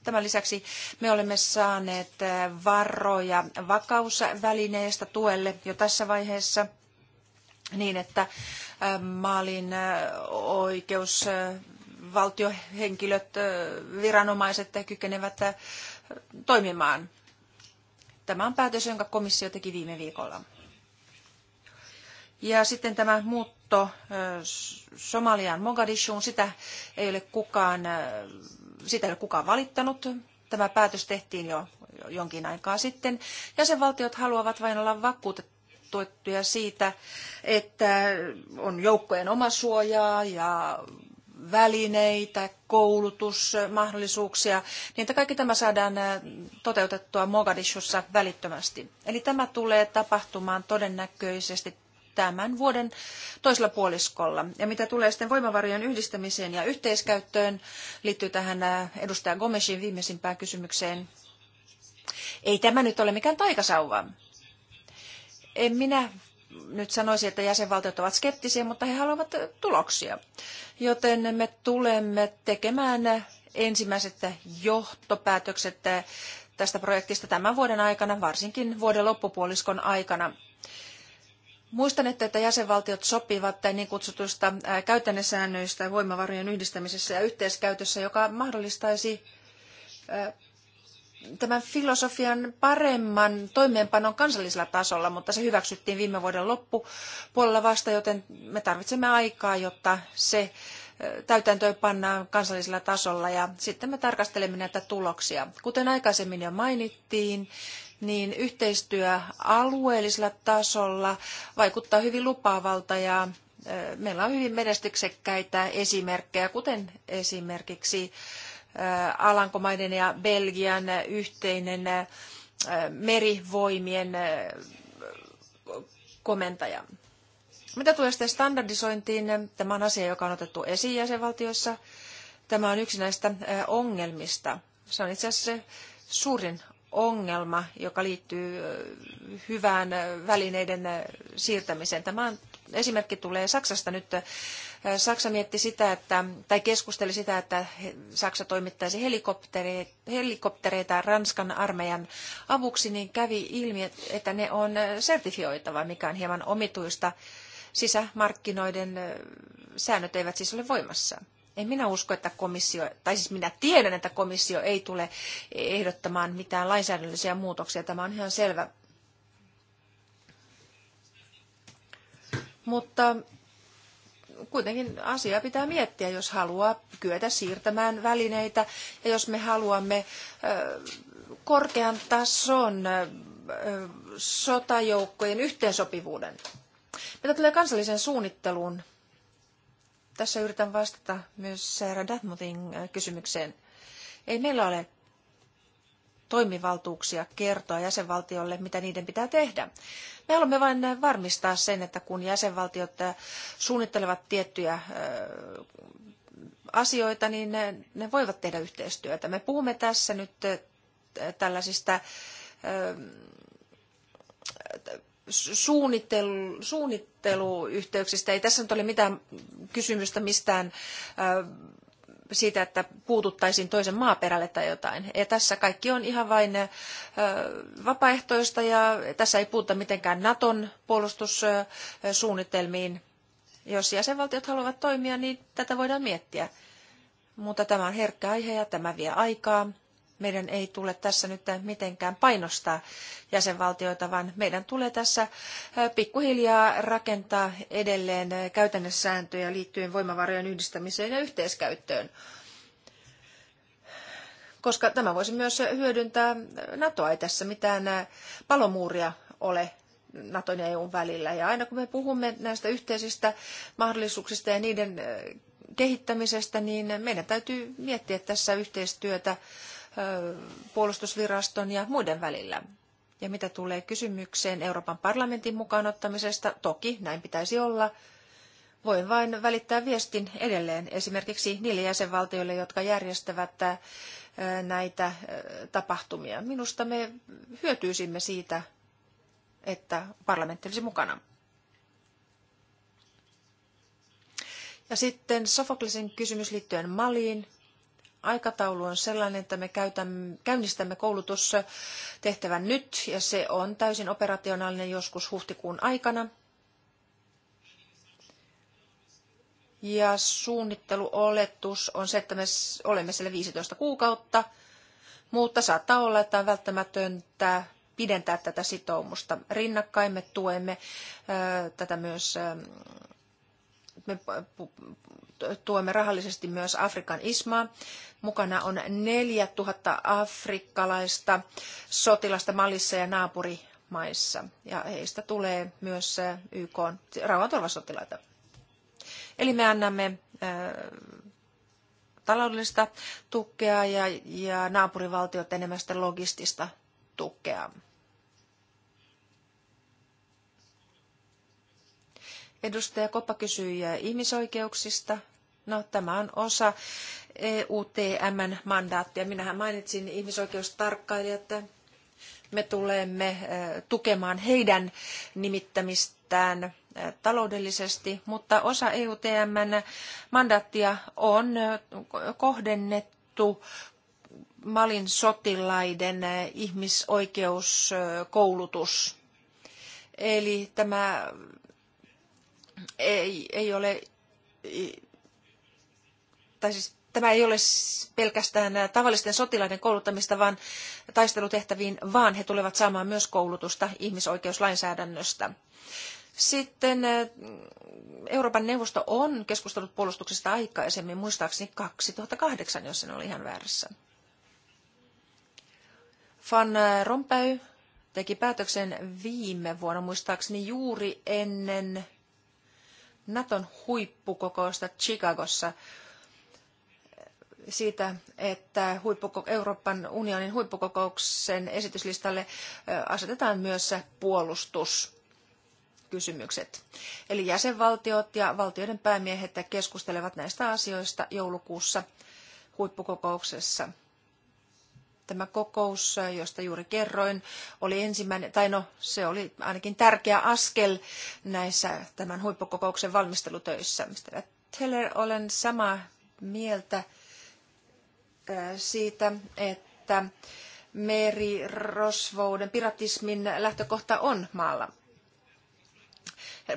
Tämän lisäksi me olemme saaneet eh, varoja vakausvälineestä tuelle jo tässä vaiheessa niin, että eh, maalin eh, oikeus valtiohenkilöt, viranomaiset kykenevät toimimaan. Tämä on päätös, jonka komissio teki viime viikolla. Ja sitten tämä muutto Somaliaan Mogadishuun, sitä ei ole kukaan siitä ei ole kukaan valittanut. Tämä päätös tehtiin jo jonkin aikaa sitten. Jäsenvaltiot haluavat vain olla vakuutettuja siitä, että on joukkojen omasuojaa ja välineitä, koulutusmahdollisuuksia, niin että kaikki tämä saadaan toteutettua Mogadishussa välittömästi. Eli tämä tulee tapahtumaan todennäköisesti tämän vuoden toisella puoliskolla. Ja mitä tulee sitten voimavarojen yhdistämiseen ja yhteiskäyttöön, liittyy tähän edustaja Gomesin viimeisimpään kysymykseen. Ei tämä nyt ole mikään taikasauva. En minä nyt sanoisi, että jäsenvaltiot ovat skeptisiä, mutta he haluavat tuloksia. Joten me tulemme tekemään ensimmäiset johtopäätökset tästä projektista tämän vuoden aikana, varsinkin vuoden loppupuoliskon aikana. Muistan, että jäsenvaltiot sopivat niin kutsutusta käytännössäännöistä voimavarojen yhdistämisessä ja yhteiskäytössä, joka mahdollistaisi tämän filosofian paremman toimeenpanon kansallisella tasolla, mutta se hyväksyttiin viime vuoden loppupuolella vasta, joten me tarvitsemme aikaa, jotta se täytäntöön pannaan kansallisella tasolla ja sitten me tarkastelemme näitä tuloksia. Kuten aikaisemmin jo mainittiin, niin yhteistyö alueellisella tasolla vaikuttaa hyvin lupaavalta ja meillä on hyvin menestyksekkäitä esimerkkejä, kuten esimerkiksi Alankomaiden ja Belgian yhteinen merivoimien komentaja. Mitä tulee sitten standardisointiin, tämä on asia, joka on otettu esiin jäsenvaltioissa. Tämä on yksi näistä ongelmista. Se on itse asiassa se suurin ongelma, joka liittyy hyvään välineiden siirtämiseen. Tämä esimerkki tulee Saksasta nyt. Saksa mietti sitä, että, tai keskusteli sitä, että Saksa toimittaisi helikoptereita Ranskan armeijan avuksi, niin kävi ilmi, että ne on sertifioitava, mikä on hieman omituista. Sisämarkkinoiden säännöt eivät siis ole voimassa. En minä usko, että komissio, tai siis minä tiedän, että komissio ei tule ehdottamaan mitään lainsäädännöllisiä muutoksia. Tämä on ihan selvä. Mutta kuitenkin asiaa pitää miettiä, jos haluaa kyetä siirtämään välineitä ja jos me haluamme korkean tason sotajoukkojen yhteensopivuuden. Mitä tulee kansalliseen suunnitteluun, tässä yritän vastata myös Sarah Dathmutin äh, kysymykseen. Ei meillä ole toimivaltuuksia kertoa jäsenvaltioille, mitä niiden pitää tehdä. Me haluamme vain varmistaa sen, että kun jäsenvaltiot äh, suunnittelevat tiettyjä äh, asioita, niin ne, voivat tehdä yhteistyötä. Me puhumme tässä nyt tällaisista suunnittelu, suunnitteluyhteyksistä. Ei tässä nyt ole mitään kysymystä mistään äh, siitä, että puututtaisiin toisen maaperälle tai jotain. Ja tässä kaikki on ihan vain äh, vapaaehtoista ja tässä ei puhuta mitenkään Naton puolustussuunnitelmiin. Jos jäsenvaltiot haluavat toimia, niin tätä voidaan miettiä. Mutta tämä on herkkä aihe ja tämä vie aikaa. Meidän ei tule tässä nyt mitenkään painostaa jäsenvaltioita, vaan meidän tulee tässä pikkuhiljaa rakentaa edelleen käytännössääntöjä liittyen voimavarojen yhdistämiseen ja yhteiskäyttöön koska tämä voisi myös hyödyntää NATOa. Ei tässä mitään palomuuria ole Naton ja EUn välillä. Ja aina kun me puhumme näistä yhteisistä mahdollisuuksista ja niiden kehittämisestä, niin meidän täytyy miettiä tässä yhteistyötä puolustusviraston ja muiden välillä. Ja mitä tulee kysymykseen Euroopan parlamentin mukaanottamisesta, toki näin pitäisi olla. Voin vain välittää viestin edelleen esimerkiksi niille jäsenvaltioille, jotka järjestävät näitä tapahtumia. Minusta me hyötyisimme siitä, että parlamentti olisi mukana. Ja sitten Sofoklesin kysymys liittyen Maliin aikataulu on sellainen, että me käynnistämme käynnistämme koulutustehtävän nyt ja se on täysin operationaalinen joskus huhtikuun aikana. Ja suunnitteluoletus on se, että me olemme siellä 15 kuukautta, mutta saattaa olla, että on välttämätöntä pidentää tätä sitoumusta. Rinnakkain me tuemme tätä myös me tuemme rahallisesti myös Afrikan ismaa. Mukana on 4000 afrikkalaista sotilasta Malissa ja naapurimaissa. Ja heistä tulee myös YK rauhanturvasotilaita. Eli me annamme taloudellista tukea ja, ja naapurivaltiot enemmän logistista tukea. Edustaja Koppa kysyi ihmisoikeuksista. No, tämä on osa EUTMn mandaattia. Minähän mainitsin ihmisoikeustarkkailijat. Me tulemme eh, tukemaan heidän nimittämistään eh, taloudellisesti, mutta osa EUTMn mandaattia on eh, kohdennettu Malin sotilaiden ihmisoikeuskoulutus. Eli tämä ei, ei ole, tai siis tämä ei ole pelkästään tavallisten sotilaiden kouluttamista, vaan taistelutehtäviin, vaan he tulevat saamaan myös koulutusta ihmisoikeuslainsäädännöstä. Sitten Euroopan neuvosto on keskustellut puolustuksesta aikaisemmin, muistaakseni 2008, jos en oli ihan väärässä. Van Rompuy teki päätöksen viime vuonna, muistaakseni juuri ennen Naton huippukokousta Chicagossa siitä, että Euroopan unionin huippukokouksen esityslistalle asetetaan myös puolustuskysymykset. Eli jäsenvaltiot ja valtioiden päämiehet keskustelevat näistä asioista joulukuussa huippukokouksessa – tämä kokous, josta juuri kerroin, oli ensimmäinen, tai no se oli ainakin tärkeä askel näissä tämän huippukokouksen valmistelutöissä. Mr. Teller, olen samaa mieltä siitä, että merirosvouden, piratismin lähtökohta on maalla.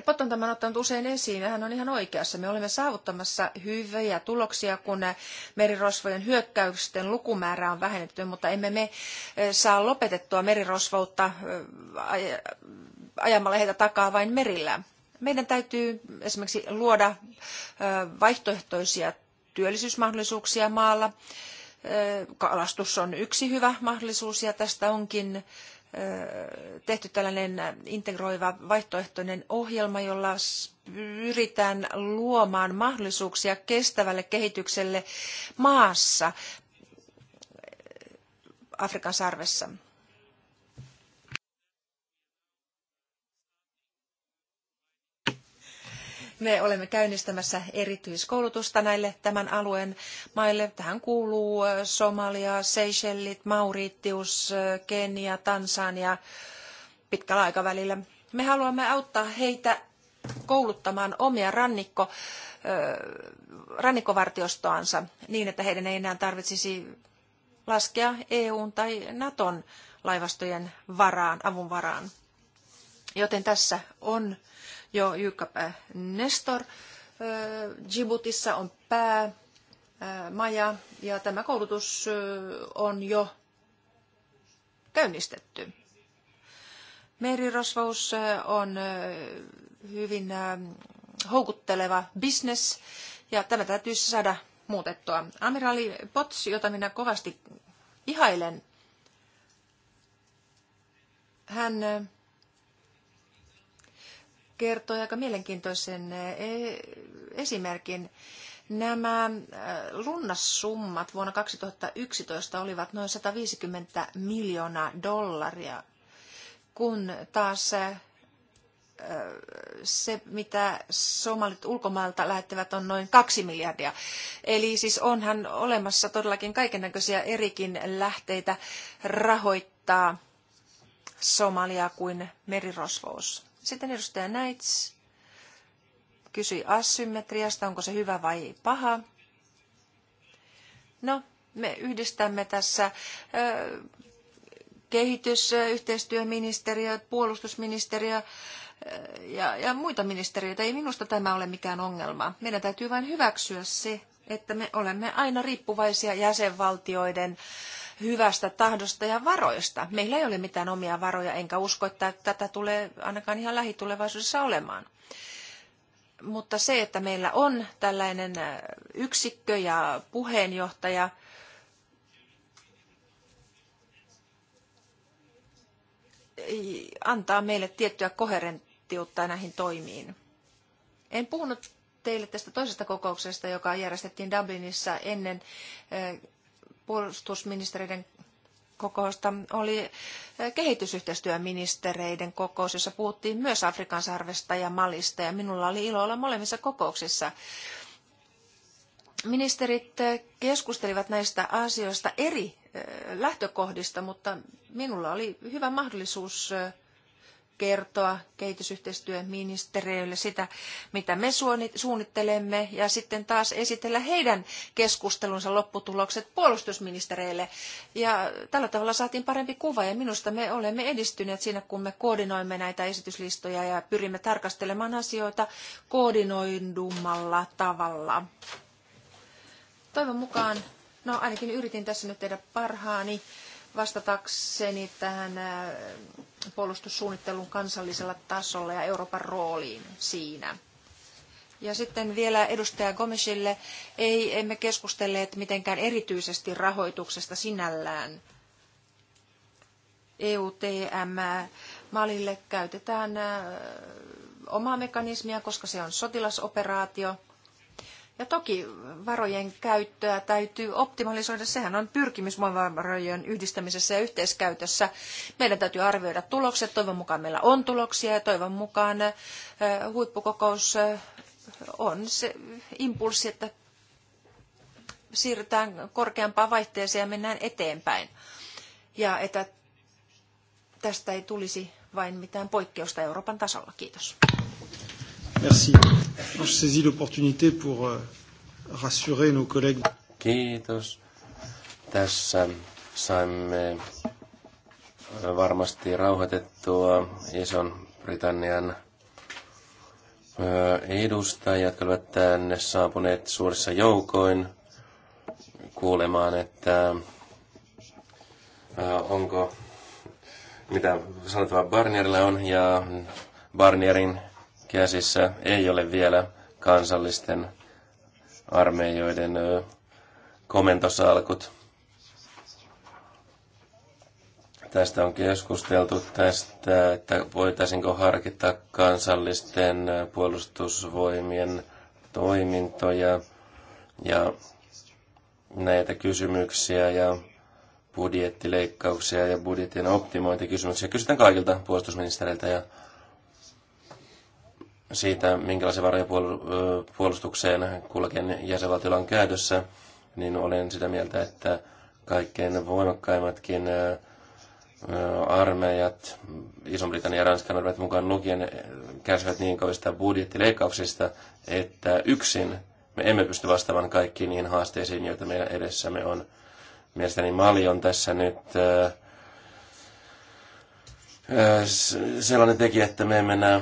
Potton tämän ottanut usein esiin ja hän on ihan oikeassa. Me olemme saavuttamassa hyviä tuloksia, kun merirosvojen hyökkäysten lukumäärä on vähennetty, mutta emme me e, saa lopetettua merirosvoutta e, ajamalla heitä takaa vain merillä. Meidän täytyy esimerkiksi luoda e, vaihtoehtoisia työllisyysmahdollisuuksia maalla. Kalastus on yksi hyvä mahdollisuus ja tästä onkin tehty tällainen integroiva vaihtoehtoinen ohjelma, jolla pyritään luomaan mahdollisuuksia kestävälle kehitykselle maassa Afrikan sarvessa. Me olemme käynnistämässä erityiskoulutusta näille tämän alueen maille. Tähän kuuluu Somalia, Seychellit, Mauritius, Kenia, Tansania pitkällä aikavälillä. Me haluamme auttaa heitä kouluttamaan omia rannikko, rannikkovartiostoansa niin, että heidän ei enää tarvitsisi laskea EUn tai Naton laivastojen varaan, avun varaan. Joten tässä on jo Jykap Nestor. Djiboutissa on päämaja ja tämä koulutus on jo käynnistetty. Merirosvous on hyvin houkutteleva bisnes ja tämä täytyy saada muutettua. Amiraali Potts, jota minä kovasti ihailen, hän kertoi aika mielenkiintoisen eh, e- esimerkin. Nämä eh, lunnassummat vuonna 2011 olivat noin 150 miljoonaa dollaria, kun taas eh, se, mitä somalit ulkomailta lähettävät, on noin kaksi miljardia. Eli siis onhan olemassa todellakin kaikennäköisiä erikin lähteitä rahoittaa Somalia kuin merirosvous. Sitten edustaja Näits kysyi asymmetriasta, onko se hyvä vai paha. No, me yhdistämme tässä ö, kehitysyhteistyöministeriö, puolustusministeriö ja, ja muita ministeriöitä. Ei minusta tämä ole mikään ongelma. Meidän täytyy vain hyväksyä se, että me olemme aina riippuvaisia jäsenvaltioiden ö, hyvästä tahdosta ja varoista. Meillä ei ole mitään omia varoja, enkä usko, että tätä tulee ainakaan ihan lähitulevaisuudessa olemaan. Mutta se, että meillä on tällainen äh, yksikkö ja puheenjohtaja, antaa meille tiettyä koherenttiutta näihin toimiin. En puhunut teille tästä toisesta kokouksesta, joka järjestettiin Dublinissa ennen äh, puolustusministeriöiden kokousta oli eh, kehitysyhteistyöministereiden kokous, jossa puhuttiin myös Afrikan sarvesta ja Malista, ja minulla oli ilo olla molemmissa kokouksissa. Ministerit eh, keskustelivat näistä asioista eri eh, lähtökohdista, mutta minulla oli hyvä mahdollisuus kertoa kehitysyhteistyöministeriöille sitä, mitä me suunnittelemme, ja sitten taas esitellä heidän keskustelunsa lopputulokset puolustusministereille. Ja tällä tavalla saatiin parempi kuva, ja minusta me olemme edistyneet siinä, kun me koordinoimme näitä esityslistoja ja pyrimme tarkastelemaan asioita koordinoidummalla tavalla. Toivon mukaan, no ainakin yritin tässä nyt tehdä parhaani vastatakseni tähän äh, puolustussuunnittelun kansallisella tasolla ja Euroopan rooliin siinä. Ja sitten vielä edustaja Gomesille, ei, emme keskustelleet mitenkään erityisesti rahoituksesta sinällään. EUTM Malille käytetään omaa mekanismia, koska se on sotilasoperaatio. Ja toki varojen käyttöä täytyy optimalisoida. Sehän on pyrkimys varojen yhdistämisessä ja yhteiskäytössä. Meidän täytyy arvioida tulokset. Toivon mukaan meillä on tuloksia ja toivon mukaan huippukokous on se impulssi, että siirrytään korkeampaan vaihteeseen ja mennään eteenpäin. Ja että tästä ei tulisi vain mitään poikkeusta Euroopan tasolla. Kiitos. Merci. Je saisis l'opportunité pour euh, rassurer nos collègues. Kiitos. Tässä saimme äh, varmasti rauhoitettua ison Britannian äh, edustajat, jotka olivat tänne saapuneet suurissa joukoin kuulemaan, että äh, onko mitä sanottavaa Barnierilla on ja Barnierin käsissä ei ole vielä kansallisten armeijoiden komentosalkut. Tästä on keskusteltu tästä, että voitaisinko harkita kansallisten puolustusvoimien toimintoja ja näitä kysymyksiä ja budjettileikkauksia ja budjettien optimointikysymyksiä. Kysytään kaikilta puolustusministeriltä ja siitä, minkälaisen varoja puolustukseen kullakin jäsenvaltiolla on käytössä, niin olen sitä mieltä, että kaikkein voimakkaimmatkin armeijat, Iso-Britannia ja Ranskan armeijat mukaan lukien, e, kärsivät niin kovista budjettileikkauksista, että yksin me emme pysty vastaamaan kaikkiin niihin haasteisiin, joita meidän edessämme on. Mielestäni Mali on tässä nyt sellainen tekijä, että me emme näe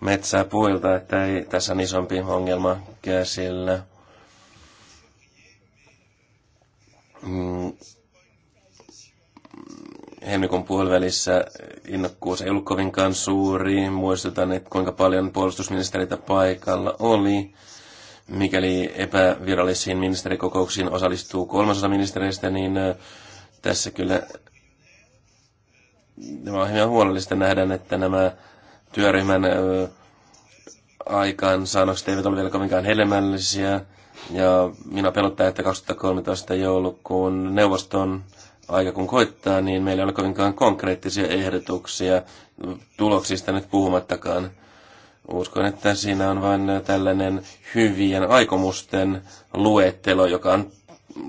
metsää puilta, että ei, tässä on isompi ongelma käsillä. Mm. Helmikuun puolivälissä innokkuus ei ollut kovinkaan suuri. Muistutan, että kuinka paljon puolustusministeriä paikalla oli. Mikäli epävirallisiin ministerikokouksiin osallistuu kolmasosa ministeriöistä, niin tässä kyllä tämä on hieman huolellista nähdä, että nämä työryhmän aikaansaannokset eivät ole vielä kovinkaan helmällisiä. Ja minä pelottaa, että 2013 joulukuun neuvoston aika kun koittaa, niin meillä ei ole kovinkaan konkreettisia ehdotuksia tuloksista nyt puhumattakaan. Uskon, että siinä on vain tällainen hyvien aikomusten luettelo, joka on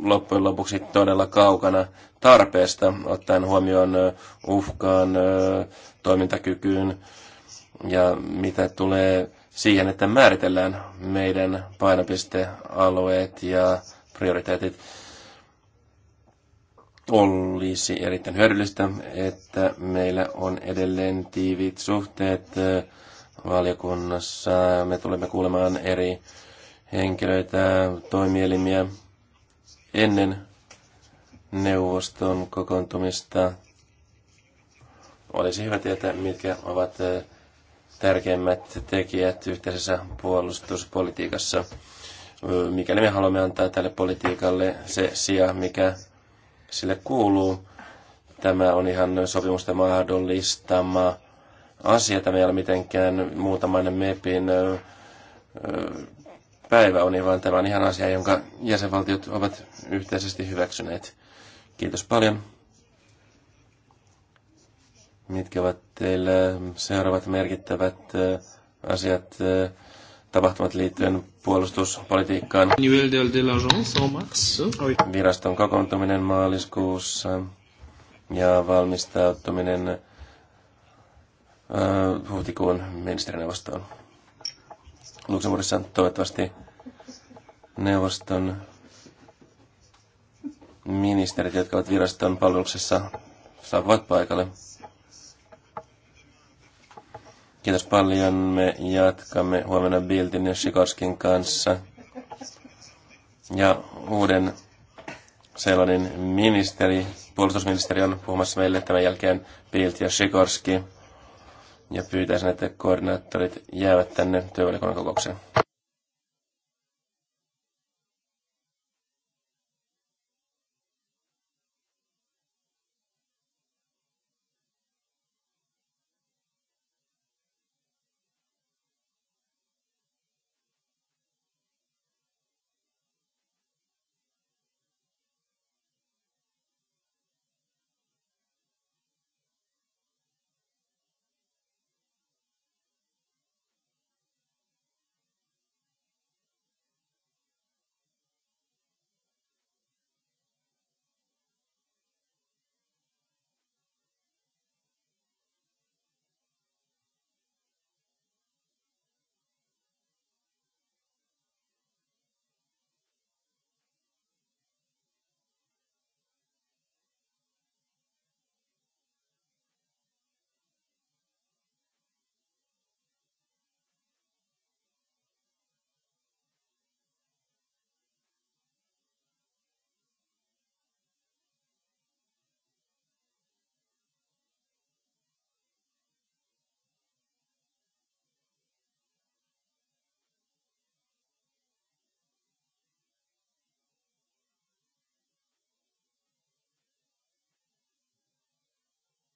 loppujen lopuksi todella kaukana tarpeesta, ottaen huomioon uhkaan, toimintakykyyn, ja mitä tulee siihen, että määritellään meidän painopistealueet ja prioriteetit, olisi erittäin hyödyllistä, että meillä on edelleen tiiviit suhteet valiokunnassa. Me tulemme kuulemaan eri henkilöitä, toimielimiä ennen neuvoston kokoontumista. Olisi hyvä tietää, mitkä ovat tärkeimmät tekijät yhteisessä puolustuspolitiikassa. Mikäli me haluamme antaa tälle politiikalle se sija, mikä sille kuuluu, tämä on ihan sopimusta mahdollistama asia. Tämä ei ole mitenkään muutaman MEPin päivä on, vaan tämä on ihan asia, jonka jäsenvaltiot ovat yhteisesti hyväksyneet. Kiitos paljon. Mitkä ovat teillä seuraavat merkittävät asiat, tapahtumat liittyen puolustuspolitiikkaan? Viraston kokoontuminen maaliskuussa ja valmistautuminen huhtikuun ministerineuvostoon. Luxemburgissa toivottavasti neuvoston ministerit, jotka ovat viraston palveluksessa, saavat paikalle. Kiitos paljon. Me jatkamme huomenna Biltin ja Sikorskin kanssa. Ja uuden Seelonin ministeri, puolustusministeri on puhumassa meille tämän jälkeen Bilt ja Sikorski. Ja pyytäisin, että koordinaattorit jäävät tänne työvaliokunnan kokoukseen.